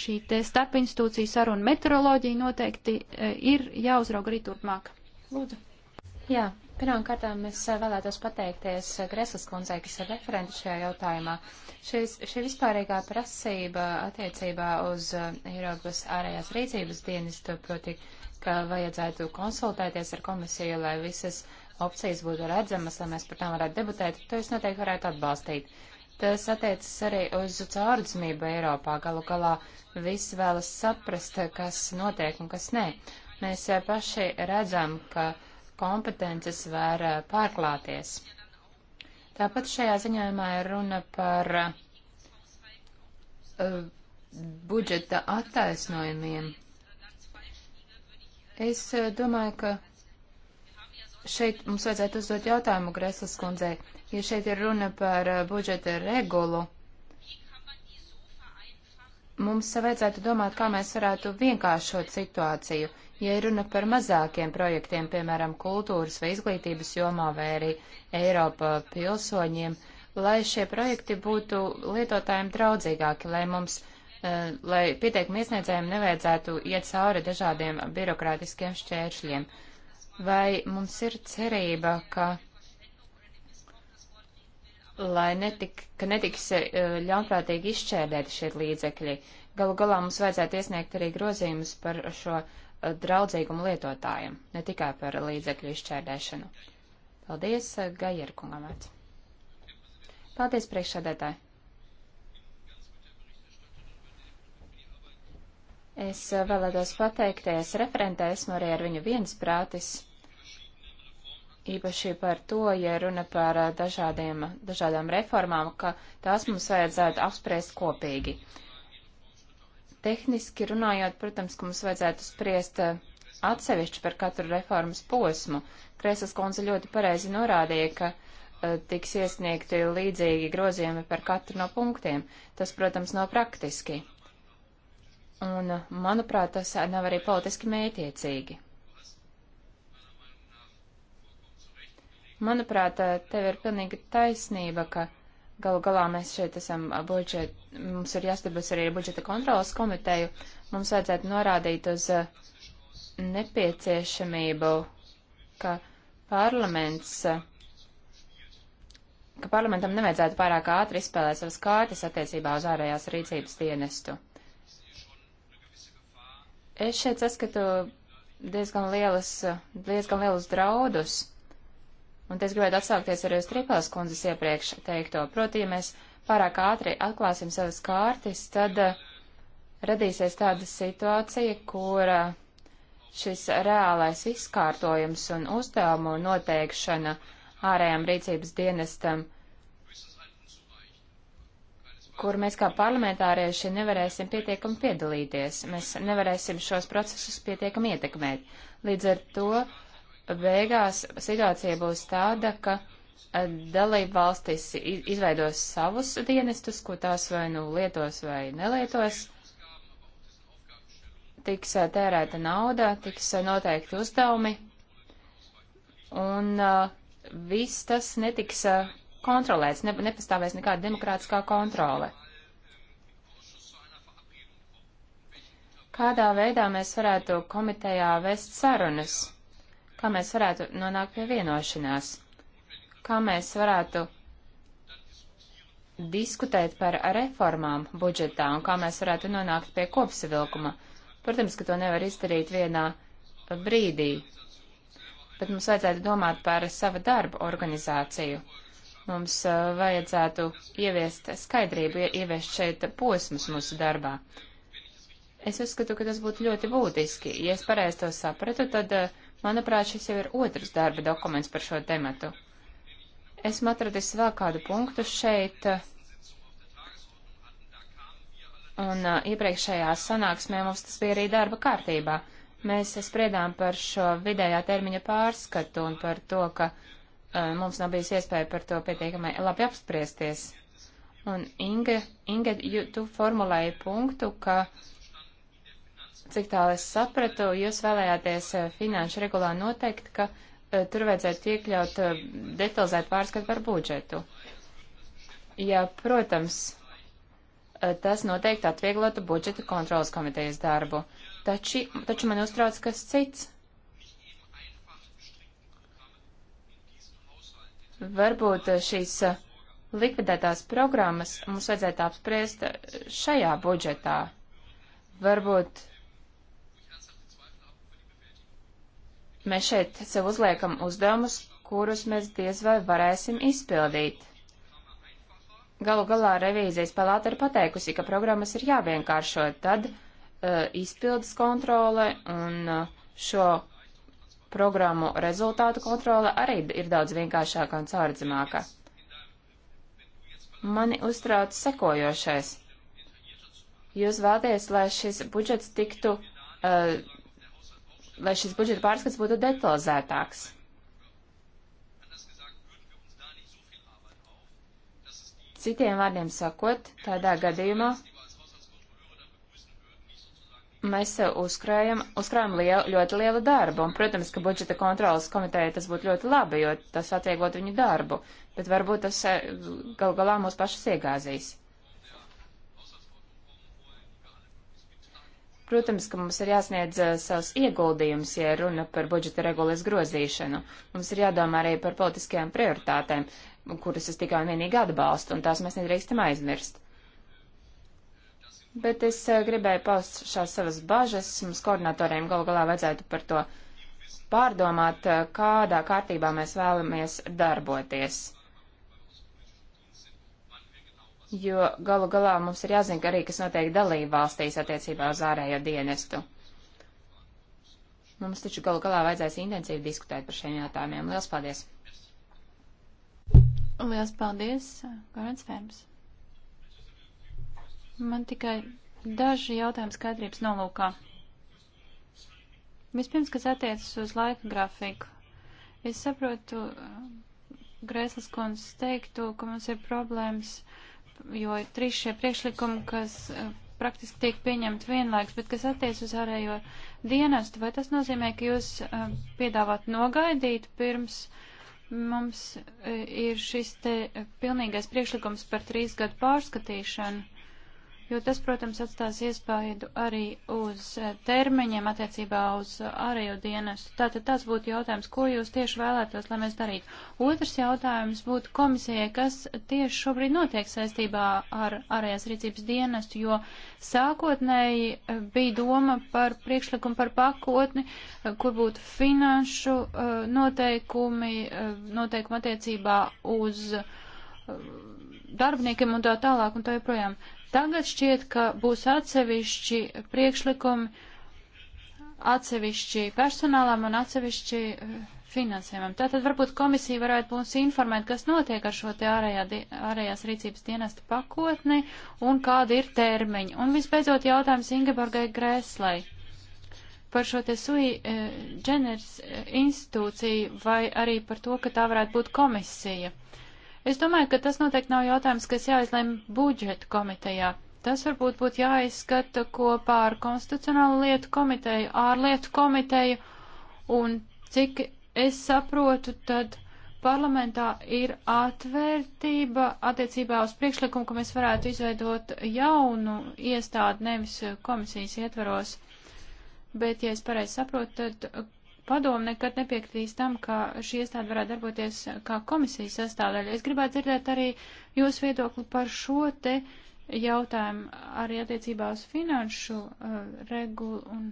šī te starpinstitūcija saruna meteoroloģija noteikti e, ir jāuzrauga arī turpmāk. Lūdzu. Jā, pirmām kārtām es e, vēlētos pateikties Greslas kundzei, kas ir referenta šajā jautājumā. Šis, šī vispārīgā prasība attiecībā uz Eiropas ārējās rīcības dienestu, proti, ka vajadzētu konsultēties ar komisiju, lai visas opcijas būtu redzamas, lai mēs par tām varētu debatēt, to es noteikti varētu atbalstīt. Tas attiecas arī uz caurdzamību Eiropā. Galu galā visi vēlas saprast, kas notiek un kas nē. Mēs eh, paši redzam, ka kompetences var eh, pārklāties. Tāpat šajā ziņojumā ir runa par uh, budžeta attaisnojumiem. Es uh, domāju, ka šeit mums vajadzētu uzdot jautājumu Greslas kundzei. Ja šeit ir runa par uh, budžeta regulu, mums vajadzētu domāt, kā mēs varētu vienkāršot situāciju. Ja runa par mazākiem projektiem, piemēram, kultūras vai izglītības jomā vai arī Eiropa pilsoņiem, lai šie projekti būtu lietotājiem draudzīgāki, lai mums, uh, lai pieteikumu iesniedzējiem nevajadzētu iet cauri dažādiem birokrātiskiem šķēršļiem. Uh, Vai mums ir cerība, ka, lai netik, ka netiks e, ļaunprātīgi izšķērdēti šie līdzekļi? Galu galā mums vajadzētu iesniegt arī grozījumus par šo e, draudzīgumu lietotājiem, ne tikai par līdzekļu izšķērdēšanu. Paldies, e, Gajer kungam. Paldies, priekšsēdētāji. Es vēlētos pateikties referentē, esmu arī ar viņu viensprātis īpaši par to, ja runa par dažādiem, dažādām reformām, ka tās mums vajadzētu apspriest kopīgi. Tehniski runājot, protams, ka mums vajadzētu spriest atsevišķi par katru reformas posmu. Krēsas konze ļoti pareizi norādīja, ka uh, tiks iesniegti līdzīgi grozījumi par katru no punktiem. Tas, protams, nav praktiski. Un, manuprāt, tas nav arī politiski mētiecīgi. Manuprāt, eh, tev ir pilnīga taisnība, ka galu galā mēs šeit esam eh, budžet, mums ir jāstabas arī budžeta kontrolas komiteju, mums vajadzētu norādīt uz eh, nepieciešamību, ka parlaments, ka parlamentam nevajadzētu pārāk ātri izspēlēt savas kārtas attiecībā uz ārējās rīcības dienestu. Es šeit saskatu diezgan lielas, diezgan lielus draudus. Un es gribētu atsaukties arī uz Tripels kundzes iepriekš teikto. Proti, ja mēs pārāk ātri atklāsim savas kārtis, tad uh, radīsies tāda situācija, kur uh, šis reālais izkārtojums un uzdevumu noteikšana ārējām rīcības dienestam, kur mēs kā parlamentārieši nevarēsim pietiekami piedalīties, mēs nevarēsim šos procesus pietiekami ietekmēt. Līdz ar to beigās situācija būs tāda, ka eh, dalību valstis izveidos savus dienestus, ko tās vai nu lietos vai nelietos tiks eh, tērēta nauda, tiks eh, noteikti uzdevumi, un uh, viss tas netiks uh, kontrolēts, ne, nepastāvēs nekāda demokrātiskā kontrole. Kādā veidā mēs varētu komitejā vest sarunas? kā mēs varētu nonākt pie vienošanās, kā mēs varētu diskutēt par reformām budžetā un kā mēs varētu nonākt pie kopsavilkuma. Protams, ka to nevar izdarīt vienā brīdī, bet mums vajadzētu domāt par sava darba organizāciju. Mums uh, vajadzētu ieviest skaidrību, ieviest šeit posmus mūsu darbā. Es uzskatu, ka tas būtu ļoti būtiski. Ja es pareizi to sapratu, tad uh, Manuprāt, šis jau ir otrs darba dokuments par šo tematu. Esmu atradis vēl kādu punktu šeit, un iepriekšējā sanāksmē mums tas bija arī darba kārtībā. Mēs spriedām par šo vidējā termiņa pārskatu un par to, ka uh, mums nav bijis iespēja par to pietiekamai labi apspriesties. Un Inge, Inge, tu formulēji punktu, ka uh, Cik tālu es sapratu, jūs vēlējāties eh, finanšu regulā noteikt, ka eh, tur vajadzētu iekļaut eh, detalizētu pārskatu par budžetu. Ja, protams, tas noteikti atvieglotu budžeta kontrolas komitejas darbu. Taču, taču man uztrauc kas cits. Varbūt šīs likvidētās programmas mums vajadzētu apspriest šajā budžetā. Varbūt Mēs šeit sev uzliekam uzdevumus, kurus mēs diez vai varēsim izpildīt. Galu galā revīzijas palāta ir pateikusi, ka programmas ir jāvienkāršo, tad uh, izpildes kontrole un uh, šo programmu rezultātu kontrole arī ir daudz vienkāršāka un caurdzamāka. Mani uztrauc sekojošais. Jūs vēlaties, lai šis budžets tiktu uh, lai šis budžeta pārskats būtu detalizētāks. Citiem vārdiem sakot, tādā gadījumā mēs uzkrājam, uzkrājam lielu, ļoti lielu darbu. Un, protams, ka budžeta kontrolas komitejai tas būtu ļoti labi, jo tas atvieglot viņu darbu. Bet varbūt tas eh, gal galā mūs pašas iegāzīs. Protams, ka mums ir jāsniedz uh, savs ieguldījums, ja runa par budžeta regulas grozīšanu. Mums ir jādomā arī par politiskajām prioritātēm, kuras es tikai un vienīgi atbalstu, un tās mēs nedrīkstam aizmirst. Bet es uh, gribēju paust šās savas bažas, mums koordinatoriem gal galā vajadzētu par to pārdomāt, eh, kādā kārtībā mēs vēlamies darboties jo galu galā mums ir jāzina ka arī, kas notiek dalību valstīs attiecībā uz ārējo dienestu. Mums taču galu galā vajadzēs intensīvi diskutēt par šiem jautājumiem. Lielas paldies! Lielas paldies, Gorants Fērms! Man tikai daži jautājumi skaidrības nolūkā. Vispirms, kas attiecas uz laika grafiku. Es saprotu, eh, Grēslas kundze teiktu, ka mums ir problēmas uh, jo ir trīs šie priekšlikumi, kas e, praktiski tiek pieņemti vienlaiks, bet kas attiec uz ārējo dienestu, vai tas nozīmē, ka jūs e, piedāvāt nogaidīt pirms mums e, ir šis te pilnīgais priekšlikums par trīs gadu pārskatīšanu? jo tas, protams, atstās iespaidu arī uz eh, termiņiem attiecībā uz eh, ārējo dienestu. Tātad tas būtu jautājums, ko jūs tieši vēlētos, lai mēs darītu. Otrs jautājums būtu komisijai, kas tieši šobrīd notiek saistībā ar ārējās rīcības dienestu, jo sākotnēji eh, bija doma par priekšlikumu par pakotni, kur būtu finanšu noteikumi, noteikumi attiecībā uz darbiniekiem un tā tālāk un tā joprojām. Tagad šķiet, ka būs atsevišķi priekšlikumi atsevišķi personālam un atsevišķi eh, finansējumam. Tātad varbūt komisija varētu mums informēt, kas notiek ar šo te ārējā, ārējās rīcības dienesta pakotni un kādi ir termiņi. Un visbeidzot jautājums Ingeborgai Grēslai par šo te sui ģeneris eh, eh, institūciju vai arī par to, ka tā varētu būt komisija. Es domāju, ka tas noteikti nav jautājums, kas jāizlem budžeta komitejā. Tas varbūt būtu jāizskata kopā ar konstitucionālu lietu komiteju, ārlietu komiteju, un cik es saprotu, tad parlamentā ir atvērtība attiecībā uz priekšlikumu, ka mēs varētu izveidot jaunu iestādi, nevis komisijas ietvaros. Bet, ja es pareizi saprotu, tad Padomu nekad nepiekritīs tam, ka šī iestāde varētu darboties kā komisijas sastāvdaļa. Es gribētu dzirdēt arī jūsu viedokli par šo te jautājumu arī attiecībā uz finanšu uh, regulu un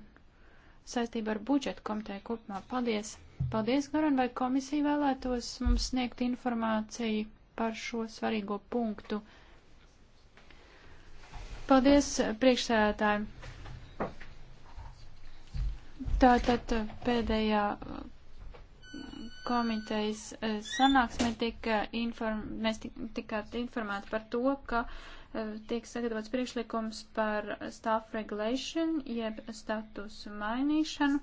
saistību ar budžetu komiteju kopumā. Paldies! Paldies, Goran, vai komisija vēlētos mums sniegt informāciju par šo svarīgo punktu? Paldies, priekšsēdētāji! Tātad pēdējā uh, komitejas uh, sanāksmē tika inform, mēs tikāt informēti par to, ka uh, tiek sagatavots priekšlikums par staff regulation, jeb statusu mainīšanu,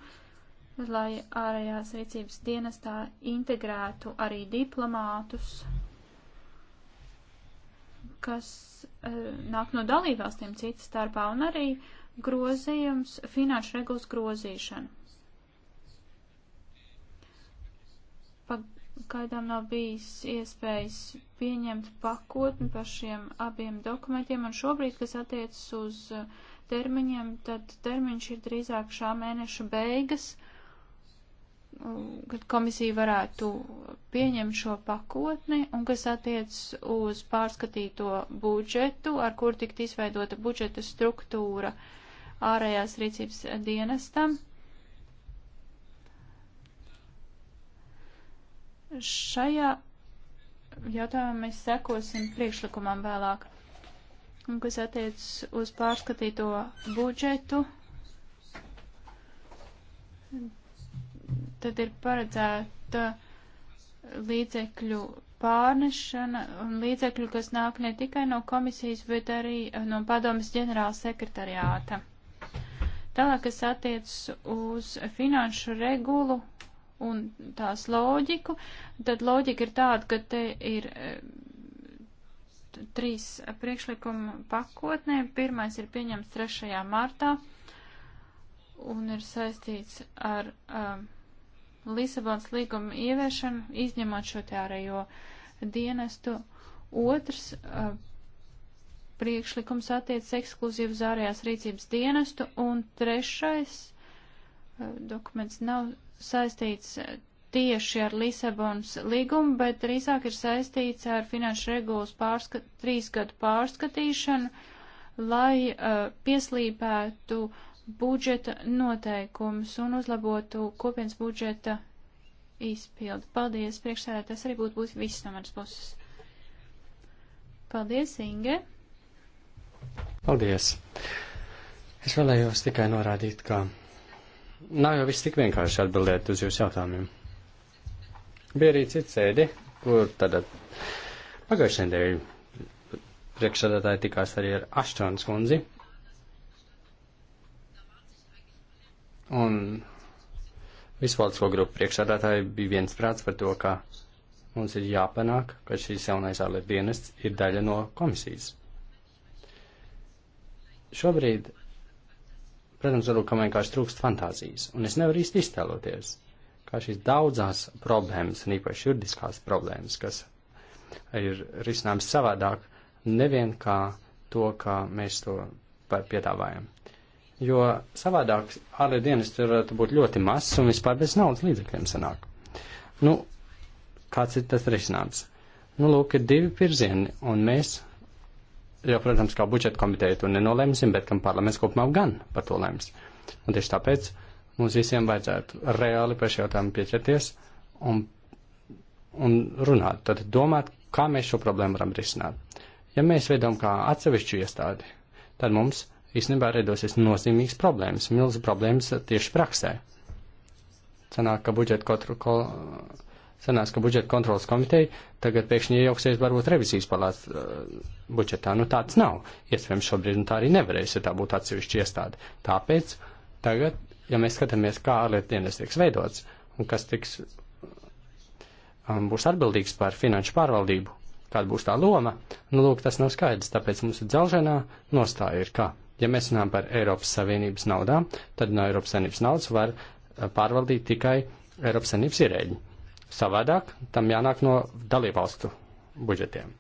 lai ārējās rīcības dienestā integrētu arī diplomātus, kas nāk no dalībvalstīm citas starpā un arī uh, grozījums, finanšu regulas grozīšana. Pagaidām nav bijis iespējas pieņemt pakotni par šiem abiem dokumentiem, un šobrīd, kas attiecas uz uh, termiņiem, tad termiņš ir drīzāk šā mēneša beigas, kad komisija varētu pieņemt šo pakotni, un kas attiecas uz pārskatīto budžetu, ar kur tikt izveidota budžeta struktūra. Uh, ārējās rīcības dienestam. Šajā jautājumā mēs sekosim priekšlikumam vēlāk. Un kas attiec uz pārskatīto budžetu, tad ir paredzēta līdzekļu pārnešana un līdzekļu, kas nāk ne tikai no komisijas, bet arī no padomas ģenerāla sekretariāta. Tālāk, kas attiecas uz finanšu regulu un tās loģiku, tad loģika ir tāda, ka te ir e, trīs priekšlikuma pakotnē. Pirmais ir pieņemts 3. martā un ir saistīts ar um, Lisabonas līguma ieviešanu, izņemot šo te ārējo dienestu. Otrs uh, priekšlikums attiec ekskluzīvu zārējās rīcības dienestu, un trešais eh, dokuments nav saistīts eh, tieši ar Lisabonas līgumu, bet drīzāk ir saistīts ar finanšu regulas pārskat, trīsgadu pārskatīšanu, lai uh, pieslīpētu budžeta noteikumus un uzlabotu kopienas budžeta izpildu. Paldies, priekšsēdētāj, tas arī būtu, būtu viss no manas puses. Paldies, Inge! Paldies! Es vēlējos tikai norādīt, ka nav jau viss tik vienkārši atbildēt uz jūsu jautājumiem. Bija arī cits sēdi, kur tad pagājušajā nedēļā priekšsēdētāji tikās arī ar Aščānas kundzi. Un visvaldisko grupu priekšsēdētāji bija viens prāts par to, ka mums ir jāpanāk, ka šīs jaunais ārlietu dienests ir daļa no komisijas. Šobrīd, protams, varbūt, ka vienkārši trūkst fantāzijas, un es nevaru īsti iztēloties, kā šīs daudzās problēmas, un īpaši juridiskās problēmas, kas ir risināmas savādāk, nevien kā to, kā mēs to piedāvājam. Jo savādāk ārēj dienas tur varētu būt ļoti mazs un vispār bez naudas līdzekļiem sanāk. Nu, kāds ir tas risinājums? Nu, lūk, ir divi virzieni, un mēs jo, protams, kā budžeta komiteja to nenolemsim, bet kam parlaments kopumā gan par to lems. Un tieši tāpēc mums visiem vajadzētu reāli pie šī jautājuma pieķerties un, un runāt, tad domāt, kā mēs šo problēmu varam risināt. Ja mēs veidām kā atsevišķu iestādi, tad mums īstenībā redosies nozīmīgas problēmas, milz problēmas tieši praksē. Sanāk, ka budžeta kontrola sanās, ka budžeta kontrolas komiteja tagad pēkšņi iejauksies varbūt revizijas palāts uh, budžetā. Nu tāds nav. Iespējams, šobrīd nu, tā arī nevarēs, ja tā būtu atsevišķa iestāde. Tāpēc tagad, ja mēs skatāmies, kā ārlietu dienas tiks veidots un kas tiks, um, būs atbildīgs par finanšu pārvaldību, kāda būs tā loma, nu lūk, tas nav skaidrs. Tāpēc mūsu dzelženā nostāja ir, ka, ja mēs runājam par Eiropas Savienības naudām, tad no Eiropas Savienības naudas var uh, pārvaldīt tikai Eiropas Savienības ierēģi Savādāk tam jānāk no dalībvalstu budžetiem.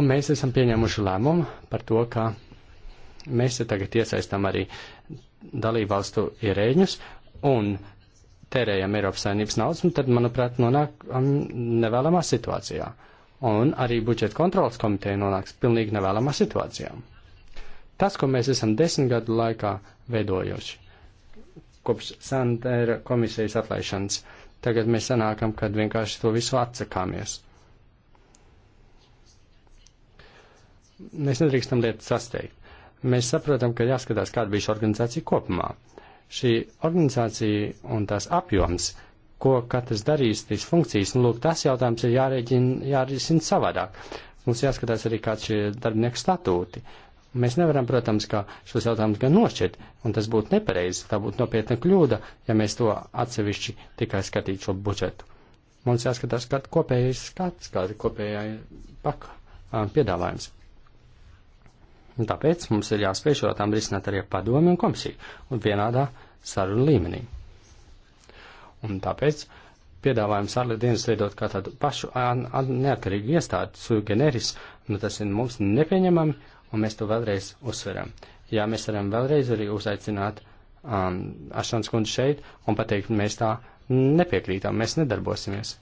Un mēs esam pieņēmuši lēmumu par to, ka mēs tagad iesaistām arī dalībvalstu ierēģus un tērējam Eiropas saimnības naudas, un tad, manuprāt, nonāk nevēlamā situācijā. Un arī budžeta kontrolas komiteja nonāks pilnīgi nevēlamā situācijā. Tas, ko mēs esam desmit gadu laikā veidojuši, kopš Santēra komisijas atlaišanas, uh, Tagad mēs sanākam, kad vienkārši to visu atsakāmies. Mēs nedrīkstam lietas sasteigt. Mēs saprotam, ka jāskatās, kāda bija šī organizācija kopumā. Šī organizācija un tās apjoms, ko katrs darīs, tīs funkcijas, nu, lūk, tas jautājums ir jārēģina, jārisina savādāk. Mums jāskatās arī, kāds ir darbinieku statūti. Uh, Mēs nevaram, protams, kā šos jautājumus gan nošķirt, un tas būtu nepareizi, tā būtu nopietna kļūda, ja mēs to atsevišķi tikai skatītu šo budžetu. Mums jāskatās, kā kopējais skats, kāda kopējā paka piedāvājums. Un tāpēc mums ir jāspēj šo jautājumu risināt arī ar padomi un komisiju, un vienādā sarunu līmenī. Un tāpēc piedāvājums ārlietu dienas veidot kā tādu pašu neatkarīgu iestādi, su generis, nu tas ir mums nepieņemami, un mēs to vēlreiz uzsveram. Jā, mēs varam vēlreiz arī uzaicināt um, Ašons kundzi šeit un pateikt, mēs tā nepiekrītām, mēs nedarbosimies.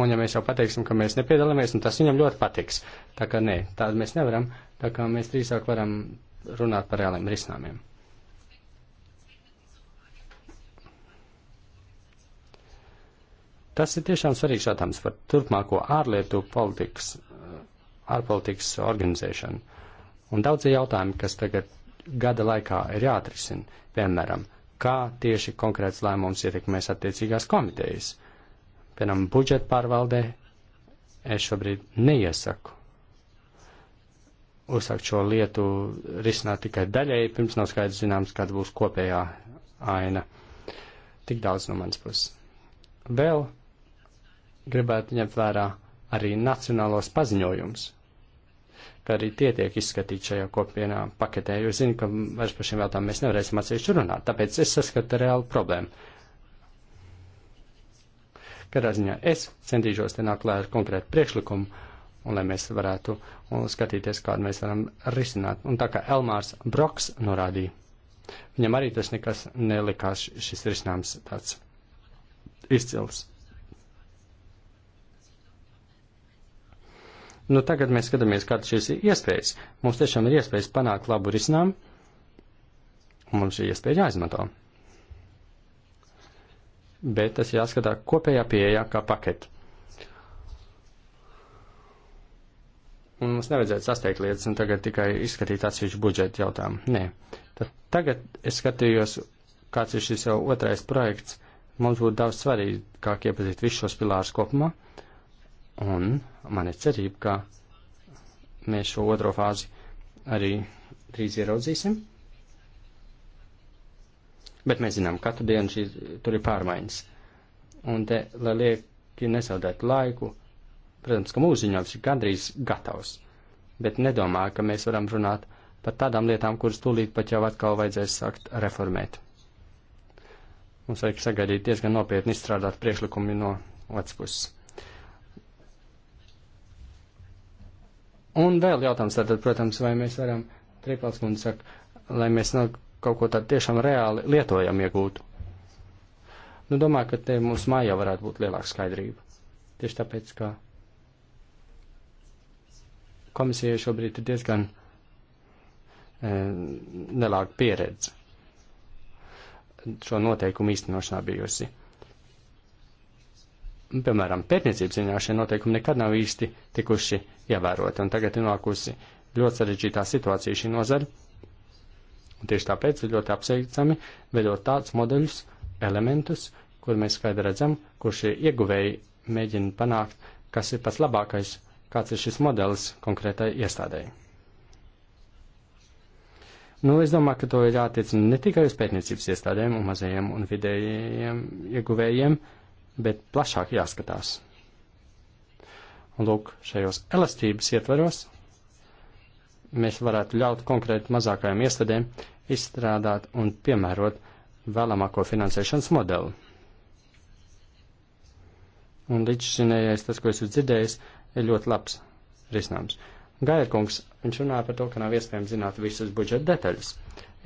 Un ja mēs jau pateiksim, ka mēs nepiedalāmies, un tas viņam ļoti patiks. Tā kā nē, tādu mēs nevaram, tā kā mēs drīzāk varam runāt par reāliem risinājumiem. Tas ir tiešām svarīgs jautājums par turpmāko ārlietu politikas ārpolitikas organizēšanu. Un daudzi jautājumi, kas tagad gada laikā ir jāatrisina, piemēram, kā tieši konkrēts lēmums ietekmēs attiecīgās komitejas. Piemēram, budžeta pārvaldē es šobrīd neiesaku uzsākt šo lietu, risināt tikai daļēji, pirms nav skaidrs zināms, kāda būs kopējā aina. Tik daudz no manas puses. Vēl gribētu ņemt vērā arī nacionālos paziņojumus, ka arī tie tiek izskatīti šajā kopienā paketē, jo zinu, ka vairs par šiem jautājumiem mēs nevarēsim atsevišķi runāt, tāpēc es saskatu reālu problēmu. Katrā ziņā es centīšos te nākt klāt ar konkrētu priekšlikumu, un lai mēs varētu skatīties, kādu mēs varam risināt. Un tā kā Elmārs Broks norādīja, viņam arī tas nekas nelikās šis risinājums tāds izcils. Nu, tagad mēs skatāmies, kādas šīs iespējas. Mums tiešām ir iespējas panākt labu risinājumu, un mums šī iespēja jāizmanto. Bet tas jāskatā kopējā pieejā kā paketi. Un mums nevajadzētu sasteigt lietas un tagad tikai izskatīt atsevišķu budžeta jautājumu. Nē. Tad tagad es skatījos, kāds ir šis jau otrais projekts. Mums būtu daudz svarīgāk iepazīt visus šos pilārus kopumā. Un man ir cerība, ka mēs šo otro fāzi arī drīz ieraudzīsim. Bet mēs zinām, katru dienu šī, tur ir pārmaiņas. Un te, lai lieki nesaudētu laiku, protams, ka mūsu ziņojums ir gandrīz gatavs. Bet nedomāju, ka mēs varam runāt par tādām lietām, kuras tūlīt pat jau atkal vajadzēs sākt reformēt. Mums vajag sagaidīt diezgan nopietni izstrādāt priekšlikumi no otras puses. Un vēl jautājums tātad, protams, vai mēs varam, Trīpāls kundze saka, lai mēs no kaut ko tādu tiešām reāli lietojam iegūtu. Nu, domāju, ka te mūsu mājā varētu būt lielāka skaidrība. Tieši tāpēc, ka komisijai šobrīd ir diezgan e, nelāga pieredze šo noteikumu īstenošanā bijusi piemēram, pētniecības ziņā šie noteikumi nekad nav īsti tikuši ievēroti, un tagad ir nākusi ļoti sarežģītā situācija šī nozara. Un tieši tāpēc ir ļoti apsveicami veidot tādus modeļus, elementus, kur mēs skaidri redzam, kur šie ieguvēji mēģina panākt, kas ir pats labākais, kāds ir šis modelis konkrētai iestādēji. Nu, es domāju, ka to ir jātiecina ne tikai uz pētniecības iestādēm un mazajiem un vidējiem ieguvējiem, ja bet plašāk jāskatās. Un lūk, šajos elastības ietveros mēs varētu ļaut konkrēti mazākajām iestādēm izstrādāt un piemērot vēlamāko finansēšanas modeli. Un līdzšinējais tas, ko esmu dzirdējis, ir ļoti labs risinājums. Gairkungs, viņš runāja par to, ka nav iespējams zināt visas budžeta detaļas.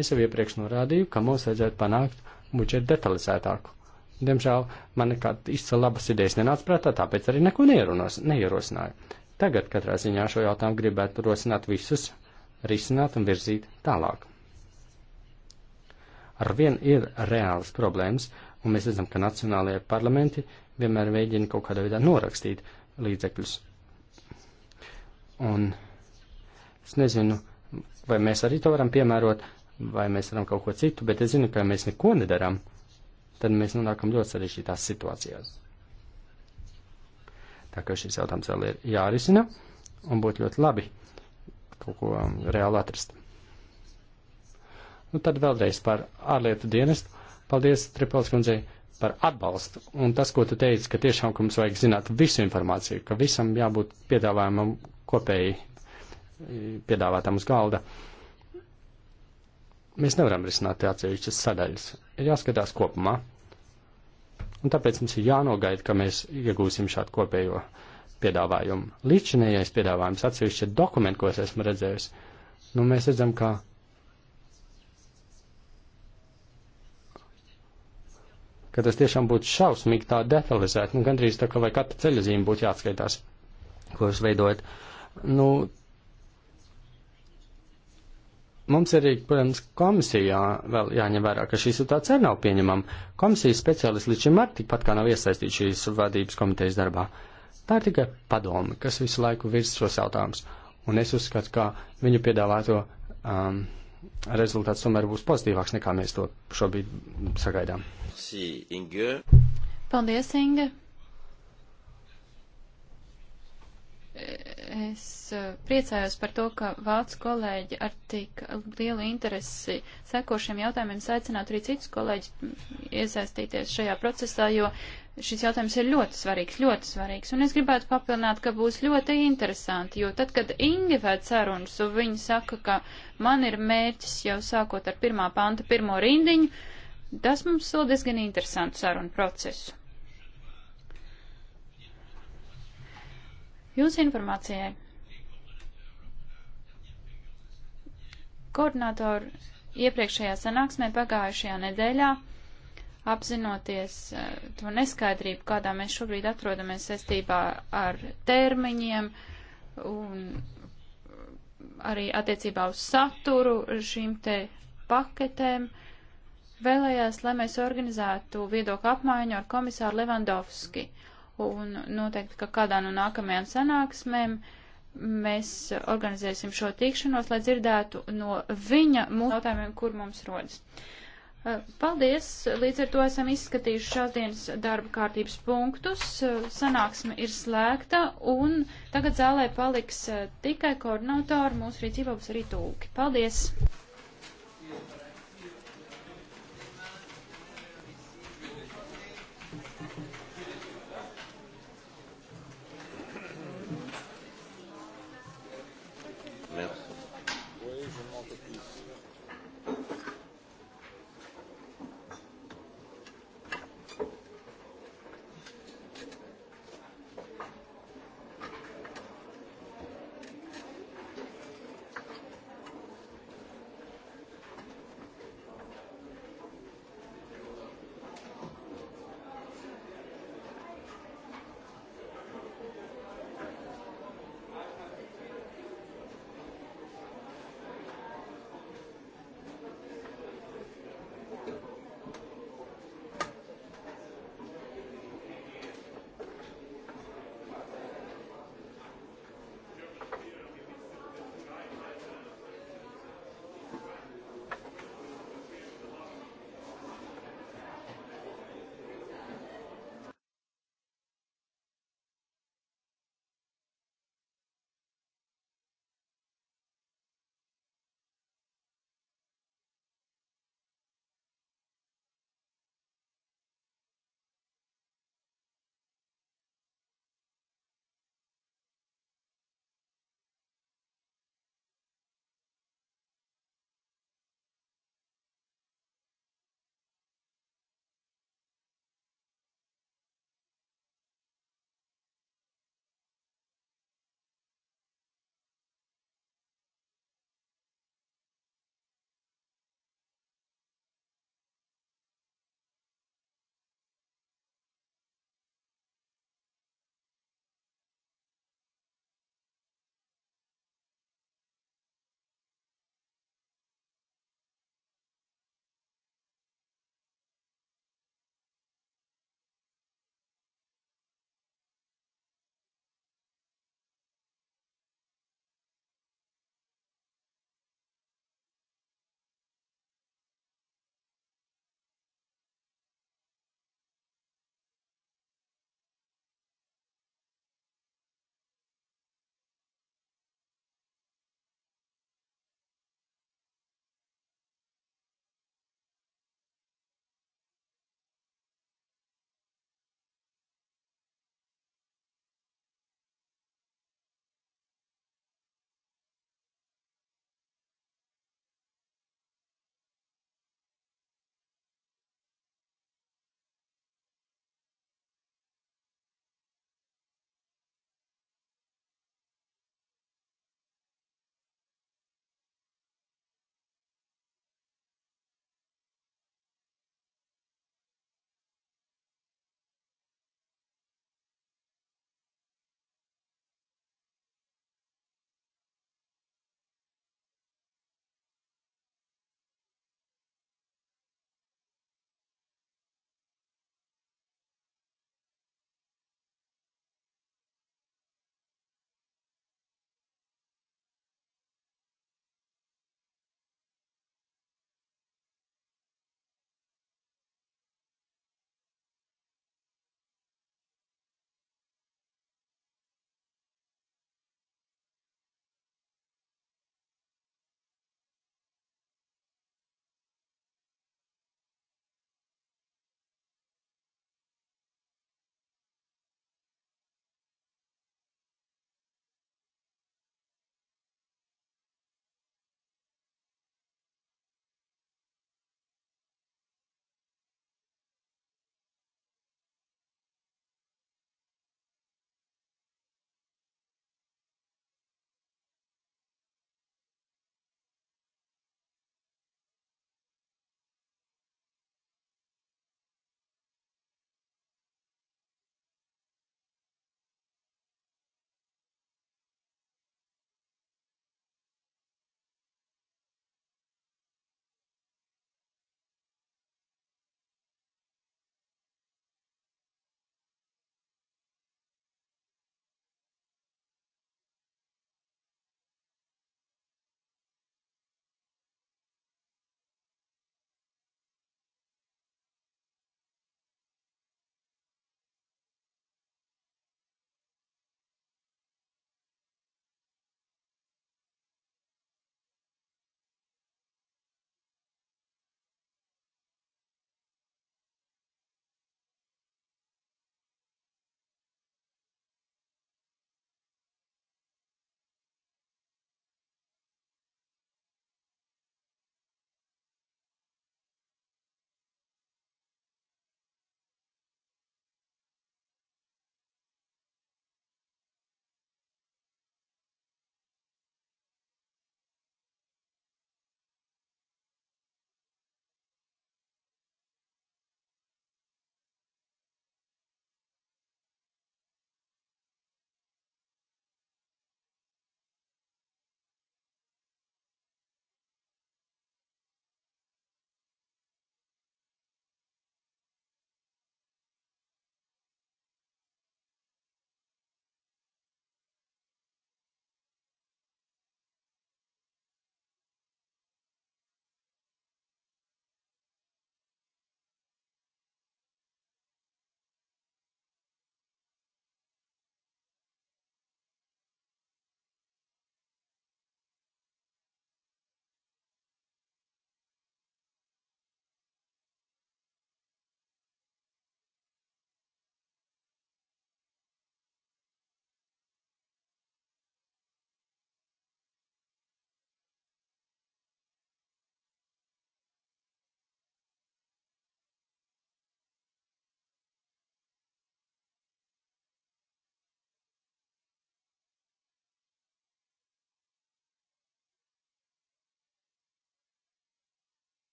Es jau iepriekš norādīju, ka mums vajadzētu panākt budžetu detalizētāku. Diemžēl man nekāda izcila labas idejas nenāca prātā, tāpēc arī neko neierunos, neierosināju. Tagad katrā ziņā šo jautājumu gribētu rosināt visus, risināt un virzīt tālāk. Arvien ir reālas problēmas, un mēs redzam, ka nacionālajie parlamenti vienmēr mēģina kaut kādā veidā norakstīt līdzekļus. Un es nezinu, vai mēs arī to varam piemērot, vai mēs varam kaut ko citu, bet es zinu, ka mēs neko nedaram tad mēs nonākam ļoti sarežģītās situācijās. Tā kā šis jautājums vēl ir jārisina, un būtu ļoti labi kaut ko um, reāli atrast. Nu, tad vēlreiz par ārlietu dienestu. Paldies, Tripels kundzei, par atbalstu. Un tas, ko tu teici, ka tiešām, ka mums vajag zināt visu informāciju, ka visam jābūt piedāvājumam kopēji piedāvātam uz galda. Mēs nevaram risināt atsevišķas sadaļas. Ir jāskatās kopumā. Un tāpēc mums ir jānogaida, ka mēs iegūsim šādu kopējo piedāvājumu. Līdzinējais piedāvājums atsevišķi dokumenti, ko es esmu redzējis, nu mēs redzam, ka ka tas tiešām būtu šausmīgi tā detalizēt, nu gandrīz tā, ka vai katra ceļazīme būtu jāatskaitās, ko jūs veidojat. Nu, mums arī, protams, komisijā vēl jāņem vērā, ka šī situācija nav pieņemama. Komisijas speciālisti līdz šim arī tikpat kā nav iesaistīti šīs vadības komitejas darbā. Tā ir tikai padoma, kas visu laiku virs šos jautājumus. Un es uzskatu, ka viņu piedāvāto um, rezultāts tomēr būs pozitīvāks, nekā mēs to šobrīd sagaidām. Paldies, Inga! es eh, priecājos par to, ka vācu kolēģi ar tik lielu interesi sekošiem jautājumiem saicinātu arī citus kolēģus mm, iesaistīties šajā procesā, jo šis jautājums ir ļoti svarīgs, ļoti svarīgs. Un es gribētu papilnāt, ka būs ļoti interesanti, jo tad, kad Ingi vēd sarunas un viņi saka, ka man ir mērķis jau sākot ar pirmā panta pirmo rindiņu, tas mums vēl diezgan interesantu sarunu procesu. Jūsu informācijai. Koordinātori iepriekšējā sanāksmē pagājušajā nedēļā, apzinoties eh, to neskaidrību, kādā mēs šobrīd atrodamies saistībā ar termiņiem un arī attiecībā uz saturu šīm te paketēm, vēlējās, lai mēs organizētu viedokļu apmaiņu ar komisāru Levandovski. Uh, un noteikti, ka kādā no nākamajām sanāksmēm mēs organizēsim šo tikšanos, lai dzirdētu no viņa mūsu jautājumiem, kur mums rodas. Eh, paldies! Līdz ar to esam izskatījuši šās dienas darba kārtības punktus. Eh, sanāksme ir slēgta un tagad zālē paliks eh, tikai koordinātori. Mūsu rīcībā būs arī tūki. Paldies!